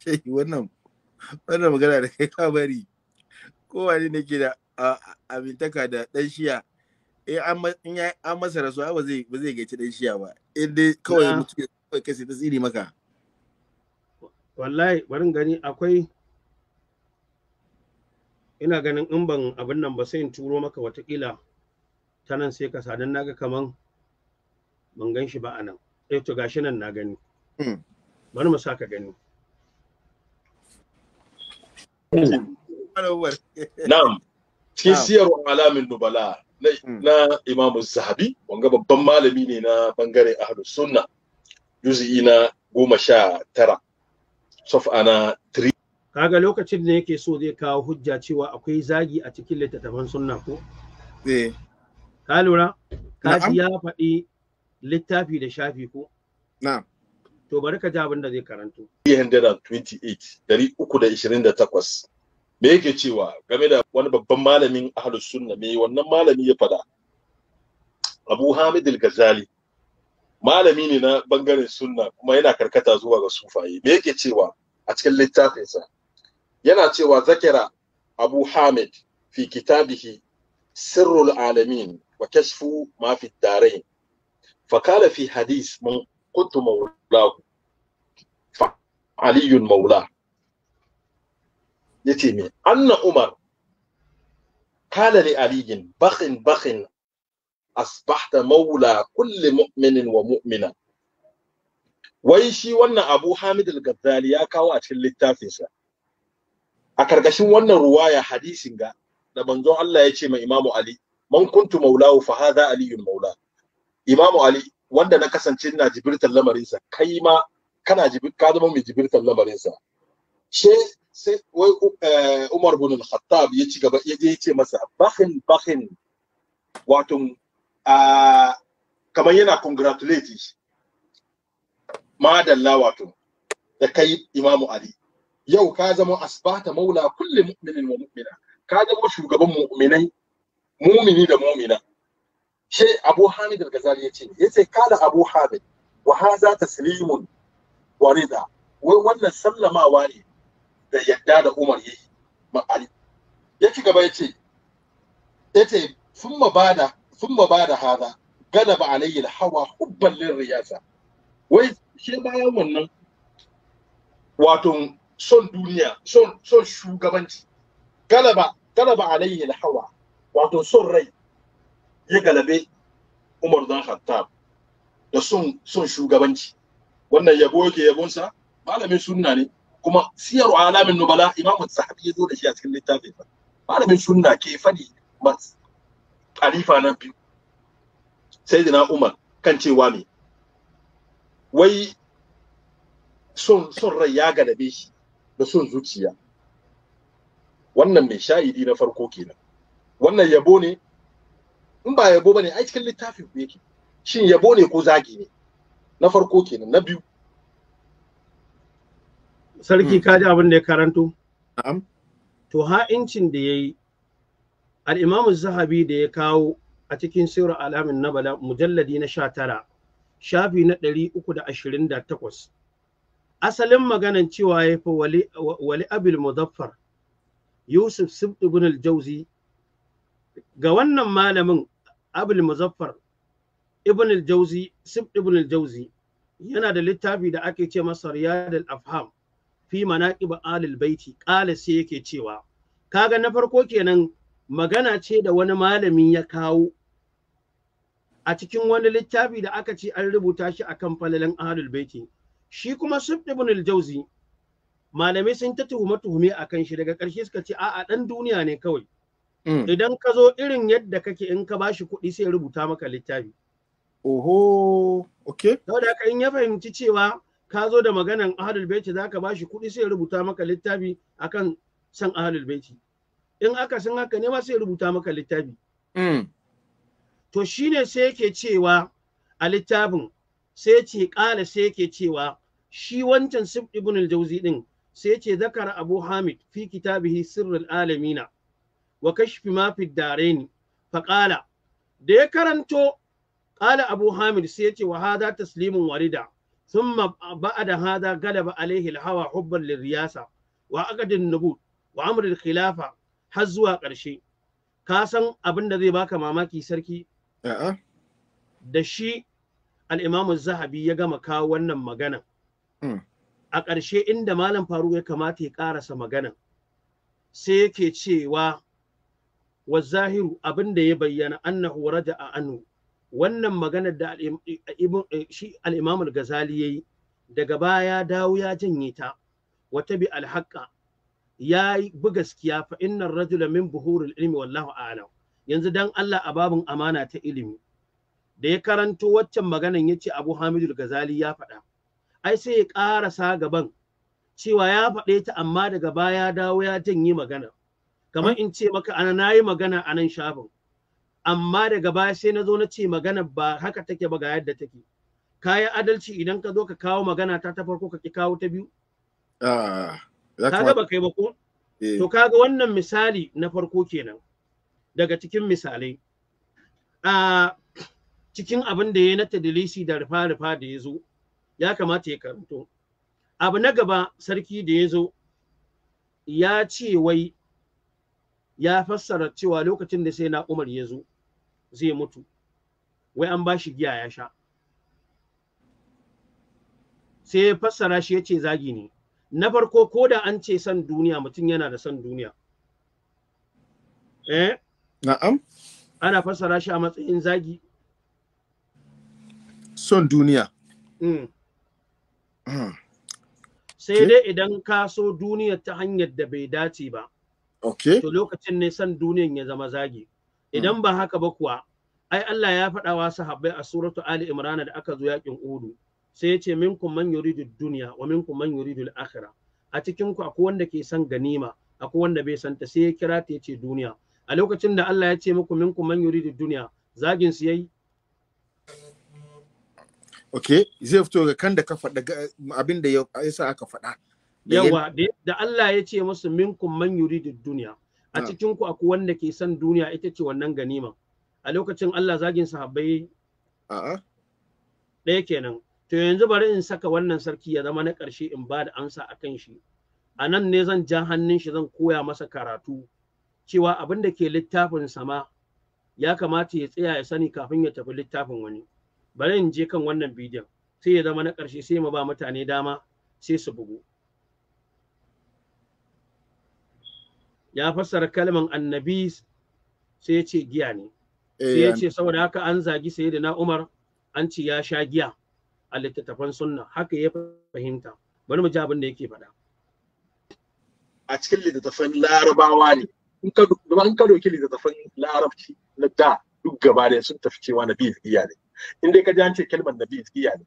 [LAUGHS] wannan wannan magana da kai ka bari kowane ne ke da abintaka da ɗan shiya in an masa rasuwa ba zai ba zai gaci ɗan shiya ba in dai kawai mutum ya kawai kai ta tsiri maka wallahi barin gani akwai ina ganin in ban abin nan ba sai in turo maka watakila ta nan sai ka sadan naga kaman ban gan shi ba a nan eh to gashi nan na gani hmm. bari mu saka gani hmm. na'am cikin siyarwa alamin nubala hmm. na imamu zahabi wanga babban malami ne na bangare ahlu sunna juzi'i na goma sha tara safa na kaga lokacin da yake so zai kawo hujja cewa akwai zagi a cikin littattafan sunna ko eh. ka lura ka ji ya faɗi littafi da shafi ko na'am to bari ka ji abin da zai karanto 328 328 me yake cewa game da wani babban malamin ahlus sunna me wannan malami ya fada Abu Hamid al-Ghazali malami ne na bangaren sunna kuma yana karkata zuwa ga sufaye me yake cewa a cikin littafinsa yana cewa zakira Abu Hamid fi kitabihi sirrul alamin wa kashfu ma fi darain فقال في mun من كنت Fa فعلي مولاه yace me anna umar kala li aliyin bakhin bakhin asbahta maula kulli mu'minin wa mu'mina wai shi wannan abu hamid al-gazzali ya kawo a cikin littafinsa a karkashin wannan ruwaya hadisin ga da manzon Allah ya ce ma imamu ali man kuntu maulahu fa hadha aliyun maula imamu ali wanda na kasance ina jibirtar lamarinsa kai ma kana jibir ka zama mai jibirtar lamarinsa she sai wai eh, Umar bin Khattab ya ci gaba ya ce masa bahin bahin wato kamar yana congratulate shi madalla wato da kai Imamu Ali yau ka zama asbata maula kulle mu'minin wa mu'mina ka zama shugaban mu'minai mumini da mumina she Abu Hamid al-Ghazali yace ce kala Abu Hamid wa hadha taslimun wa wai wannan sallamawa ne da yadda da Umar yayi ma Ali ya ci gaba ya ce sun bada ba da hada gada ba al-hawa hubban lirriyasa wai shi bayan wannan wato son duniya son son shugabanci galaba galaba alayhi hawa wato son rai ya galabe Umar dan Khattab da son son shugabanci wannan yabo yake yabonsa malamin sunna ne kuma siyar alamin nubala imamu sahabi ya zo da shi a cikin littafin malamin sunna ke fadi alifa na biyu sai da na umar kan cewa ne wai son son rai ya galabe shi da son zuciya wannan mai sha'idi na farko kenan wannan yabo ne in ba yabo bane a cikin littafin ku yake shin yabo ne ko zagi ne na farko kenan na biyu sarki hmm. ji abin da ya karanto to ha'incin da ya yi al'imamu zahabi da ya kawo a cikin sirar alamin na bala mujalladi na sha tara shafi na ɗari uku da ashirin da takwas asalin maganan cewa ya fi wali abil muzaffar yusuf ibn al-jauzi ga wannan malamin abul muzaffar ibn al-jauzi ibn al-jauzi yana da littafi da ake ce masa riyadul afham fi manaqib alil baiti qala sai yake cewa kaga na farko kenan magana ce da wani malami ya kawo a cikin wani littafi da aka ce an rubuta shi akan falalan ahlul baiti shi kuma Suf ibn al-jawzi malamai sun ta tuhume tuhume akan shi daga ƙarshe suka ce a'a dan duniya ne kawai mm. idan ka zo irin yadda kake in ka bashi kuɗi sai rubuta maka littafi oho okay saboda haka in ya fahimci cewa ka zo da maganan ahlul baiti zaka bashi kuɗi sai rubuta maka littafi akan san ahlul baiti in aka san haka ne ma sai rubuta maka littafi mm. to shine sai yake cewa a littafin sai ce ƙala sai yake cewa shi wancan sif ibn al-jawzi din sai ce zakara abu hamid fi kitabihi sirrul alamina wa kashfi ma fi daraini fa qala da ya karanto ƙala abu hamid sai ya ce wa hada taslimun warida ثم بعد هذا غلب عليه الهوى حبا للرياسة وعقد النبوت وأمر الخلافة حزوا قرشي كاسن أبن ذي باك ماماكي سركي أه. da shi al'imamu zahabi ya gama kawo wannan magana a ƙarshe inda malam faru ya kamata ya ƙarasa magana sai yake cewa wa zahiru abin da ya bayyana annahu raja a anu wannan maganar da eh, shi al Gazali ya yi, daga baya dawo ya janye ta wata bi alhaka ya ya bi gaskiya fa rajula min buhuril ilmi wallahu a'lam yanzu dan Allah a babun amana ta ilimi da ya karanto waccan maganar ya ce Abu Hamidul Gazali ya faɗa ai sai ya ƙarasa gaban cewa ya faɗe ta amma daga baya dawo ya janye magana kamar in ce maka ana yi magana a nan shafin amma daga baya sai na zo na ce magana ba haka take ba ga yadda take kayi adalci idan ka zo ka kawo magana ta ta farko ka ki kawo ta biyu ah, kaga ba kai ba ko eh. to kaga wannan misali na farko kenan daga cikin misalai a ah, cikin abin da ya na tadilisi da rufa-rufa da ya zo ya kamata ya karanto abu na gaba sarki da ya zo ya ce wai ya fassara cewa lokacin da sai na umar ya zo zai mutu wai an bashi giya ya sha sai ya fassara shi ya ce zagi ne na farko ko da an ce san duniya mutum yana da san duniya eh na'am ana fassara shi a matsayin zagi son duniya mm. sai dai idan ka so duniya ta hanyar da bai dace ba okay. to lokacin ne san duniyan ya zama zagi idan hmm. ba haka ba kuwa ai Allah ya faɗa wa sahabbai a suratu Ali Imran da aka zo yakin Uhud sai ya ce minkum man yuridu dunya wa minkum man yuridu al-akhirah a cikin ku akwai wanda ke son ganima akwai wanda bai ta sai ya kira ta yace duniya a lokacin da Allah ya ce muku minkum man yuridu dunya zagin su yayi okay zai fito ga kan da ka faɗa abin da yasa aka faɗa yawa da Allah ya ce musu minkum man yuridu dunya a cikin ku akwai wanda ke son duniya ita ce wannan ganima a lokacin Allah zagin sahabbai a'a ɗaya kenan to yanzu bari in saka wannan sarki ya zama na ƙarshe in ba da amsa akan shi a nan ne zan ja hannun shi zan koya masa karatu cewa abin da ke littafin sama ya kamata ya tsaya ya sani kafin ya tafi littafin wani bari in je kan wannan bidiyon sai ya zama na ƙarshe sai mu ba mutane dama sai su bugu ya fassara kalman annabi sai ya ce giya ne eh, sai ya ce saboda haka an zagi da na Umar an ce ya sha giya a littattafan sunna haka ya fahimta bari mu ji abin da yake faɗa a cikin littattafan larabawa ne in ka doki littattafan larabci na da duk gaba da sun tafi cewa biyu giya ne in dai ka ji an ce kalmar nabi giya ne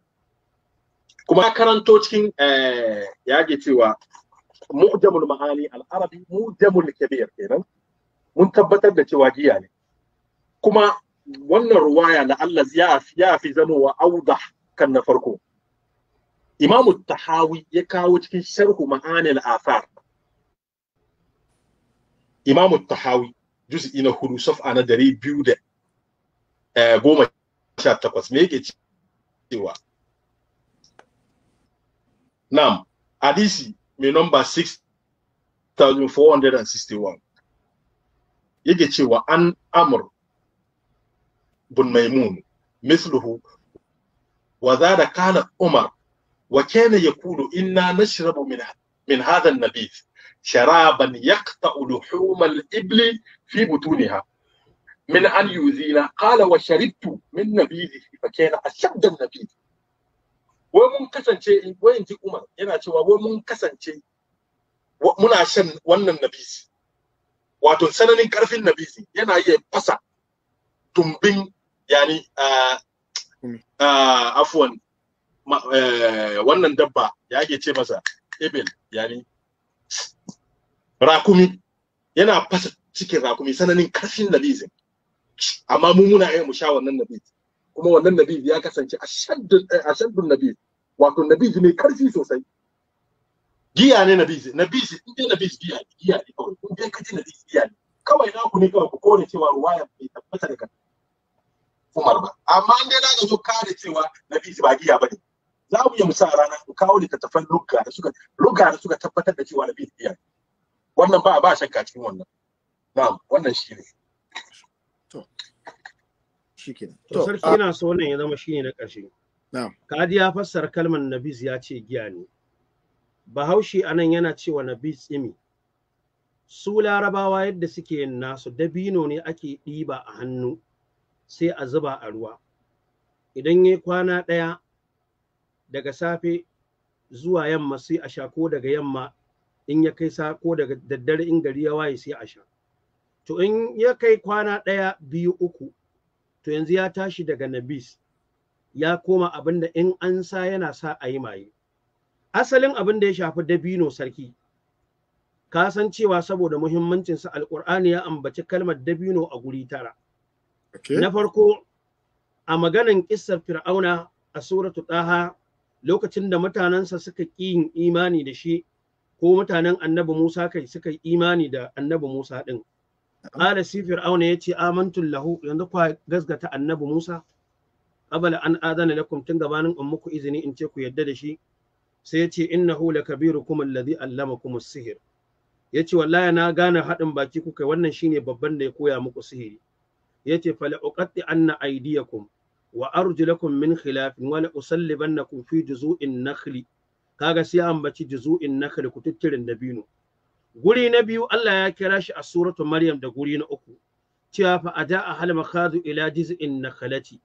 kuma karanto cikin eh, ya ke cewa mu'jamul ma'ani al-arabi mu'jamul kabir kenan mun tabbatar da cewa giya ne kuma wannan ruwaya na Allah ya fi zamowa auda kan na farko imamu tahawi ya kawo cikin sharhu ma'anil afar imamu tahawi juz'i na hudu saf'a na dari biyu da eh, goma sha takwas me hadisi me number 6461 yake cewa an amur bun maimun misluhu wa zada kana umar wa kana yaqulu inna nashrabu min min hadha an-nabith sharaban yaqta'u luhum al ibl fi butunha من أن يؤذينا قال وشربت من نبيذه فكان أشد النبيذ wai mun kasance wai in ji Umar yana cewa wai mun kasance muna shan wannan nabisi wato sananin karfin nabisi yana iya fasa tumbin yani uh, uh, afuwan uh, wannan dabba ya ake ce masa ebel yani rakumi yana fasa cikin rakumi sananin karfin nabisi amma mu muna iya mu sha wannan nabisi kuma wannan nabi ya kasance a eh, shaddun nabi wato nabi mai karfi sosai giya ne nabi nabi in inda nabi giya ne giya ne kawai in ka kaji nabi giya ne kawai naku ne kawai ku kone cewa ruwaya bai tabbata daga Umar ba amma in dai na zo kare cewa nabi ba giya bane za mu yi musa rana ku kawo littattafan lugga da suka lugga da suka tabbatar da cewa nabi giya wannan ba ba shakka cikin wannan na'am wannan shi ne to sarki ina so nan ya zama shine na ƙarshe na'am kadi ya fassara kalmar nabiz ya ce giya ne bahaushe anan yana cewa nabiz tsimi su larabawa yadda suke yin nasu dabino ne ake ɗiba a hannu sai a zuba a ruwa idan ya kwana ɗaya daga safe zuwa yamma sai a sha ko daga yamma in ya kai sa ko daga daddare in gari ya waye sai a sha to in ya kai kwana ɗaya biyu uku to yanzu ya tashi daga nabis ya koma abin da in an sa yana sa a yi maye asalin abin da ya shafi dabino sarki ka san cewa saboda muhimmancinsa alkur'ani ya ambaci kalmar dabino a guri tara na farko a maganan kissar fir'auna a suratu ɗaha lokacin da mutanensa suka ƙi yin imani da shi ko mutanen annabi musa kai suka yi imani da annabi musa ɗin qala si fir'auna yace amantu lahu yanzu kwa gasgata annabi Musa qabala an adana lakum tun gabanin in muku izini in ce ku yadda da shi sai yace innahu lakabirukum alladhi kuma sihir. Ya yace wallahi na gane haɗin baki kuka wannan shine babban da ya koya muku sihiri yace fala uqatti anna aydiyakum wa arjulakum min khilafin wa la usallibannakum fi juzu'in nakhli kaga sai ambaci juzu'in nakhli ku tuttirin dabino guri na biyu Allah ya kira shi a suratu Maryam da guri na uku cewa fa ada a hal makadu ila jiz'in nakhlati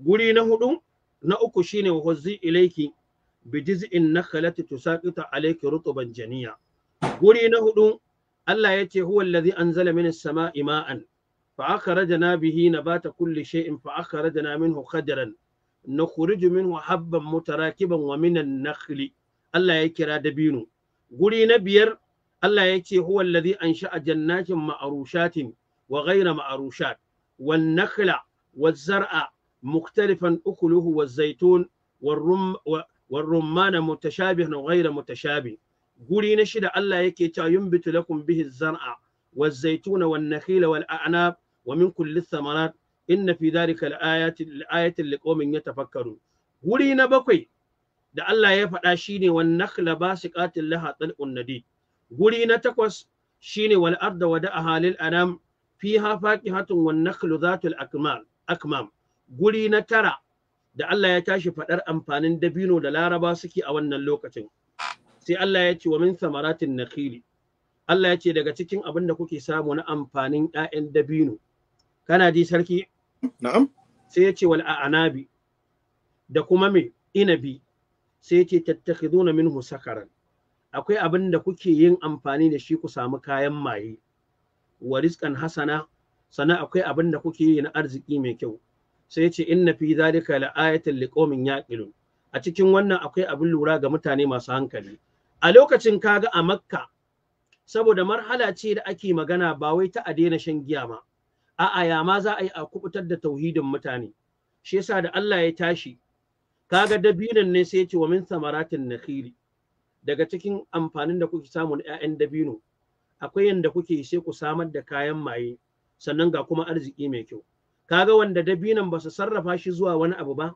guri na hudu na uku shine wa huzzi ilayki bi jiz'in nakhlati tusaqita alayki rutuban janiya guri na hudu Allah ya ce huwa allazi anzala min sama'i ma'an fa akhrajna bihi nabata kulli shay'in fa akhrajna minhu khadran نخرج منه حبا متراكبا ومن النخل الله kira دبينو guri na biyar Allah ya ce huwa allazi ansha'a jannatin ma'arushatin wa ghayra ma'arushat wan nakhla waz zar'a mukhtalifan ukuluhu waz zaitun war rumman mutashabihan ghayra mutashabih guri na shida Allah yake cewa yumbitu lakum bihi zar'a waz zaituna wan nakhila wal a'nab wa min kulli thamarat inna fi dhalika al ayati al ayati liqawmin yatafakkarun guri na bakwai da Allah ya faɗa shine wan nakhla basiqatin laha talqun nadid guri na takwas shine wal arda wada ahalil anam fiha faqihatun wan nakhlu zatul akmal akmam guri na tara da Allah ya tashi fadar amfanin dabino da laraba suke a wannan lokacin sai Allah ya ce wa min nakhili Allah ya ce daga cikin abin da kuke samu na amfanin ƴaƴan dabino kana ji sarki na'am sai ya ce wal a'anabi da kuma me inabi sai ya ce tattakhiduna minhu sakaran akwai abin da kuke yin amfani da shi ku samu kayan maye wa rizqan hasana sannan akwai abin da kuke yi na arziki mai kyau sai ce inna fi zalika la'ayatan liqawmin yaqilun a cikin wannan akwai abin lura ga mutane masu hankali a lokacin kaga a makka saboda marhala ce da ake magana ba wai ta a daina shan giya ma a'a ya ma za a yi a kubutar da tauhidin mutane shi yasa da Allah ya tashi kaga dabinan ne sai ya ce wa min samaratin nakhili daga cikin amfanin da kuke samu na 'ya'yan dabino akwai yanda kuke sai ku samar da kayan maye sannan ga kuma arziki mai kyau kaga wanda dabinan ba su sarrafa shi zuwa wani abu ba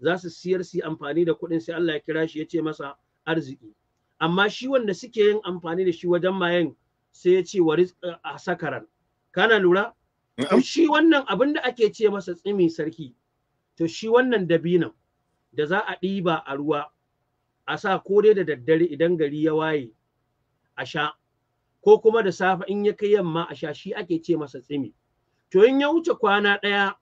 za su siyar su amfani da kuɗin sai Allah ya kira shi ya ce masa arziki amma shi wanda suke yin amfani da shi wajen mayen sai ya ce wa a sakaran kana lura shi wannan abin da ake ce masa tsimi sarki to shi wannan dabinan da za a ɗiba a ruwa a sa ko dai da daddare idan gari ya waye a sha ko kuma da safe in ya kai yamma a sha shi ake ce masa tsimi to in ya wuce kwana ɗaya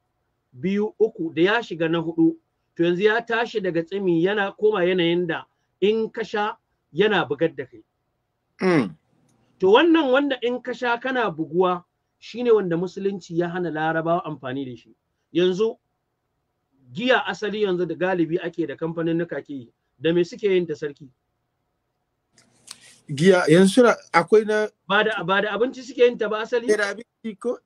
biyu uku da ya shiga na hudu to yanzu ya tashi daga tsimi yana koma yanayin da in ka sha yana bugar da kai mm. to wannan wanda in ka sha kana buguwa shine wanda musulunci ya hana larabawa amfani da shi yanzu giya asali yanzu da galibi ake da kamfanin nuka ke yi da me suke yin ta sarki giya yanzu akwai na ba da ba da abinci suke yin ta ba asali da abinci ko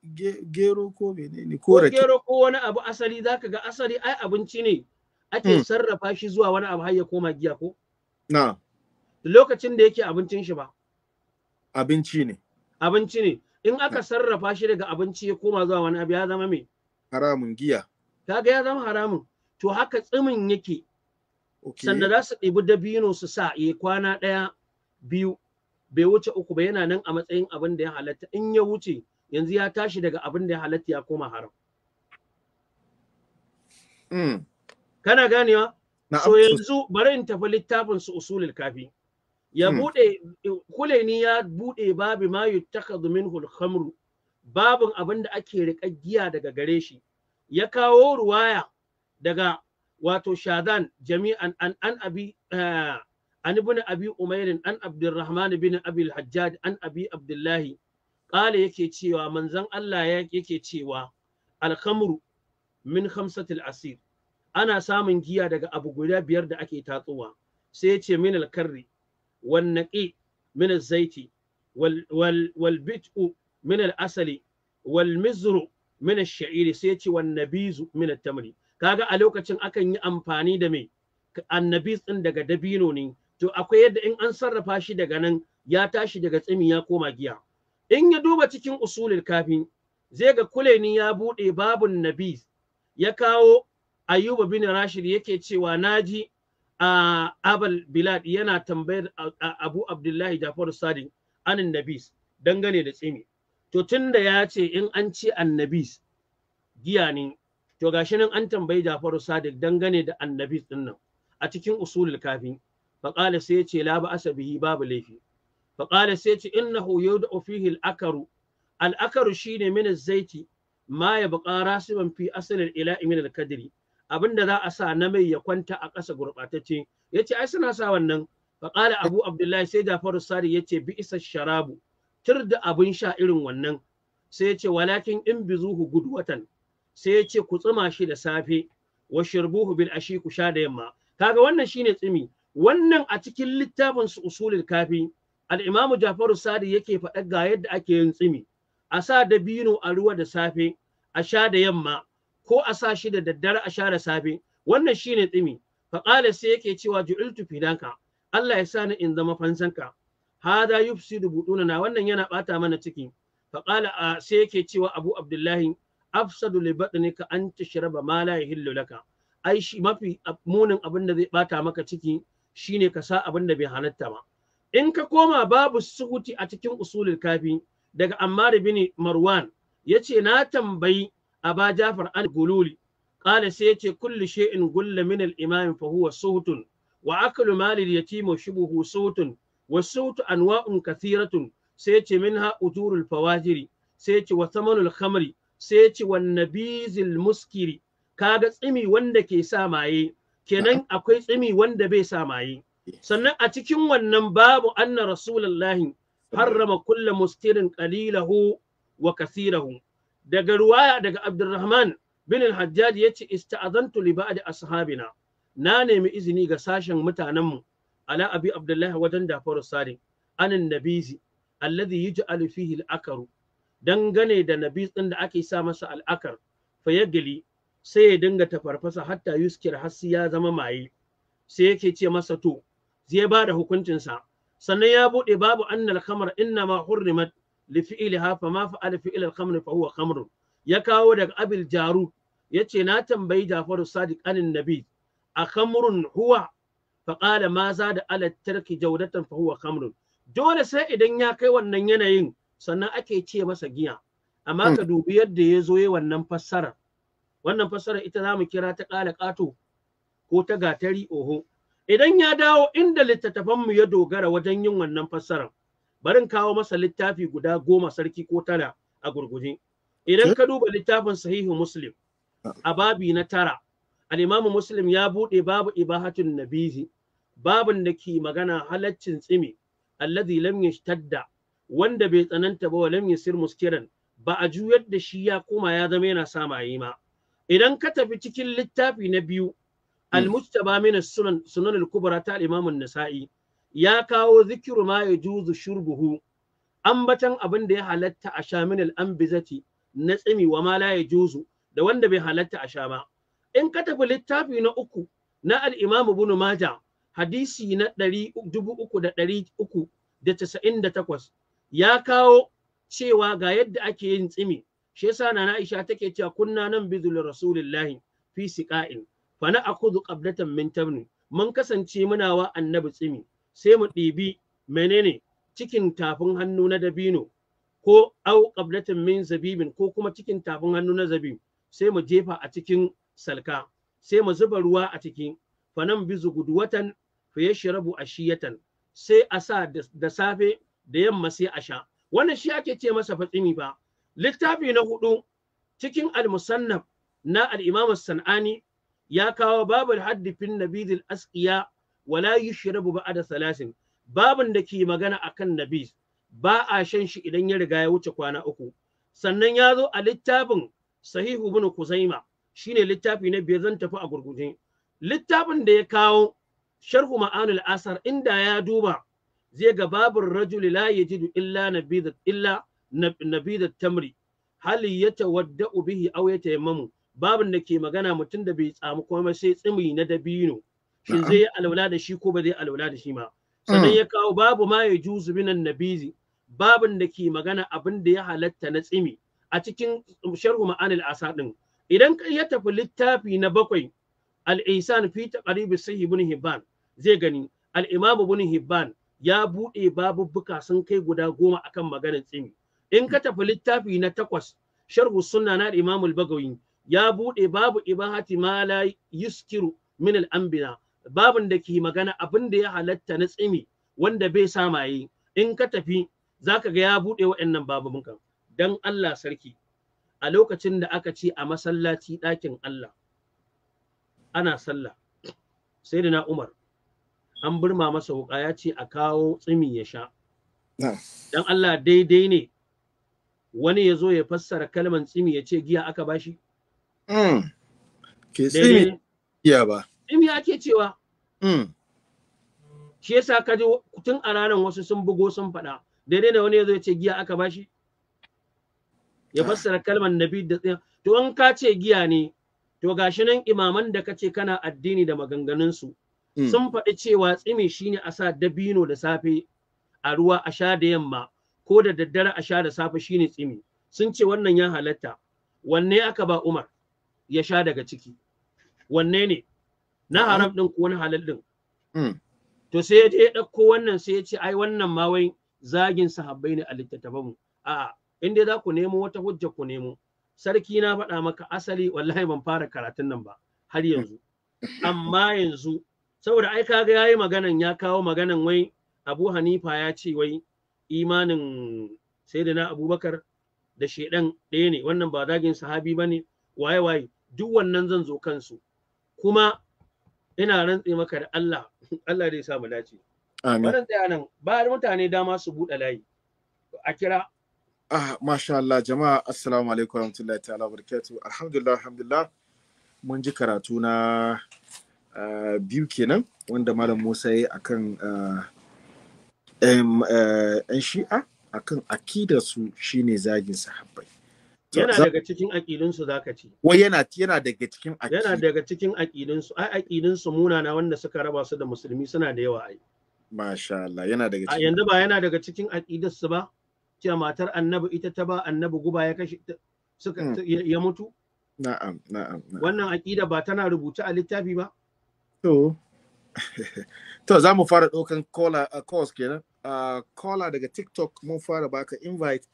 gero ko menene ko rake gero ko wani abu asali zaka ga asali ai abinci ne ake hmm. sarrafa shi zuwa wani abu har ya koma giya ko na lokacin da yake abincin shi ba abinci ne abinci ne in aka sarrafa shi daga abinci ya koma zuwa wani abu ya zama me haramun giya kaga ya zama haramun to haka tsimin yake sanda za su ɗebi dabino su sa ya kwana ɗaya biyu bai wuce uku ba yana nan a matsayin abin da ya halatta in ya wuce yanzu ya tashi daga abin da ya halatta ya koma haram hmm. kana ganewa so yanzu bari in tafi littafin su usulul kafi ya hmm. bude kule ni ya bude babu ma yuttakhadhu minhu al khamr babun abin da ake riƙa giya daga gare shi ya kawo ruwaya daga wato shadan jami'an an an abi eh, an ibn abi umairin an abdurrahman bin abi hajjaj an abi abdullahi qala yake cewa manzon Allah yake cewa alkamru min khamsatil asir ana samun giya daga abu guda biyar da ake tatsuwa sai yace min alkarri wal naqi min zaiti wal wal wal bit'u min al asali wal mizru min ash-sha'iri sai yace wan nabizu min at-tamri kaga a lokacin akan yi amfani da mai annabi din daga dabino ne to akwai yadda in an sarrafa shi daga nan ya tashi daga tsimi ya koma giya in ya duba cikin usulul kafi zai ga kule ni ya bude babun nabi ya kawo Ayuba bin rashid yake cewa naji a abal bilad yana tambayar abu abdullahi jafaru sadin anin nabis dangane da tsimi to tunda ya ce in an ce annabis giya ne to gashi nan an tambayi Jafaru Sadiq dangane da annabi din nan a cikin usulul kafi qala sai ya ce la ba asabihi babu laifi qala sai ya ce innahu yud'u fihi al-akaru al-akaru shine min zaiti ma ya buqara siban fi asalin ila'i min al-kadri abinda za a sa na mai ya kwanta a ƙasa gurɓatacce yace ai suna sa wannan faƙala abu abdullahi sai jafaru sadiq ya ce bi isa sharabu tir da abin sha irin wannan sai ya ce walakin in bizuhu gudwatan sai ya ce ku tsuma shi da safe wa shirbuhu bil ashi ku sha da yamma kaga wannan shine tsimi wannan a cikin littafin su usulul kafi al-imamu Jafaru Sadi yake faɗa ga yadda ake yin tsimi a sa dabino a ruwa da safe a sha da yamma ko a sa shi da daddare a sha da safe wannan shine tsimi faƙala sai yake cewa ju'iltu fidanka Allah ya sani in zama fansanka hada yufsidu buduna wannan yana bata mana ciki faƙala sai yake cewa Abu Abdullahi afsadu ne ka an tashraba ma la yahillu laka ai shi mafi munin abin da zai bata maka ciki shine ka abin da bai halatta ba in ka koma babu suhuti a cikin usulul kafi daga Ammar bin Marwan yace na tambayi Aba Jafar an gululi qala sai yace kullu shay'in gulla min al-imam fa huwa suhutun wa aklu mali al-yatim shubuhu suhutun wa suhutu anwa'un kathiratun sai yace minha ujurul fawajiri sai yace wa thamanul khamri sai ce wanne bizil muskiri kaga tsimi wanda ke sa maye kenan akwai tsimi wanda bai sa maye sannan a cikin wannan babu anna rasulullahi harrama kulla muskirin qalilahu wa kasirahu daga ruwaya daga abdurrahman bin al-hajjaj yace ista'azantu li ba'd ashabina na nemi izini ga sashen mutanenmu ala abi abdullahi wajen dafaru sadiq anan nabizi alladhi yuj'alu fihi al-akaru dangane da nabis ɗin da ake sa masa al'akar fayagali sai ya dinga tafarfasa hatta yuskir hasi ya zama maye sai yake ce masa to zai ba da hukuncinsa sannan ya buɗe babu annal khamar inna ma hurrimat li fi'liha fa ma fa'ala fi'l al-khamr fa huwa khamr ya kawo daga abil jaru yace na tambayi Jafaru Sadiq anin nabi a khamrun huwa fa qala ma zada ala tarki jawdatan fa huwa khamr dole sai idan ya kai wannan yanayin sannan ake ce masa giya amma hmm. ka dubi yadda ya zo ya wannan fassarar wannan fassara ita za mu kira ta ƙala ƙato ko ta gatari oho idan ya dawo inda littattafan mu ya dogara wajen yin wannan fassarar barin kawo masa littafi guda goma sarki ko tara a gurguje idan ka duba littafin sahihu muslim a babi na tara al-imamu muslim ya bude babu ibahatun nabizi babin da ke magana halaccin tsimi alladhi lam yashtadda wanda bai tsananta ba walam yasir muskiran ba a juyar da shi ya koma ya zama yana sa maye ma idan ka tafi cikin littafi na biyu hmm. al-mujtaba min sunan sunan al-kubra ta al-imam an-nasa'i ya kawo zikiru ma yajuzu shurbuhu ambatan abin da ya halatta a sha min al-anbizati na tsimi wa ma la yajuzu da wanda bai halatta a sha ba in ka tafi littafi na uku na al-imam ibn majah hadisi na 398 ya kawo cewa ga yadda ake yin tsimi shi yasa nana Aisha take cewa kunna nan bizul rasulillahi fi siqa'in fa na akhudhu qablatan min tabni mun kasance muna wa annabi tsimi sai mu ɗibi menene cikin tafin hannu na dabino ko au qablatan min zabibin ko kuma cikin tafin hannu na zabib sai mu jefa a cikin salka sai mu zuba ruwa a ciki fa nan bizu guduwatan fa yashrabu ashiyatan sai a sa da safe da yamma sai a sha wannan shi ake ce masa fatsimi ba littafi na hudu cikin almus'annaf na al-imam sanani ya kawo babul haddi fin nabidil asqiya wala yushrabu ba'da salasin babin da ke magana akan nabiz ba a shan shi idan ya riga ya wuce kwana uku sannan ya zo a littafin sahihu bin kuzaima shine littafi na biyar zan tafi a gurguje littafin da ya kawo sharhu ma'anul asar inda ya duba zai ga babin rajuli la yajidu illa nabidat illa nabidat tamri hali ya tawadda'u bihi aw ya tayammamu babin da ke magana mutum da bai tsamu komai sai tsimi na dabino shin zai alwala da shi ko ba zai alwala da shi ma sannan mm. ya kawo babu ma ya juzu minan nabizi babin da ke magana abin da ya halatta na tsimi a cikin sharhu ma'anil asa ɗin. idan kai ya tafi littafi na bakwai al-ihsan fi taqrib sahih ibn hibban zai gani al-imam ibn hibban ya buɗe babubbuka sun kai guda goma akan maganar tsimi in ka tafi littafi na takwas sharhu sunna na imam al-bagawi ya buɗe babu ibahati ma la yuskiru min al-anbiya babun da ke magana abin da ya halatta na tsimi wanda bai samaye in ka tafi zaka ga ya buɗe waɗannan babubukan dan Allah sarki a lokacin da aka ce a masallaci ɗakin Allah ana sallah sai da na Umar an burma masa wuƙa ya ce a kawo tsimi ya sha dan Allah daidai ne wani ya zo ya fassara kalman tsimi ya ce giya aka bashi mm. ke tsimi giya ba tsimi ake cewa mm. shi yasa ka ji tun a ranar wasu sun bugo sun faɗa daidai ne wani ya zo ya ce giya aka ba shi? ya fassara kalmar nabi da tsaya to an ka ce giya ne to gashi nan imaman da kace kana addini da maganganunsu. su Mm. sun faɗi cewa tsimi shine a sa dabino da safe a ruwa a sha da yamma ko da daddare a sha da safe shine tsimi sun ce wannan ya halatta wanne aka ba Umar ya sha daga ciki wanne ne na haram din ko na halal din mm. to sai ya ya ɗauko wannan sai ya ce ai wannan ma wai zagin sahabbai ne a littattafan mu a'a in dai za ku nemo wata hujja ku nemo sarki na faɗa maka asali wallahi ban fara karatun nan ba har mm. yanzu amma yanzu saboda ai kaga yayi maganan ya kawo maganan wai Abu Hanifa ya ce wai imanin Sayyidina Abubakar da shedan ɗaya ne wannan ba zagin sahabi bane waye waye duk wannan zan zo kansu kuma ina rantse maka da Allah [LAUGHS] Allah zai sa mu dace amin wannan tsaya nan ba mutane dama su buɗe layi a kira ah masha Allah jama'a assalamu alaikum warahmatullahi ta'ala barakatuh alhamdulillah alhamdulillah mun ji karatu na biyu kenan wanda malam musa ya yi a kan yan eh, eh, shi'a akan akidarsu shine zagin sahabbai yana daga cikin aƙilinsu za ka ce. Wai yana daga cikin Yana daga cikin aƙidinsu. Ai aƙidinsu munana wanda suka raba su da musulmi suna da yawa ai. Masha Allah yana daga cikin. Yanzu ba yana daga cikin aƙidarsu ba. Cewa matar annabi ita ta ba annabi guba ya kashe suka hmm. ya mutu. Na'am na'am. Wannan aƙida ba tana rubuta a littafi ba. To, [LAUGHS] to za mu fara ɗaukan kola a course kenan. Kola uh, daga TikTok mun fara baka invite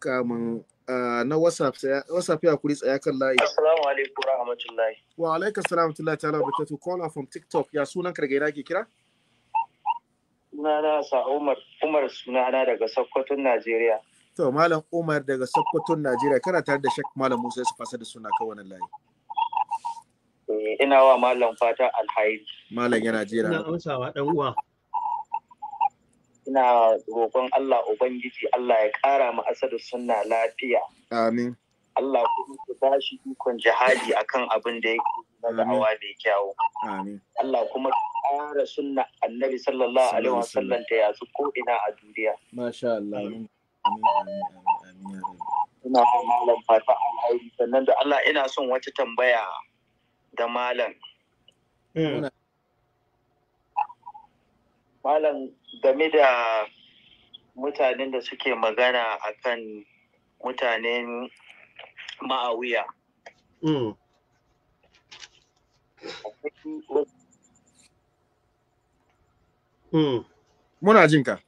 kamun uh, na WhatsApp WhatsApp ya kuri tsaya kan layi. Assalamu alaikum rahmatullahi. Wa alaikum assalamu rahmatullahi ta'ala to Kola from TikTok ya sunan ka daga ina ke kira? Sunana sa Umar Umar sunana daga Sokoto Najeriya. To Malam Umar daga Sokoto Najeriya kana tare da Sheikh Malam Musa ya fasa da suna ka wannan layi. Eh, ina wa malam fata alhaji malam yana jira ina amsawa dan uwa ina roƙon Allah ubangiji Allah ya ƙara mu asadu sunna lafiya amin Allah kuma ku ba shi ikon jihadi akan abin da yake na da'awa da kyawu amin Allah kuma ƙara sunna annabi sallallahu alaihi wasallam ta yasu ko ina a duniya masha Allah amin amin amin ina malam fatan alhairi sannan da Allah ina son wata tambaya da malam hmm. malam game da mutanen da suke magana akan mutanen ma'awiya hmm. Hmm. muna jin ka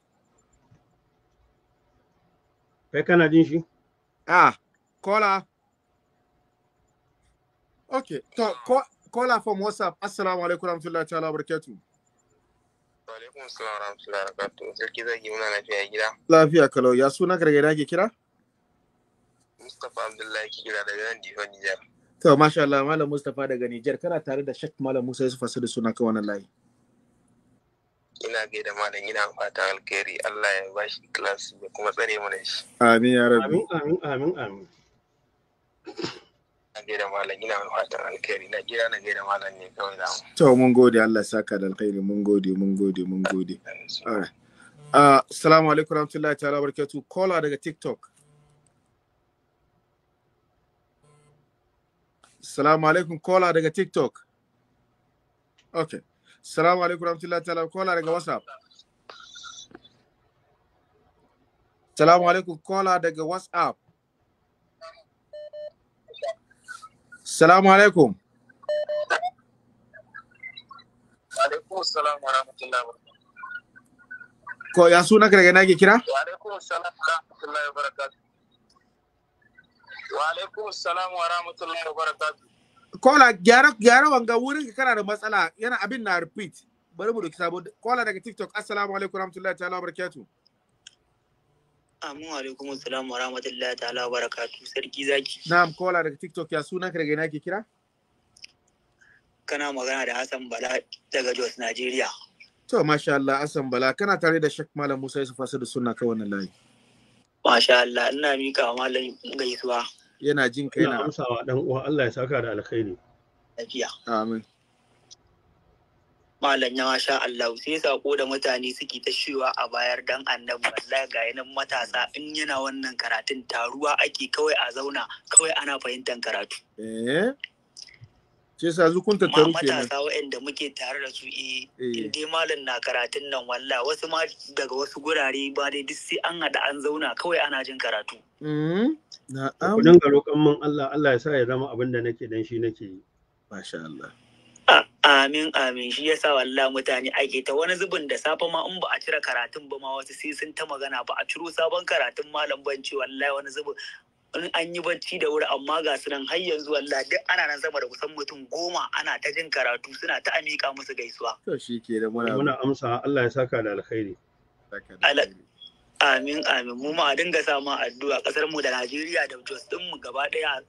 kai kana jin shi ah kola ok to la from whatsapp assalamu alaikum rahmatullahi ta'ala barakatuh alaikum assalam rahmatullahi barakatuh sarki zaki muna lafiya gida lafiya kalau ya suna gargada ke kira Mustapha Abdullahi ke kira daga nan Difa Nijar to masha Allah malam Mustapha daga Nijar kana tare da Sheikh Malam Musa Yusuf Asadu suna kan wannan layi ina gaida malam ina fata alkhairi Allah ya ba shi class ya kuma tsare mana shi amin ya rabu. amin amin amin gaida malam ina wani fatan alkhairi na na gaida malam ne kawai to mun gode Allah saka da alkhairi mun gode mun gode mun gode uh, assalamu alaikum warahmatullahi ta'ala kola daga tiktok assalamu alaikum kola daga tiktok okay assalamu alaikum warahmatullahi ta'ala kola daga whatsapp assalamu alaikum kola daga whatsapp Salamu alaikum. Alaikum salam wa rahmatullahi wa Ko ya suna ka daga nake kira? Wa alaikum salam wa rahmatullahi wa barakatuh. Wa alaikum salam wa rahmatullahi wa barakatuh. Kola gyara gyara wurin ka da matsala yana abin na repeat. Bari mu doki sabo. Kola daga TikTok. Assalamu alaikum wa rahmatullahi wa barakatuh. Amin alaikum assalamu wa rahmatullahi ta'ala wa barakatu sarki zaki. Na'am kola daga TikTok ya sunan ka gina ke kira? Kana magana da Hassan Bala daga Jos Nigeria. To masha Allah Hassan Bala kana tare da Sheikh Malam Musa Yusuf Asadu suna kai wannan layi. Masha Allah ina mika wa malam gaisuwa. Yana jin kai na amsawa dan uwa Allah ya saka da alkhairi. Lafiya. Amin. malam ya masha Allah sai sako da mutane suke ta shewa a bayar dan annabi wallahi ga yanan matasa in yana wannan karatun taruwa ake kawai a zauna kawai ana fahimtar karatu eh ce sa zukun tattaru kenan matasa waɗanda muke tare da su eh, eh. malam na karatun nan walla wasu ma daga wasu gurare ba dai duk sai an hada an zauna kawai ana jin karatu mm-hmm. na'am kun ga roƙon man Allah Allah ya sa ya zama abin da nake dan shi nake masha Allah Amin amin shi ya sa wallah mutane ake ta wani zubin da safe ma in ba a cire karatun ba ma wasu sai sun ta magana ba a ciro sabon karatun malam banci wallahi wani zubin in an yi bacci da wuri amma ga su nan har yanzu wallahi duk ana nan sama da kusan mutum goma ana ta jin karatu suna ta amika musu gaisuwa. To shi ke da muna amsa Allah ya saka da alkhairi. Amin amin mu ma a dinga sama addu'a kasar mu da Najeriya da Jos din mu gaba daya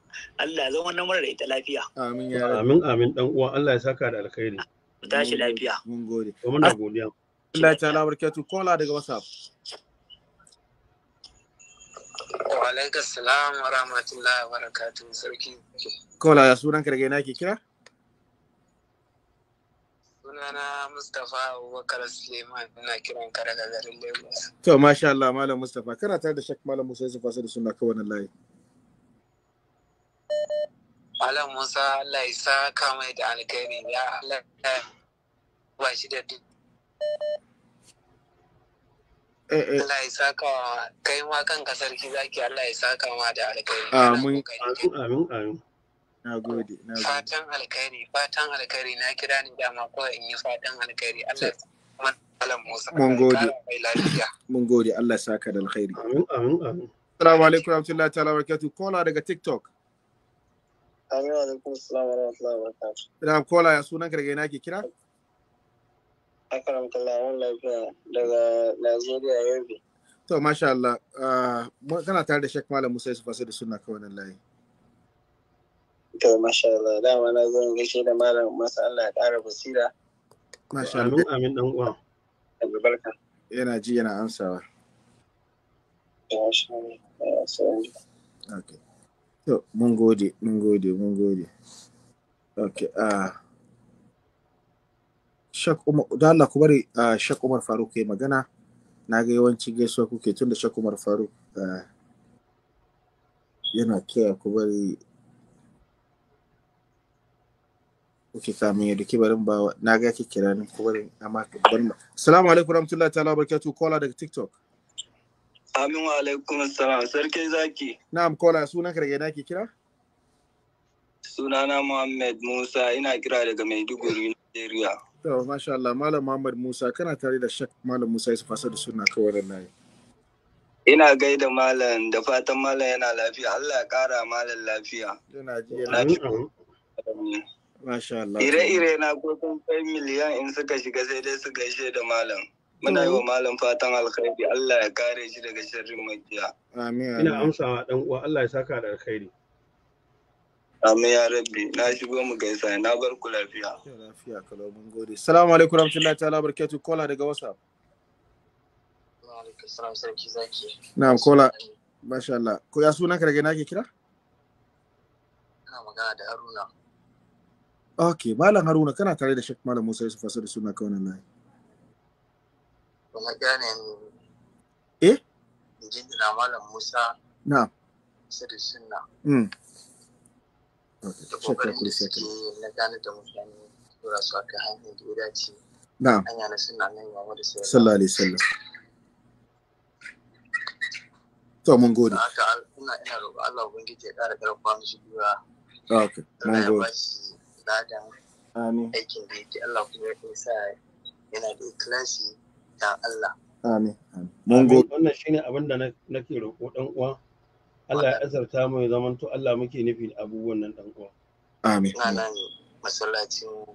Allah ya zama namar da ita lafiya. Amin ya Amin amin dan uwa Allah ya saka da alkhairi. Ku tashi lafiya. Mun gode. Mun da godiya. Allah ta ala barkatu kola daga WhatsApp. Wa alaikum assalam wa rahmatullahi wa barakatuh sarki. Kola ya sunan ka daga ina ke kira? sunana Mustapha Abubakar Suleiman ina kiran ka daga garin Lagos. To masha Allah Malam Mustapha kana tare da Shek Malam Musa Yusuf Fasa da suna kawai wannan layi. Malam Musa Allah ya saka mai da alkhairi ya Allah ba shi da duk. Eh, eh. Allah ya saka kai ma kanka sarki zaki Allah ya saka ma da alkhairi. Amin amin amin. na gode Fatan alkhairi, fatan alkhairi na kira ni dama ko in yi fatan alkhairi. Allah Malam Musa. Mun gode. Mun gode Allah ya saka da alkhairi. Amin amin amin. Assalamu alaikum warahmatullahi ta'ala barakatuh. Kola daga TikTok. Amin alaikum assalam wa rahmatullahi wa barakatuh. Ina kola ya sunan ka daga ina ke kira? Akram kallah wallahi daga Najeriya Yobe. To masha Allah. Ah, kana tare da Sheikh Malam Musa Yusuf Asadu suna kawai nan layi. To mashallah Allah dama na zo gaishe da malam masa Allah ya ƙara basira. mashallah amin dan uwa. Albarka. Yana ji yana amsawa. Okay. To mun gode mun gode mun gode. Okay. Uh, Shak Umar, da Allah ku bari uh, Shak Umar Faruk ya magana. Na ga yawanci gaisuwa kuke tunda Shak Umar Faruk uh, yana kiyaye ku bari Oke kamin ya duki barin ba na ga ke kira ni ko barin amma ma Assalamu alaikum warahmatullahi ta'ala barakatuh kola daga TikTok. Amin wa alaikum assalam sarki zaki. Na'am kola sunan ka daga ina ke kira? Sunana Muhammad Musa ina kira daga Maiduguri Nigeria. To masha Allah Malam Muhammad Musa kana tare da Shak Malam Musa Yusuf Asadu suna kawai nayi. Ina gaida malam da fatan malam yana lafiya Allah ya kara malam lafiya. ina ji Ire-ire na kusan kai miliyan in suka shiga sai dai su gaishe da malam. Muna yi wa malam fatan alkhairi Allah ya kare shi daga sharrin makiya. Amin. Ina amsawa dan uwa Allah ya saka da alkhairi. Amin ya rabbi na shigo mu gaisa na bar ku lafiya. Lafiya kalau mun gode. Assalamu alaikum warahmatullahi ta'ala barkatu kola daga WhatsApp. Wa alaikum salam sarki zaki. Na'am kola. Masha Allah. Ko ya sunan ka daga na ke kira? Ina magana da Haruna. ok malam haruna kana tare da Sheikh malam musa yusuf asadu suna kawai nan layi wala gane eh na malam musa na asadu suna Hmm. Ok, da kokarin da suke na gane da mutane dora su aka hanyar da ya dace na hanya na suna nan yawa da sallallahu alaihi wasallam to mun gode haka ina ina roƙo Allah ubangiji ya ƙara ƙarfafa mishi gwiwa Ok, mun gode ibada aikin da yake Allah kuma ya sa yana da ikilasi ta Allah amin mun gode wannan shine abin da nake roƙo dan uwa Allah ya azarta mu ya zamanto Allah muke nufi abubuwan nan dan uwa amin na masallacin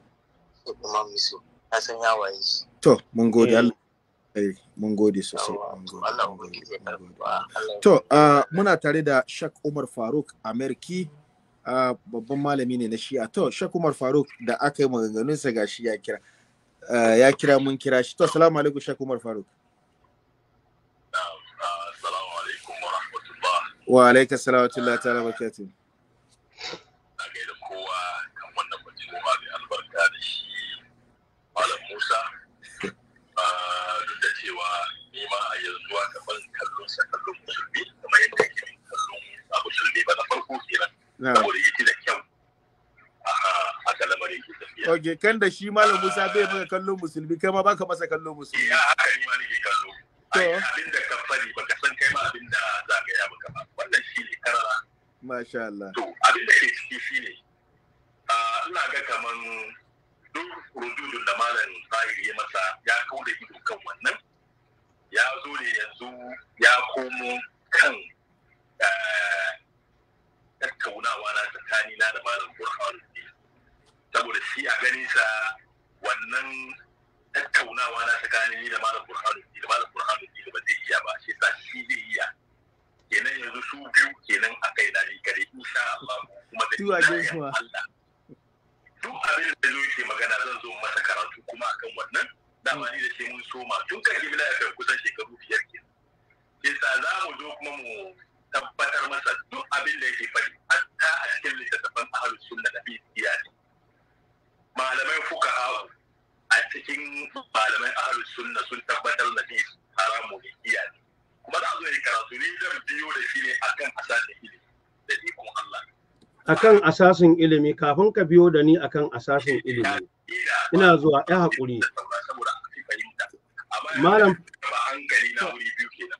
Imam Yusuf na san ya waye shi to mun gode eh. Allah mun gode sosai to ah, muna tare da Shak Umar Faruk Amerki babban malami ne na shi'a to shakumar faruk da aka yi maganganunsa ga shi ya kira ya kira mun kira shi to assalamu alaikum shakumar faruk wa alaika salawatullahi ta'ala barakatuh Malam Musa duk da cewa ni a yanzu haka ban kallon sa kallon musulmi kamar yadda ke kallon musulmi ba na farko kenan saboda ya ci da kyau haka lamarin ke tafiya oke kan da shi malam musa bai maka kallon musulmi kai ma ba ka masa kallon musulmi ya haka ni ma nake kallo abin da ka fari baka san kai ma abin da za ka yi maka ba wannan shi ne karara masha Allah to abin da ke ciki shi ne ina ga kaman duk rududun da malam zahiri ya masa ya kauda ido kan wannan ya zo ne yanzu ya komo kan eh, tattaunawa na tsakani na da malam burhan saboda shi a ganin sa wannan tattaunawa na tsakani ni da malam burhan da malam burhan da ba zai iya ba shi sa shi zai iya kenan yanzu su biyu kenan a kai na ni kare insha Allah kuma da Allah duk abin da zo yake magana zan zo masa karatu kuma akan wannan dama ni da shi mun soma tun kan gimila ya kusan shekaru biyar kenan. Kisa za mu zo kuma mu tabbatar masa duk abin da yake faɗi hatta a cikin littattafan ahalus sunna da bidiya ne malamai fuka hawa a cikin malamai ahalus sunna sun tabbatar da bi haramu ne iya ne kuma za a zo yi karatu Ni zan biyo da shi ne akan asasin ilimi da ikon Allah akan asasin ilimi kafin ka biyo da ni akan asasin ilimi ina zuwa ya haƙuri malam ba hankali na wuri biyu kenan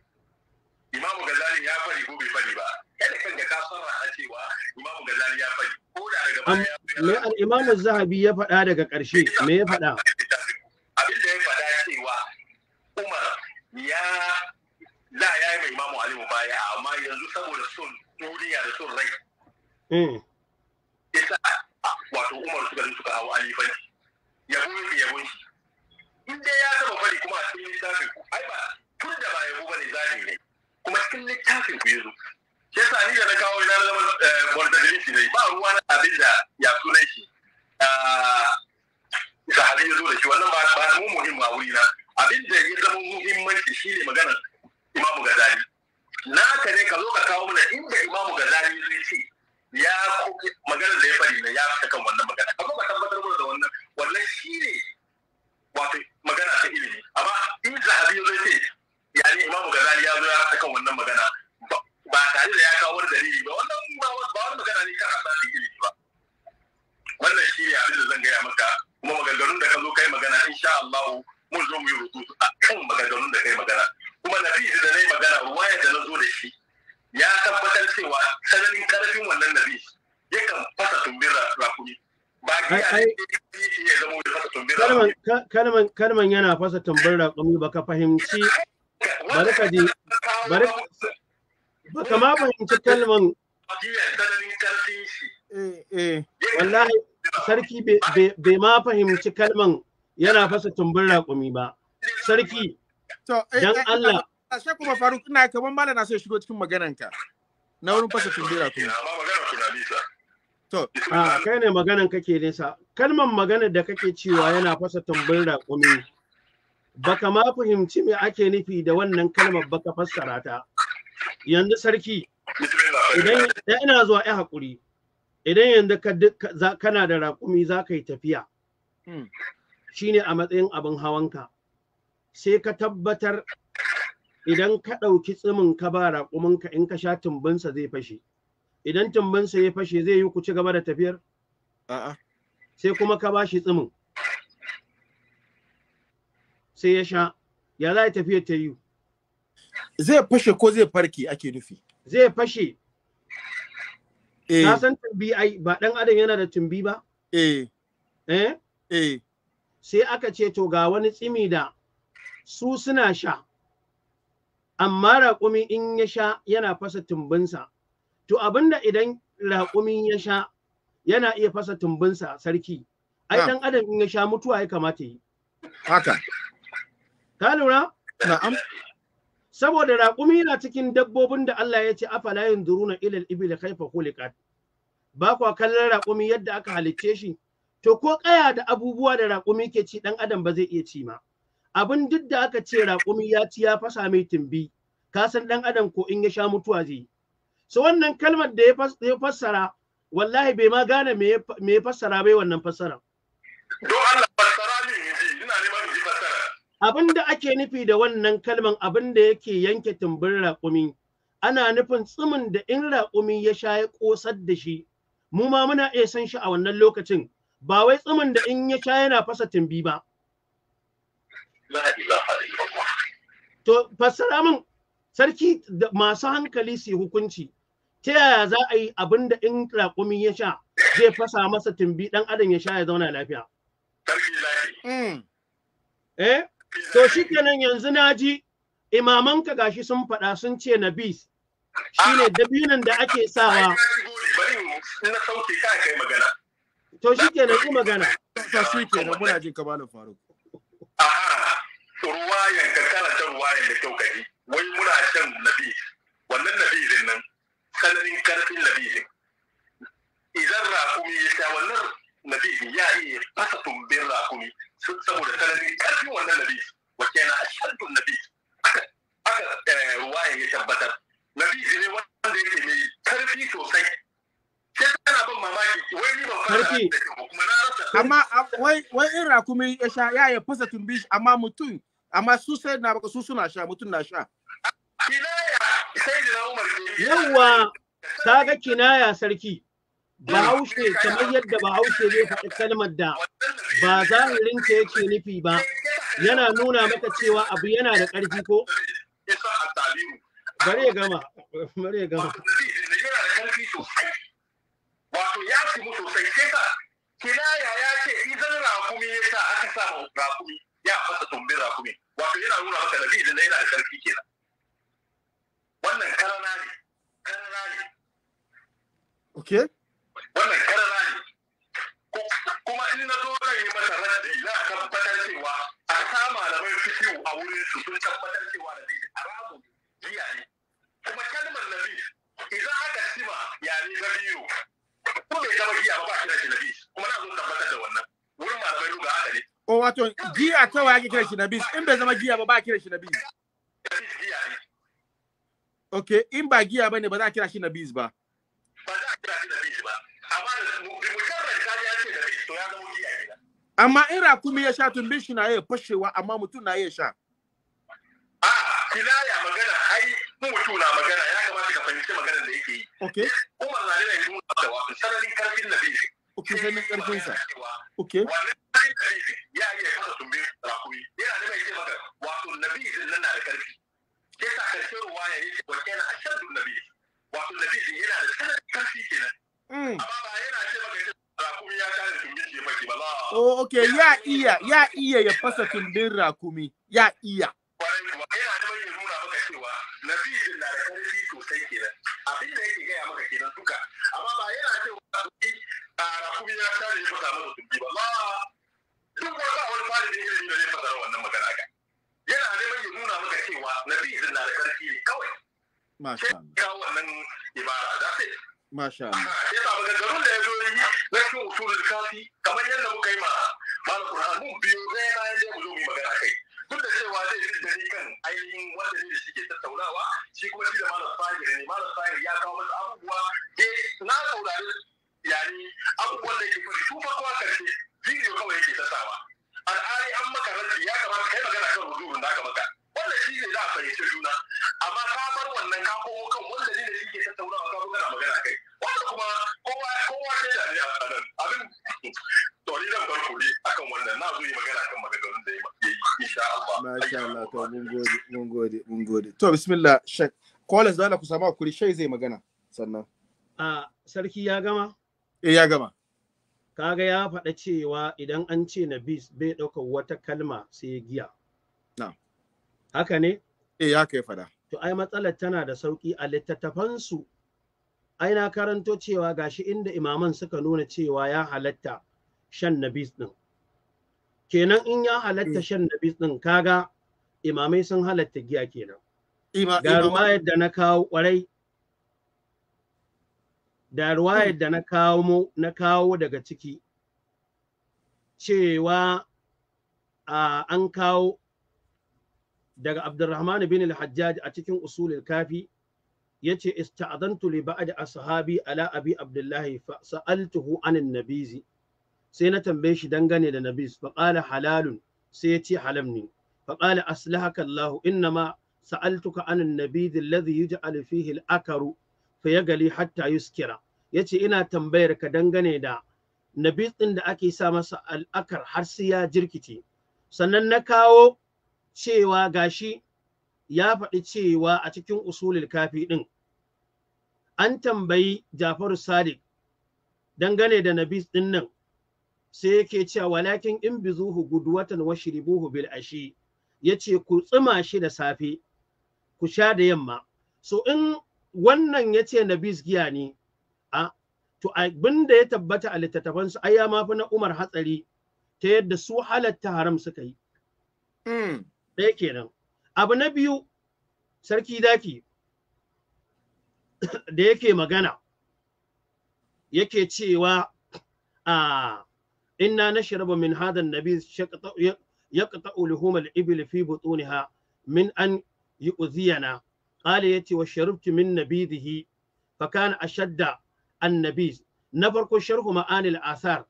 imamu gazali ya fari ko bai fari ba kada kan da kasuwar a cewa imamu gazali ya fari ko da daga baya me al-imamu zahabi ya faɗa daga ƙarshe me ya faɗa abin da ya faɗa cewa umar ya la ya yi mai imamu ali baya amma yanzu saboda son duniya da son rai hmm. yasa wato umar suka suka hawa ali fari yabo yabo in dai ya taba fari kuma a cikin littafin ai ba tun da ba yabo ne zali ne kuma cikin littafin ku yanzu. ya sa ni da na kawo ina zama eh, mortality ne ba ruwa na abin da ya sunan shi ah, sahabi ya zo da shi wannan ba ba mu muhimma wuri na abin da ya zama muhimmanci shi ne maganar Imam Ghazali na ka ne ka zo ka kawo mana inda Imam Ghazali zai ce ya maganar da ya fari ne ya fita kan wannan magana ka zo ka tabbatar mana da wannan wannan shi ne, wato magana ta ilimi amma in zahabi zai ce yani imamu gazali ya zo ya saka wannan magana ba tare da ya kawo wani dalili ba wannan ba wani magana ne kan asasin ilimi ba wannan shi ne abin da zan gaya maka kuma maganganun da ka zo kai magana insha Allah mun zo mu yi rubutu a kan maganganun da kai magana kuma na fi da na yi magana ruwaya da na zo da shi ya tabbatar cewa sananin karfin wannan nabi yakan fasa tumbin rakumi kalman yana fasa tambar raƙumi ba ka fahimci bari ka ji bari ba kama fahimci kalman eh, eh, wallahi sarki bai ma fahimci kalman yana fasa tumbin raƙumi ba sarki eh, dan Allah a sai kuma faruk ina kaman malam na so shigo cikin maganarka na wurin fasa tumbin raƙumi To, ah, kai ne maganan kake nesa. Kalman maganar da kake cewa yana fasa tumbin raƙumi baka ma fahimci me ake nufi da wannan kalmar baka fassara ta yanzu sarki idan ina zuwa ai hakuri idan yanzu ka kana da raƙumi za ka yi tafiya hmm. shine a matsayin abin hawanka sai ka tabbatar idan ka ɗauki tsimin ka ba ka in ka sha tumbinsa zai fashe idan tumbinsa ya fashe zai yi ku ci gaba da tafiyar sai kuma ka ba shi tsimin sai ya sha ya za ya tafiya ta yi zai fashe ko zai farke ake nufi zai fashe Na eh. san tumbi ai ba dan adam yana da tumbi ba eh eh eh sai aka ce to ga wani tsimi da su suna sha amma raƙumi in ya sha yana fasa tumbinsa to abinda idan raƙumi ya sha yana iya fasa tumbinsa sarki ai dan ah. adam in ya sha mutuwa ya kamata yi haka ka lura na'am saboda raƙumi na cikin dabbobin da Allah ya ce afala yanzuruna ilal ibil kaifa khuliqat ba kwa kallon raƙumi yadda aka halicce shi to ko kaya da abubuwa da raƙumi ke ci dan adam ba zai iya ci ma abin duk da aka ce raƙumi ya ci ya fasa mai tumbi ka san ɗan adam ko in ya sha mutuwa zai so wannan kalmar da ya fassara wallahi bai ma gane me ya fassara bai wannan fassara don Allah abin da ake nufi da wannan kalman abin da yake yanke tumbin raƙumi ana nufin tsimin da in raƙumi ya sha ya ƙosar da shi mu ma muna iya san shi a wannan lokacin ba wai tsimin da in ya sha yana fasa tumbi ba to fassara min sarki da masu hankali su hukunci ta yaya za a yi abin da in raƙumi ya sha zai fasa masa tumbi ɗan adam ya sha ya zauna lafiya mm. eh To shi kenan yanzu na ji imamanka gashi sun faɗa sun ce na bis shi ne dabinan da ake sawa. To shi kenan yi magana. Ta shi kenan muna jin ka malam Faruk. Aha, kyau kaji. Wai muna shan nabi. Wannan nabi nan sananin karfin nabi Idan rakumi ya sha wannan nabi ya iya fasa tumbin rakumi saboda sanadin karfin wannan nabi wace na ashaddun nabi aka eh, waye ya tabbatar nabi ne wanda yake mai karfi sosai sai tana ban mamaki wai ni ban fara da kuma na rasa amma ah, wai wai in rakumi ya sha ya ya fasa tumbi amma mutum amma su sai na baka su suna sha mutum na sha kinaya sai da Umar ne yawa kaga kinaya sarki bahaushe kamar yadda bahaushe zai faɗi kalmar da ba zahirinta yake nufi ba yana nuna maka cewa abu yana da ƙarfi ko bari ya gama bari ya gama wato ya cimu sosai sai sa kinaya ya ce idan rakumi ya sa aka sa rakumi ya fasa tumbin rakumi wato yana nuna maka da idan yana da ƙarfi kenan wannan karana ne karana ne okay wannan karara ne kuma in na zo zan yi masa raddi na tabbatar cewa a sa malamai fikiyu a wurin su sun tabbatar cewa da zai haramu jiya ne kuma kalmar nabi idan aka sima ya ne na biyu ko bai zama jiya ba ba shi da shi nabi kuma na zo tabbatar da wannan wurin malamai duka haka ne o oh, wato giya kawai ake kira shi na nabi in bai zama giya ba ba kira shi na nabi Okay, in ba giya bane ba za a kira shi na nabi ba. Ba za a kira shi na nabi ba. amma in rakumi ya sha tumbin shi na iya fashewa amma mutum na iya sha a kinaya magana ai mu mutum na magana ya kamata ka fahimci magana da yake yi Ok. kuma na ne yanzu da wasu sanarin karfin na bishi sai sanarin karfin sa okay wannan karfin da bishi ya yi iya fara tumbin rakumi yana ne mai ce maka wato nabi din nan na da karfi sai ka karshe ruwa ya yi wa kana ashadu nabi wato nabi din yana da sanarin karfi kenan Mm. yana ce maka ya tare tumbin shi oh okay ya iya ya iya ya fasa tumbin rakumi ya iya kwarai nuna maka cewa na da sosai yake gaya maka kenan duka amma ba yana maka ba da zai fasara wannan magana yana neman ya nuna maka cewa nabi na da kawai Masha Allah. wannan Masha Allah. Yasa maganganun da ya zo yi na cikin usulul kafi kamar yadda muka yi ma malam Qur'an mun biyo zai bayan da mu zo mu magana kai. Duk da cewa zai fi da kan ainihin wanda ne shi ke tattaunawa shi kuma shi da malam Fahir ne malam Fahir ya kawo masa abubuwa eh na saurari yani abubuwan da yake faɗi su farko a karshe bidiyo kawai yake tattawa. Al'ari an maka rantsi ya kamata kai magana kan rujurun da aka maka. Wannan shi ne za a fahimci juna amma ka bar wannan ka komo yawa mun gode mun gode mun gode to bismillah shek kolas da ku sama kuri shai zai magana sannan a sarki ya gama eh ya gama kaga ya faɗa cewa idan an ce na bis bai ɗaukar wata kalma sai giya na haka ne eh ya kai faɗa to ai matsalar tana da sauki a littattafansu ai na karanto cewa gashi inda imaman suka nuna cewa ya halatta shan nabis din kenan in ya halatta mm. shan nabis din kaga imamai sun halatta giya kenan ga ruwayar da na kawo kwarai da ruwayar da na kawo na kawo daga ciki cewa an kawo daga Abdulrahman bin al-Hajjaj a cikin usulul kafi yace ista'adantu li ba'ad ashabi ala abi abdullahi fa sa'altuhu anin nabizi sai na tambaye shi dangane da nabiz fa halalun sai yace halam ne فقال أصلحك الله إنما سألتك عن النبيذ الذي يجعل فيه الأكر فيغلي حتى يسكر yace ina tambayar ka dangane da nabit ɗin da ake sa masa al'akar har sai jirkice sannan na kawo cewa gashi ya faɗi cewa a cikin usulul kafi ɗin an tambayi Jafaru Sadiq dangane da nabis ɗin nan sai yake cewa walakin in bizuhu guduwatan wa shiribuhu bil ashi ya ce ku tsima shi da safe ku sha da yamma so in wannan ya ce na giya ne a to abin ya tabbata a littattafansu ai ya fi na umar hatsari ta yadda su halatta haram suka yi hmm. ɗaya kenan abu na biyu sarki daki [COUGHS] da yake magana yake cewa a inna na shirba min hadan nabi yaqta'u luhum al-ibil fi butuniha min an yu'ziyana qala yati wa sharibtu min nabidihi fa kana ashadda an-nabiz na farko sharhu ma'anil asar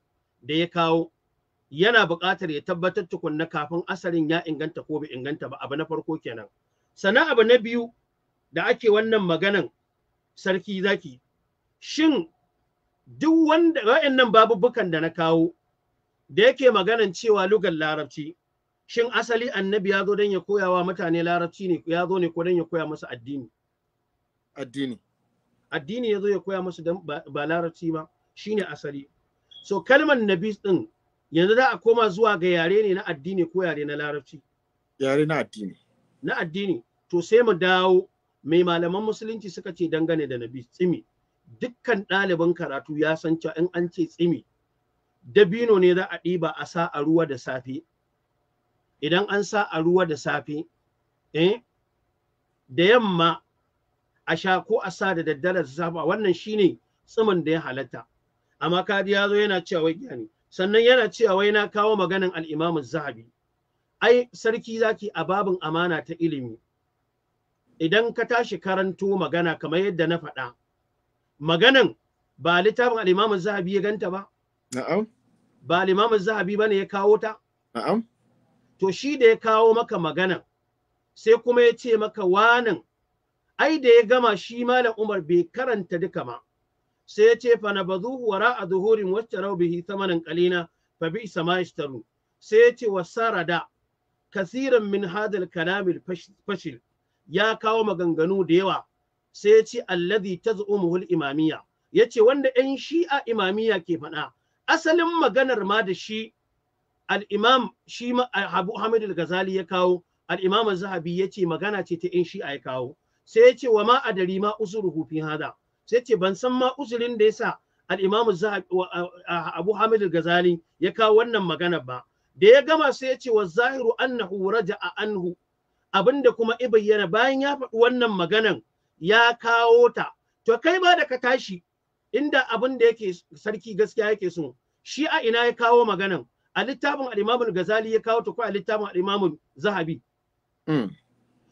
da ya kawo yana buƙatar ya tabbatar tukunna kafin asarin ya inganta ko bai inganta ba abu na farko kenan Sana'a abu na biyu da ake wannan maganan sarki zaki shin duk wanda wa'annan babubukan da na kawo da yake maganan cewa lugar larabci shin asali annabi ya zo don ya koya wa mutane larabci ne ya zo ne ko don ya koya musu addini addini addini ya zo ya koya musu ba larabci ba shine asali so kalmar nabi din yanzu za a koma zuwa ga yare ne na addini ko yare na larabci yare na addini na addini to sai mu dawo mai malaman musulunci suka ce dangane da nabi tsimi dukkan ɗaliban karatu ya san cewa in an ce tsimi dabino ne za a ɗiba a sa a ruwa da safe idan an sa a ruwa da safe eh da yamma a sha ko a sa da daddare da safe wannan shine tsimin da ya halatta amma kadi ya zo yana cewa wai ne. sannan yana cewa wai na kawo maganin al-Imam Zahabi ai sarki zaki a babin amana ta ilimi idan ka tashi karanto magana kamar yadda na faɗa maganan ba littafin al-Imam Zahabi ya ganta ba na'am ba al-Imam Zahabi bane ya kawo ta na'am to shi da ya kawo maka magana sai kuma ya ce maka wanan ai da ya gama shi malam Umar bai karanta duka ma sai ya ce fa na bazuhu wara a zuhurin wacce bihi samanin kalina fa bi sama ishtaru sai ya ce wa sarada kasiran min hadal kalamil fashil ya kawo maganganu da yawa sai ya ce allazi tazumuhul imamiyya ya ce wanda 'yan shi'a imamiyya ke faɗa asalin maganar ma da shi al-imam shi Abu Hamid al-Ghazali ya kawo al-imam az-Zahabi yace magana ce ta in shi'a ya kawo sai yace wa ma adari ma usuruhu fi hada sai yace ban san ma usulin da yasa al-imam az-Zahabi Abu Hamid al-Ghazali ya kawo wannan magana ba da ya gama sai yace wa zahiru annahu a anhu abinda kuma i bayyana bayan ya faɗi wannan maganan ya kawo ta to kai ba da ka tashi inda abinda da yake sarki gaskiya yake so shi a ina ya kawo maganan a littafin al Gazali ya kawo ta ko a littafin al Zahabi mm.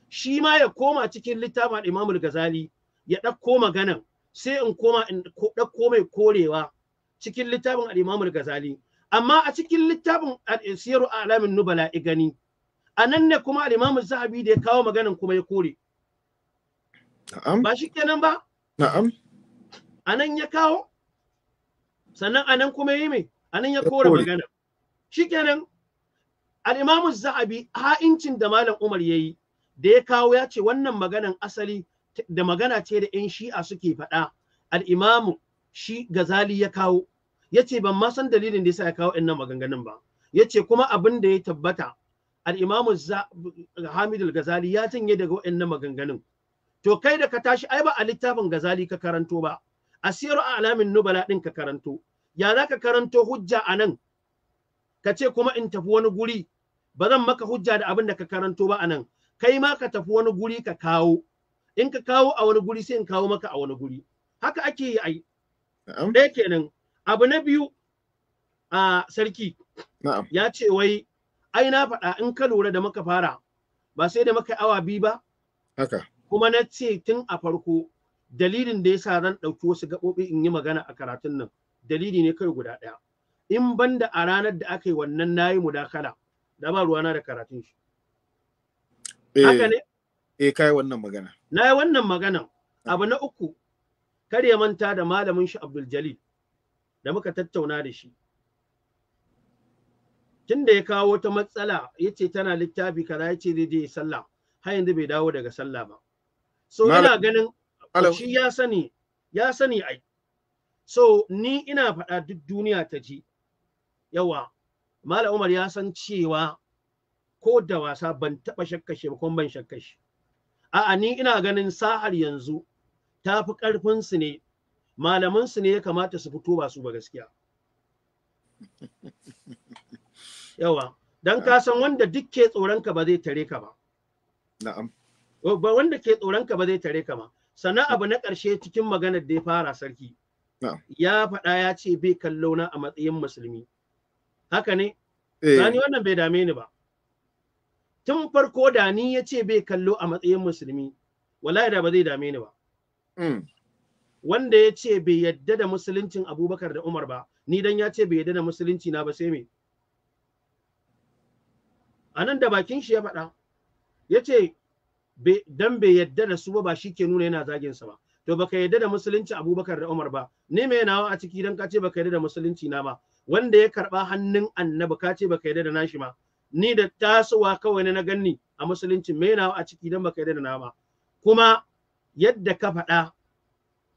shi ma ya koma cikin littafin al Gazali ya ɗauko magana sai in koma in ɗauko mai korewa cikin littafin al Gazali amma a cikin littafin al-Siyaru Alamin Nubala i gani a nan ne kuma al Zahabi da ya kawo maganan kuma ya kore Na'am. Ba shi kenan ba? Na'am. A nan ya kawo, sannan a nan kuma yi mai, a nan ya kore magana. shikenan al za'abi, zahabi ha'incin da malam umar ya yi, da ya kawo ya ce wannan maganan asali da magana ce da yan shi'a suke faɗa al shi gazali ya kawo ya ce ban ma san dalilin da yasa ya kawo nan maganganun ba ya ce kuma abin da ya tabbata al-imamu hamid gazali ya janye daga wa'annan maganganun to kai da ka tashi ai ba a littafin gazali ka karanto ba asiru a alamin nubala din ka karanto ya za ka karanto hujja a nan ka ce kuma in tafi wani guri ba zan maka hujja da abin da ka karanto ba anan kai ma ka tafi wani guri ka kawo in ka kawo a wani guri sai in kawo maka a wani guri haka ake yi ai ɗaya kenan abu na biyu a sarki ya ce wai ai na faɗa in ka lura da maka fara ba sai da muka awa biyu ba haka kuma na ce tun a farko dalilin da yasa zan ɗauki wasu gaɓoɓi in yi magana a karatun nan dalili ne kai guda ɗaya in banda a ranar da aka yi wannan nayi mudakala da ba ruwana da karatun shi eh, haka ne eh kai wannan magana na yi wannan magana ah. abu na uku kar ya manta da malamin shi Abdul Jalil da muka tattauna da shi Tunda ya kawo ta matsala ya ce tana littafi kaza ya ce zai sallah har yanzu bai dawo daga sallah ba so ina ganin shi ya sani ya sani ai so ni ina faɗa duk duniya ta ji yawa malam umar ya san cewa ko da wasa ban taɓa shakkashe ba kuma ban shakkashe a'a ni ina ganin sahar yanzu ta fi ƙarfin su ne malaman su ne ya kamata su fito ba su ba gaskiya [LAUGHS] yawa dan ka san wanda duk ke tsoronka ka ba zai tare ka ba na'am oh, ba wanda ke tsoronka ba zai tare ka ba Sana abu na ƙarshe cikin maganar da ya fara sarki ya faɗa ya ce bai kallo na a matsayin musulmi haka ne eh. ni wannan bai dame ni ba tun farko da ni ya ce bai kallo a matsayin musulmi wallahi da ba zai dame ni ba mm. wanda ya ce bai yadda da musuluncin abubakar da umar ba ni dan ya ce bai yadda da musulunci na ba sai me a nan da bakin shi ya faɗa ya ce dan bai yadda da su ba ba shi ke nuna yana zagin sa ba to baka yadda da musulunci abubakar da umar ba ni me nawa a ciki dan ka ce baka yadda da musulunci na ba wanda ya karba hannun annabi ka ce baka yarda da nashi ma ni da tasowa kawai na ganni a musulunci me nawa a ciki dan baka yarda da nama kuma yadda ka faɗa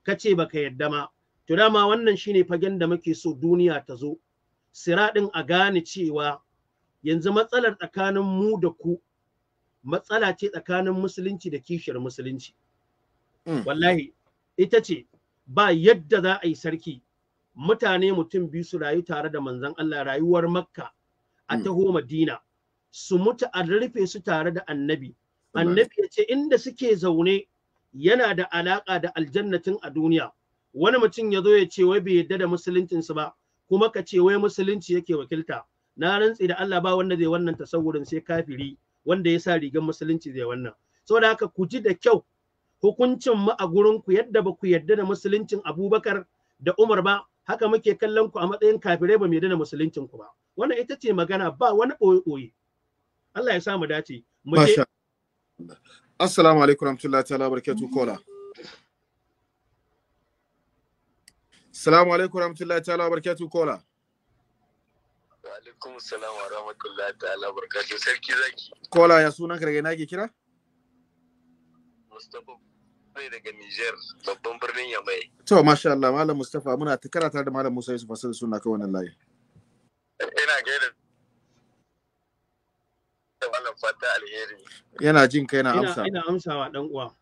ka ce baka yarda ma to dama wannan shine fagen da muke so duniya ta zo siraɗin a gane cewa yanzu matsalar tsakanin mu da ku matsala ce tsakanin musulunci da kishiyar musulunci hmm. wallahi ita ce ba yadda za a yi sarki mutane mutum biyu su rayu tare da manzon Allah rayuwar makka a hmm. taho madina su mutu a rufe su tare da annabi annabi ya ce inda suke zaune yana da alaƙa da aljannatin a duniya wani mutum ya zo ya ce wai bai yadda da musuluncinsu ba kuma ka ce wai musulunci yake wakilta na rantsi da Allah ba wanda zai wannan tasawurin sai kafiri wanda ya sa rigar musulunci zai wannan saboda haka ku ji da kyau hukuncin mu a gurin ku yadda ba ku yadda da musuluncin Abubakar da Umar ba haka muke kallon ku a matsayin kafirai ba mai dana musuluncin ku ba wannan ita ce magana ba wani ɓoye-ɓoye Allah ya sa mu dace mu je assalamu alaikum warahmatullahi ta'ala barkatu kola assalamu alaikum warahmatullahi ta'ala barkatu kola wa alaikum assalam wa rahmatullahi ta'ala barkatu sarki zaki kola ya sunan ka daga ina ke kira Mustapha ne daga Niger babban birnin Yamai. To masha Allah Malam Mustafa muna ta karata da Malam Musa Yusuf Asadu suna kan wannan layi. Ina gaida da Malam Fata Alheri. Yana jin kai na amsa. Ina amsawa dan uwa.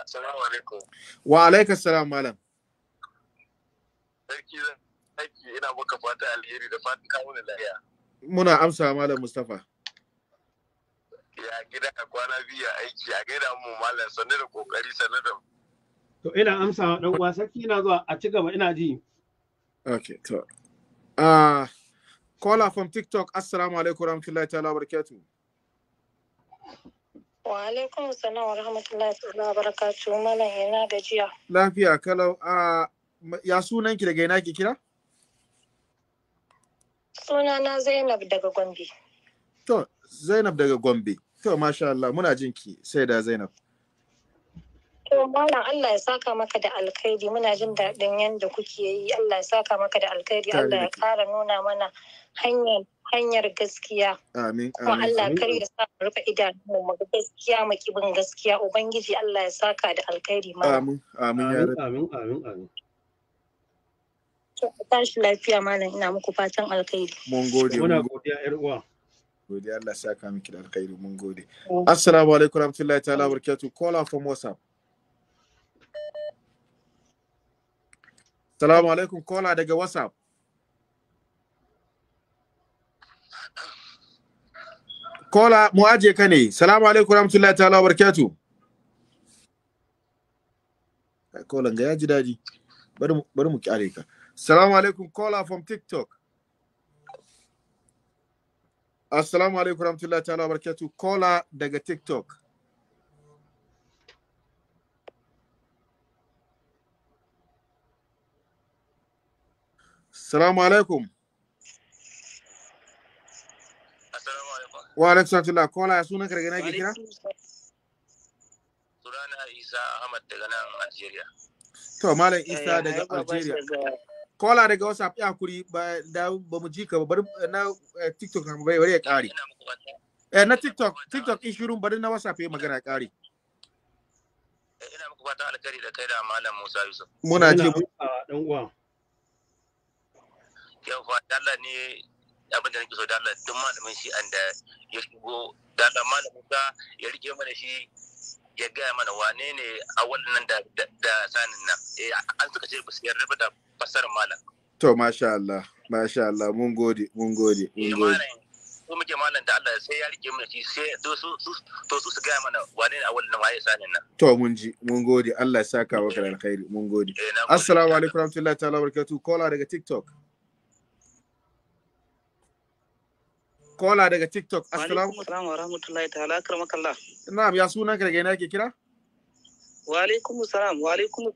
Assalamu alaikum. Wa alaikum salam malam. Sarki zan sarki ina maka fata alheri da fatan kawo ni lafiya. Muna amsa malam Mustafa. ya gida a kwana biyu aiki a gaida mu malam sanne da kokari sanne da to ina amsa dan uwa sarki ina zuwa a ci gaba ina ji okay to ah uh, caller from tiktok assalamu alaikum warahmatullahi ta'ala barakatuh wa alaikum assalam wa rahmatullahi ta'ala barakatuh malam da gajiya lafiya kalau ah, a ya sunan ki daga ina ki kira sunana Zainab daga Gombe to Zainab daga Gombe To masha Allah muna jin ki sai da Zainab. To malam Allah ya saka maka da alkhairi muna jin daɗin yadda kuke yi Allah ya saka maka da alkhairi Allah ya ƙara nuna mana hanyar hanyar gaskiya. Amin. Kuma Allah kar ya sa mu rufe idanunmu mu gaskiya mu kibin gaskiya ubangiji Allah ya saka da alkhairi ma. Amin. Amin ya Amin amin amin. Tashi lafiya malam ina muku fatan alkhairi. Mun gode. Muna godiya ƴar uwa. godiya Allah sa ka miki da alkhairi mun gode assalamu alaikum warahmatullahi ta'ala barkatu call from whatsapp assalamu alaikum call kola daga WhatsApp. Kola mu aje ka ne. Salamu alaikum rahmatullahi ta'ala barkatu barakatu. Kola ga ya ji daɗi. Bari mu kyale ka. Salamu alaikum kola from TikTok. Assalamu alaikum warahmatullahi ta'ala barkatu kola daga TikTok. Assalamu alaikum. Assalamu alaikum. Wa alaikum salam kola ya suna sunan kargana ke kira? Sunana Isa Ahmad daga nan Algeria. To Malam Isa eh, daga Algeria. kola daga WhatsApp ya hakuri ba da ba mu ji ka ba bari eh, na eh, tiktok na bai bari ya kare eh na tiktok tiktok ishirun bari na whatsapp ya magana ya kare eh, ina muku fata alkhairi da kai da malam Musa Yusuf muna ji dan uwa yau fa Allah ne abin da nake so da Allah duk malamin shi anda da ya shigo da Allah malam Musa ya rike mana shi ya gaya mana wane ne a waɗannan da sanin nan eh, an suka ce ba su yarda ba da fasar malam to masha Allah masha Allah mun gode mun gode mun eh, gode ko muke malam da Allah sai ya rike mu shi sai to su to su su gaya mana wane ne a waɗannan waye sanin nan to mun ji mun gode Allah ya saka wa maka alkhairi mun eh, gode assalamu alaikum warahmatullahi ta'ala barakatuh kola daga tiktok kola daga TikTok. Assalamu alaikum wa rahmatullahi ta'ala karmakallah. Na'am ya sunan ka daga ina ke kira? Wa alaikum salam wa alaikum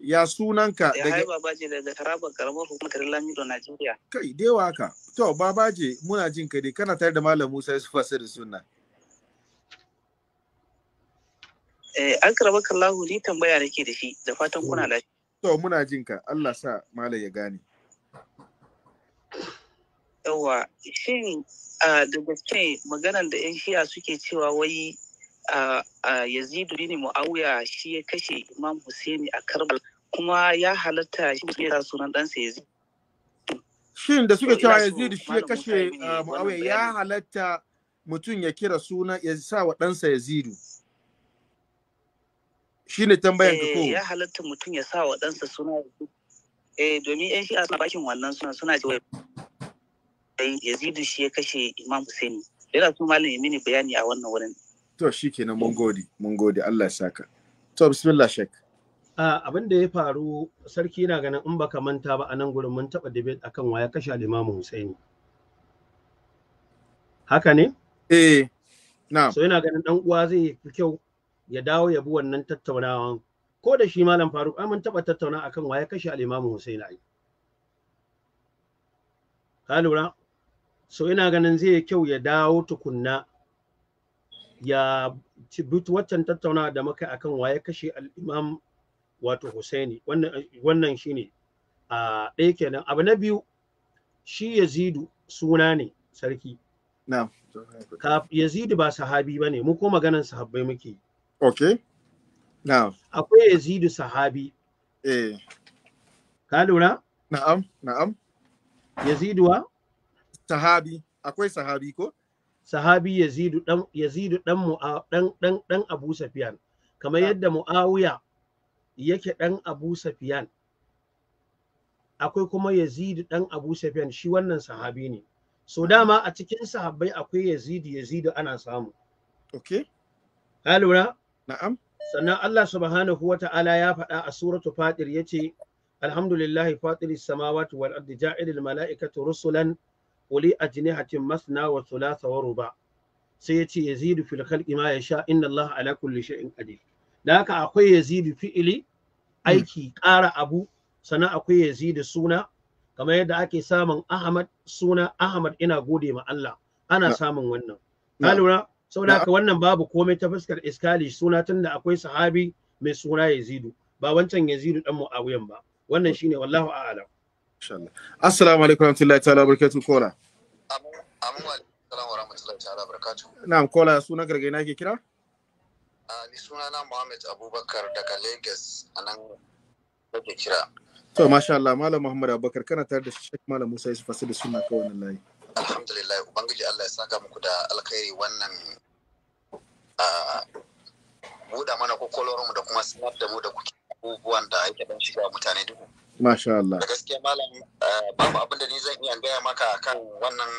ya ka eh, daga Ya babaje daga Taraba karamar hukumar Lamido Najeriya. Kai dai haka. To babaje muna jin ka dai kana tare da Malam Musa Yusuf Asir Sunna. Eh Kallahu ni tambaya nake da shi da fatan kuna mm. lafiya. To muna jin ka Allah sa Malam ya gane. yawa shin da gaske maganar da 'yan shiya suke cewa wai yazidu bin mu'awiya shi ya kashe imam husaini a karbal kuma ya halatta shi ya sunan ɗansa yazidu shin da suke cewa yazidu shi ya kashe mu'awiya ya halatta mutum ya kira suna ya sa wa ɗansa yazidu shi ne tambayan ka ko eh, ya halatta mutum ya sa wa ɗansa suna eh domin 'yan shiya suna bakin wannan suna suna cewa sai yazidu shi ya kashe imam Hussein, yana so malam ya mini bayani a wannan wurin to shi mun gode mun gode Allah ya saka to bismillah shek abin da ya faru sarki yana ganin in baka manta ba a nan gurin mun taba debate akan waya kashe al'imam Hussein haka ne eh na so yana ganin dan uwa zai fi kyau ya dawo ya bi wannan tattaunawan ko da shi malam faruk mun taba tattauna akan waya kashe al Hussein ai. ka lura so ina ganin zai kyau ya dawo tukunna ya waccan tattauna da muka akan waye kashe al'imam wato Husaini wannan shine a ɗaya kenan abu na biyu shi Yazidu suna ne sarki Yazidu ba sahabi ba ne mu ko maganan sahabbai muke okay na'am akwai Yazidu sahabi eh ka lura na'am na'am Yazidu wa sahabi akwai sahabi ko sahabi yazidu dan yazidu dan dan dan dan abu safiyan kamar yadda muawiya yake dan abu safiyan akwai kuma yazidu dan abu safiyan shi wannan sahabi ne so dama a cikin sahabbai akwai yazidu yazidu ana samu okay ka lura na'am sannan Allah subhanahu wa ta'ala ya faɗa a suratu fatir yace alhamdulillahi fatiris samawati wal ardi ja'ilil mala'ikatu rusulan wali ajnihatin masna wa thulatha wa ruba sai yace yazidu fil khalqi ma yasha inna Allah ala kulli shay'in qadir da haka akwai yazidu fi'ili aiki ƙara abu sannan akwai yazidu suna kamar yadda ake samun Ahmad suna Ahmad ina gode ma Allah ana samun wannan ka lura saboda haka wannan babu komai ta fuskar iskali suna tunda akwai sahabi mai suna yazidu ba wancan yazidu dan mu'awiyan ba wannan shine wallahu a'lam Assalamu alaikum warahmatullahi ta'ala barakatuh kola. Amin wa warahmatullahi ta'ala barakatuh. Na'am kola sunan gargai na ke kira? Ah, ni sunana Muhammad Abubakar daga Lagos a nan nake kira. To masha Allah Malam Muhammad Abubakar kana tare da Sheikh Malam Musa Yusuf Asir da suna ka wannan layi. Alhamdulillah Ubangiji Allah ya saka muku da alkhairi wannan ah, buɗa mana kwakwalwarmu da kuma sanar da mu da kuke abubuwan da ake dan shiga mutane duhu. Masha Allah. Da gaskiya malam eh, babu abin da ni zan iya gaya maka kan wannan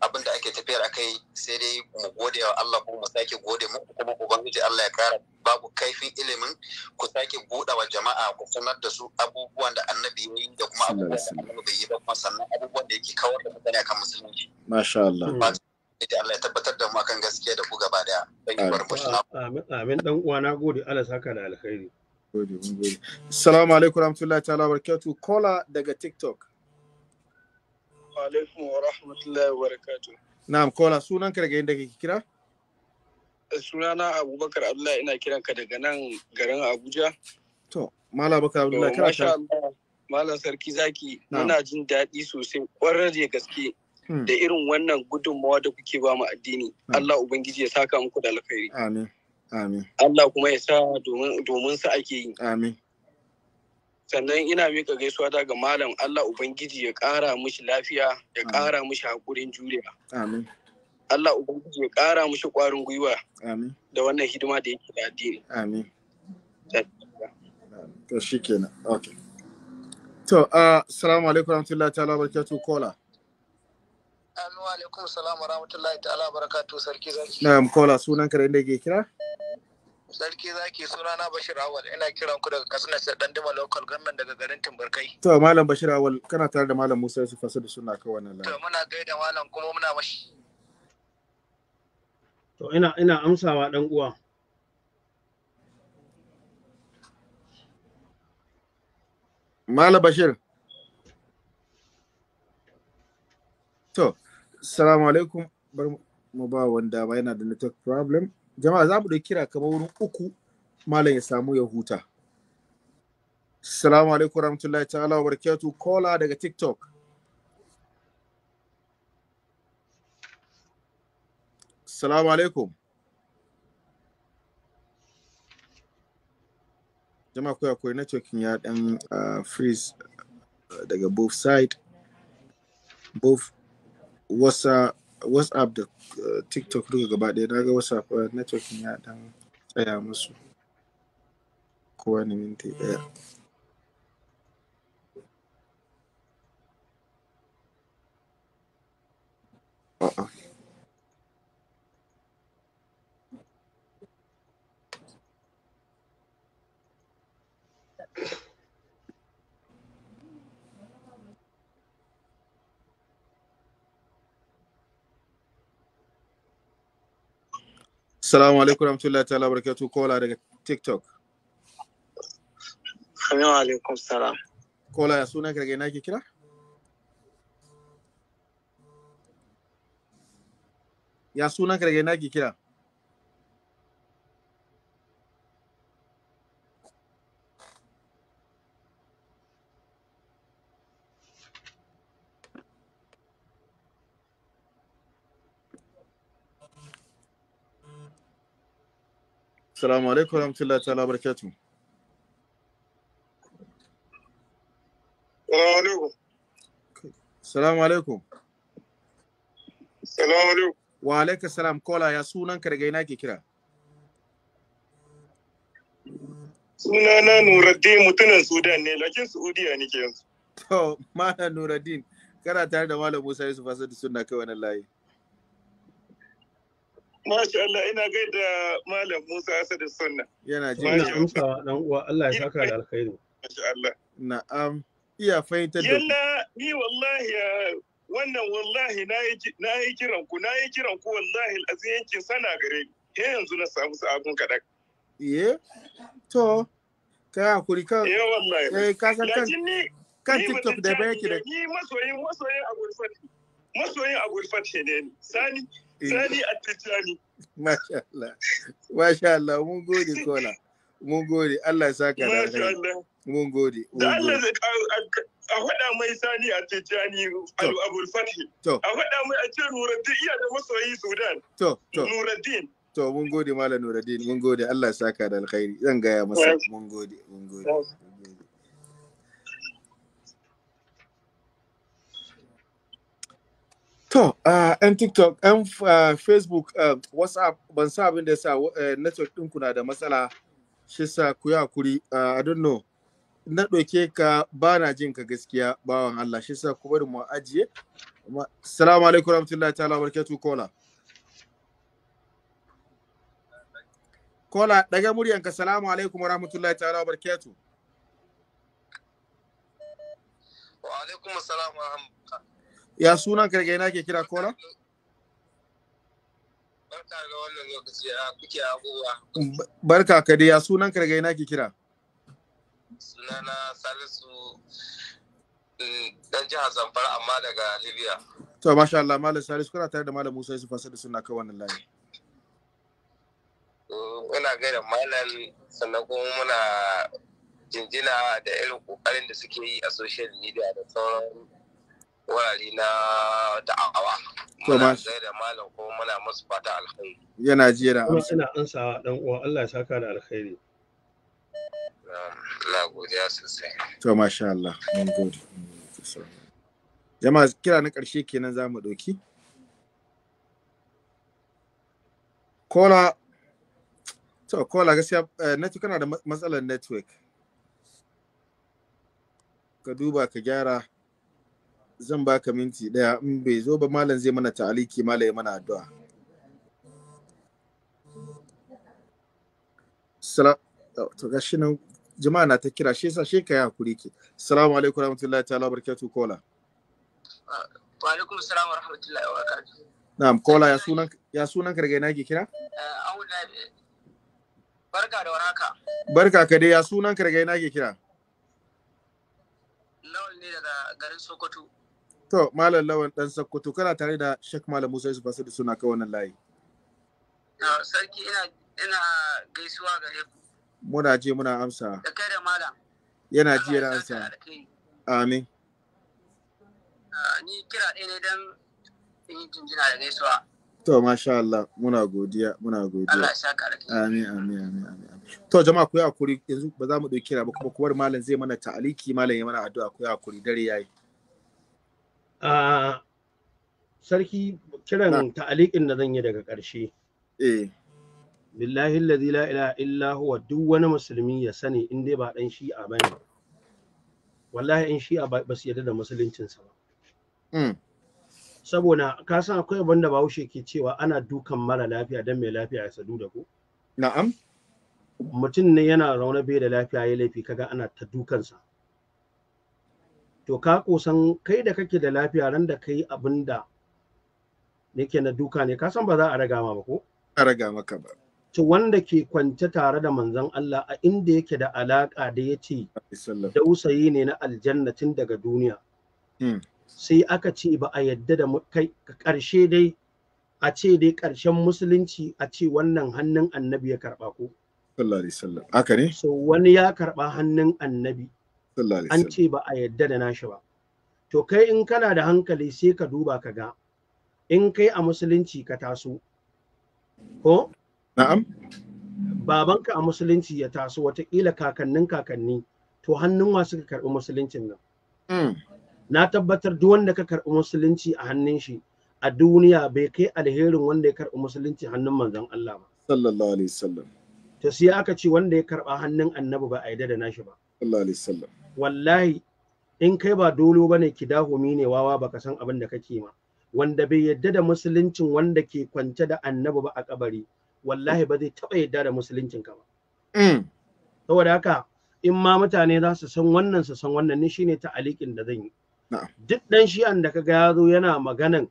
abin da ake tafiyar akai sai dai mu gode wa Allah ko mu sake gode mu kuma ubangiji Allah ya kara babu kaifin ilimin ku sake buɗa wa jama'a ku sanar da su abubuwan da annabi ya yi da kuma abubuwan da annabi yi ba kuma sannan abubuwan da yake kawar da mutane akan musulunci. Masha Allah. da Allah ya tabbatar da mu akan gaskiya da ku gaba daya. Amin amin uwa na gode Allah saka da alkhairi. gode mun gode assalamu alaikum rahmatullahi ta'ala kola daga tiktok wa alaikum wa rahmatullahi wa barakatuh na'am kola sunan ka daga inda kake kira sunana abubakar abdullahi ina kiran ka daga nan garin abuja to mala Abubakar abdullahi kira ka mala sarki zaki muna jin daɗi sosai ƙwarar gaske hmm. da irin wannan gudunmawa da kuke ba mu addini hmm. Allah ubangiji ya saka muku da alkhairi amin Amin. Allah kuma ya sa domin sa ake yi. Amin. Sannan ina mika gaisuwa ta ga malam Allah Ubangiji ya ƙara mushi lafiya ya ƙara mushi haƙurin juriya. Amin. Allah Ubangiji ya ƙara mushi ƙwarin gwiwa. Amin. Da wannan hidima da yake da addini. Amin. To shi kenan. Ok. To, assalamu alaikum warahmatullahi ta'ala barakatuh kola. Assalamu alaikum salam warahmatullahi ta'ala barakatuh sarki zaki. Na'am kola sunan ka da inda ke kira? sarki zaki suna na Bashir Awal ina kiran ku daga kasar Nasar dima local gannan daga garin Timbarkai. To malam Bashir Awal kana tare da malam Musa Yusuf da suna ka wannan To muna gaida malam kuma muna mashi. To ina ina amsawa dan uwa. Malam Bashir. To, assalamu alaikum. Bar mu ba wanda ba yana da network problem. jama'a za mu da kira kamar wurin uku malam ya samu ya huta Salamu alaikum warahmatullahi ta'ala wa barakatuh kola daga TikTok Salamu alaikum jama'a kuwa akwai networking ya dan ah, freeze ah, daga both side both wasa what's up the eh, TikTok look about the dagger what's up networking yeah I am also coordinate yeah uh -oh. Salamu alaikum rahmatullahi ta'ala barakatu kola daga TikTok. Salamu alaikum salam. Kola ya suna ka daga ke kira? Ya suna ka daga ke kira? Assalamu alaikum warahmatullahi ta'ala barakatuh. Salamu alaikum. Salamu alaikum. Salamu alaikum. Wa alaika salam kola ya sunan ka na ina ke kira? Sunana Nuruddin mutumin Sudan ne, lakin Saudiya nake yanzu. To, Malam Nuruddin, kana tare da Malam Musa Yusuf Asadu Sunna kai wannan layi. Masha Allah ina gaida Malam Musa Asadu Sunna. Yana ji na amsa dan uwa Allah ya saka da alkhairi. Masha Allah. Na'am. Iya fahimtar da Yalla ni wallahi ya wannan wallahi na yi kiran ku na yi kiran ku wallahi alazin yankin sana gare ni. Ke yanzu na samu sabon kaɗan. Iye. To. Ka hakuri ka. Eh wallahi. Eh ka san kan. Kan TikTok da bayan ki da. Ni masoyin masoyin Abul Fatih. Masoyin Abul Fatih ne ni. Sani. Eh. Sani a Tijjani. Masha Allah. Masha Allah mun gode kola. Mun gode Allah ya saka da alkhairi, Mun gode. Da Allah a To. To. To. Nuruddin. To mun gode Malam Nuruddin Allah ya saka da alkhairi, zan gaya masa mun gode mun gode. To, ‘yan TikTok, ‘yan Facebook, WhatsApp, ban sa abin da sa network ɗinku na da matsala, shi sa ku yi hakuri, I don't know. Na ɗauke ka ba na jin ka gaskiya bawan Allah, shi sa ku bari mu ajiye. Salamu alaikum ta ta'ala barkatu kola. Kola, daga muryanka, salamu alaikum ta ta'ala barkatu. Wa alaikum salamu ya sunan karge na ke kira kola barka da wannan lokaci ya kuke abubuwa barka ka ya sunan karge na ke kira sunana salisu dan eh, jiha zamfara amma daga libya to masha Allah malam salisu kuna tare da malam musa yusuf asadu suna kai wannan layi eh, ina gaida malam sannan kuma muna jinjina da irin kokarin da suke yi a social media da sauran wurare na da'awa muna zai da malam ko muna musu fata alkhairi yana jiya da amsa ina ansawa dan uwa Allah ya saka da alkhairi Allah godiya sosai to masha Allah mun gode jama'a kira na ƙarshe kenan za mu ɗauki kola to kola gaskiya eh, network kana da matsalar network ka duba ka gyara zan baka minti daya in bai zo ba malam zai mana ta'aliki malam ya mana addu'a oh, to gashi nan jama'a na ta kira shi yasa shi ka yi hakuri ke assalamu alaikum warahmatullahi ta'ala barkatu kola wa alaikum assalam wa rahmatullahi wa barakatuh na'am kola ya sunan ya sunan karga ina ke kira eh, barka da warhaka barka ka dai ya sunan karga ina ke kira lawal ne daga garin sokoto To, Malam Lawan ɗan Sokoto, kana tare da Sheikh Malam Musa Yusuf Asadu suna kai wannan layi. Sarki ina gaisuwa gare ku. Muna ji muna amsa. Da kai da Malam. Yana ji yana amsa. Amin. Ah, ni kira ɗaya ne don in yi jinjina da gaisuwa. To, masha Allah, muna godiya, muna godiya. Allah ya saka Amin, amin, amin, amin. To, jama'a ku yi hakuri, yanzu ba za mu ɗauki kira ba kuma kuwar Malam zai mana ta'aliki, Malam ya mana addu'a ku yi hakuri, dare yayi. sarki kiran ta'aliƙin da zan yi daga ƙarshe eh. billahi allazi la ilaha illa huwa duk wani musulmi ya sani in dai ba dan shi'a bane wallahi in shi'a ba su yarda da musuluncinsa ba hmm. saboda ka san akwai abin da bahaushe ke cewa ana dukan mara lafiya don mai lafiya ya sadu da ku na'am mutum ne yana raune bai da lafiya ya laifi kaga ana ta dukansa to ka kusan kai da kake da lafiya ran da kai abin da yake na duka ne ka san ba za a raga ma ba ko a raga maka ba to wanda ke kwance tare da manzon Allah a inda yake da alaka da ya ce dausayi ne na aljannatin daga duniya hmm. sai aka ce ba a yadda da kai karshe dai a ce dai karshen musulunci a ce wannan hannun annabi ya karba ko sallallahu alaihi wasallam haka ne so wani ya karba hannun annabi an ce ba a yadda da nashi ba to kai in kana da hankali sai ka duba ka ga in kai a musulunci ka taso ko na'am babanka a musulunci ya taso watakila kakannin kakanni to hannun wasu suka karɓi musuluncin nan hmm. na tabbatar duk wanda ka karɓi musulunci a hannun shi a duniya bai kai alherin wanda ya karɓi musulunci hannun manzon Allah ba sallallahu alaihi wasallam to sai aka ce wanda ya karɓa hannun annabi ba a yadda da nashi ba sallallahu alaihi wasallam wallahi in kai ba dolo bane dahumi ne wawa baka san abin da kake ma wanda bai yadda da musuluncin wanda ke kwance da annabi ba a kabari wallahi ba zai taba yadda da musuluncin ka ba mm. saboda haka in ma mutane za su san wannan su san wannan ne shine alikin da zan yi duk dan shi'an da kaga ya zo yana maganan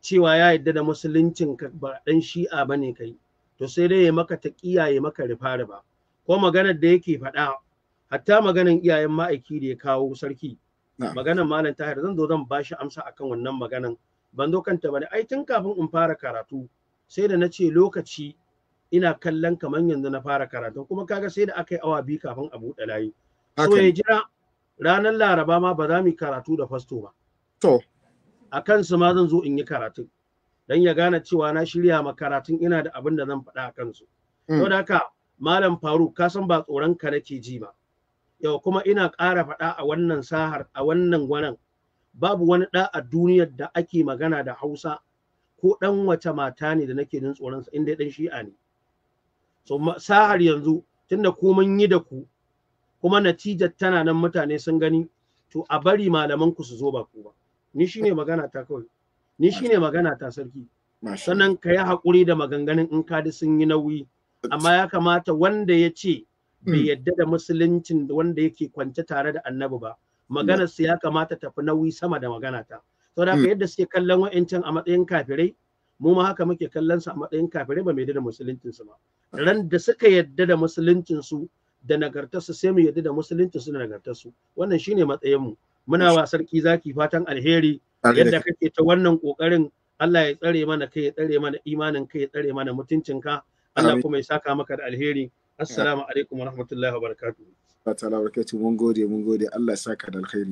cewa ya yadda da musuluncin ka ba dan shi'a bane kai to sai dai ya maka taqiya ya maka rifa riba ko maganar da yake faɗa hatta maganan iyayen ma'aiki da ya kawo sarki maganan malam tahir zan zo zan ba shi amsa akan wannan maganan ban zo kanta bane ai tun kafin in fara karatu sai da nace lokaci ina kallon kamar yanzu na fara karatu kuma kaga sai da aka yi awa biyu kafin a buɗe layi so ya jira ranar laraba ma ba za mu karatu da fasto ba to a kansu ma zan zo in yi karatu dan ya gane cewa na shirya ma karatun ina da abin da zan faɗa a kansu hmm. saboda haka malam faruk ka san ba tsoron ka nake ji ba yau kuma ina ƙara faɗa a wannan sahar a wannan gwanan babu wani ɗa a duniyar da ake magana da hausa ko ɗan wace mata ne da nake jin sa inda ɗan shi'a ne so sahar yanzu tunda ko mun yi da ku kuma natijar tana nan mutane sun gani to a bari malaman ku su zo ba ku ba ni shine magana ta kawai ni shine magana ta sarki sannan ka yi haƙuri da maganganun in kadi sun yi nauyi amma ya kamata wanda ya ce bai hmm. yadda da musuluncin wanda yake kwance tare da annabi ba maganar hmm. ya kamata tafi nauyi sama da magana ta da ka hmm. yadda suke kallon wa'ancan a matsayin kafirai mu ma haka muke kallon su a matsayin kafirai ba mai yadda da musuluncin su ba ran da suka yadda da musuluncin su da nagartar su sai mu yadda da musuluncin su da nagartar su wannan shine matsayin mu muna wa sarki zaki fatan alheri yadda kake ta wannan kokarin Allah ya tsare mana kai ya tsare mana imanin kai ya tsare mana mutuncinka Allah kuma ya saka maka da alheri assalamu alaikum warahmatullahi wabarakatuh wa ta'ala barakatuh mun gode mun gode Allah saka da alkhairi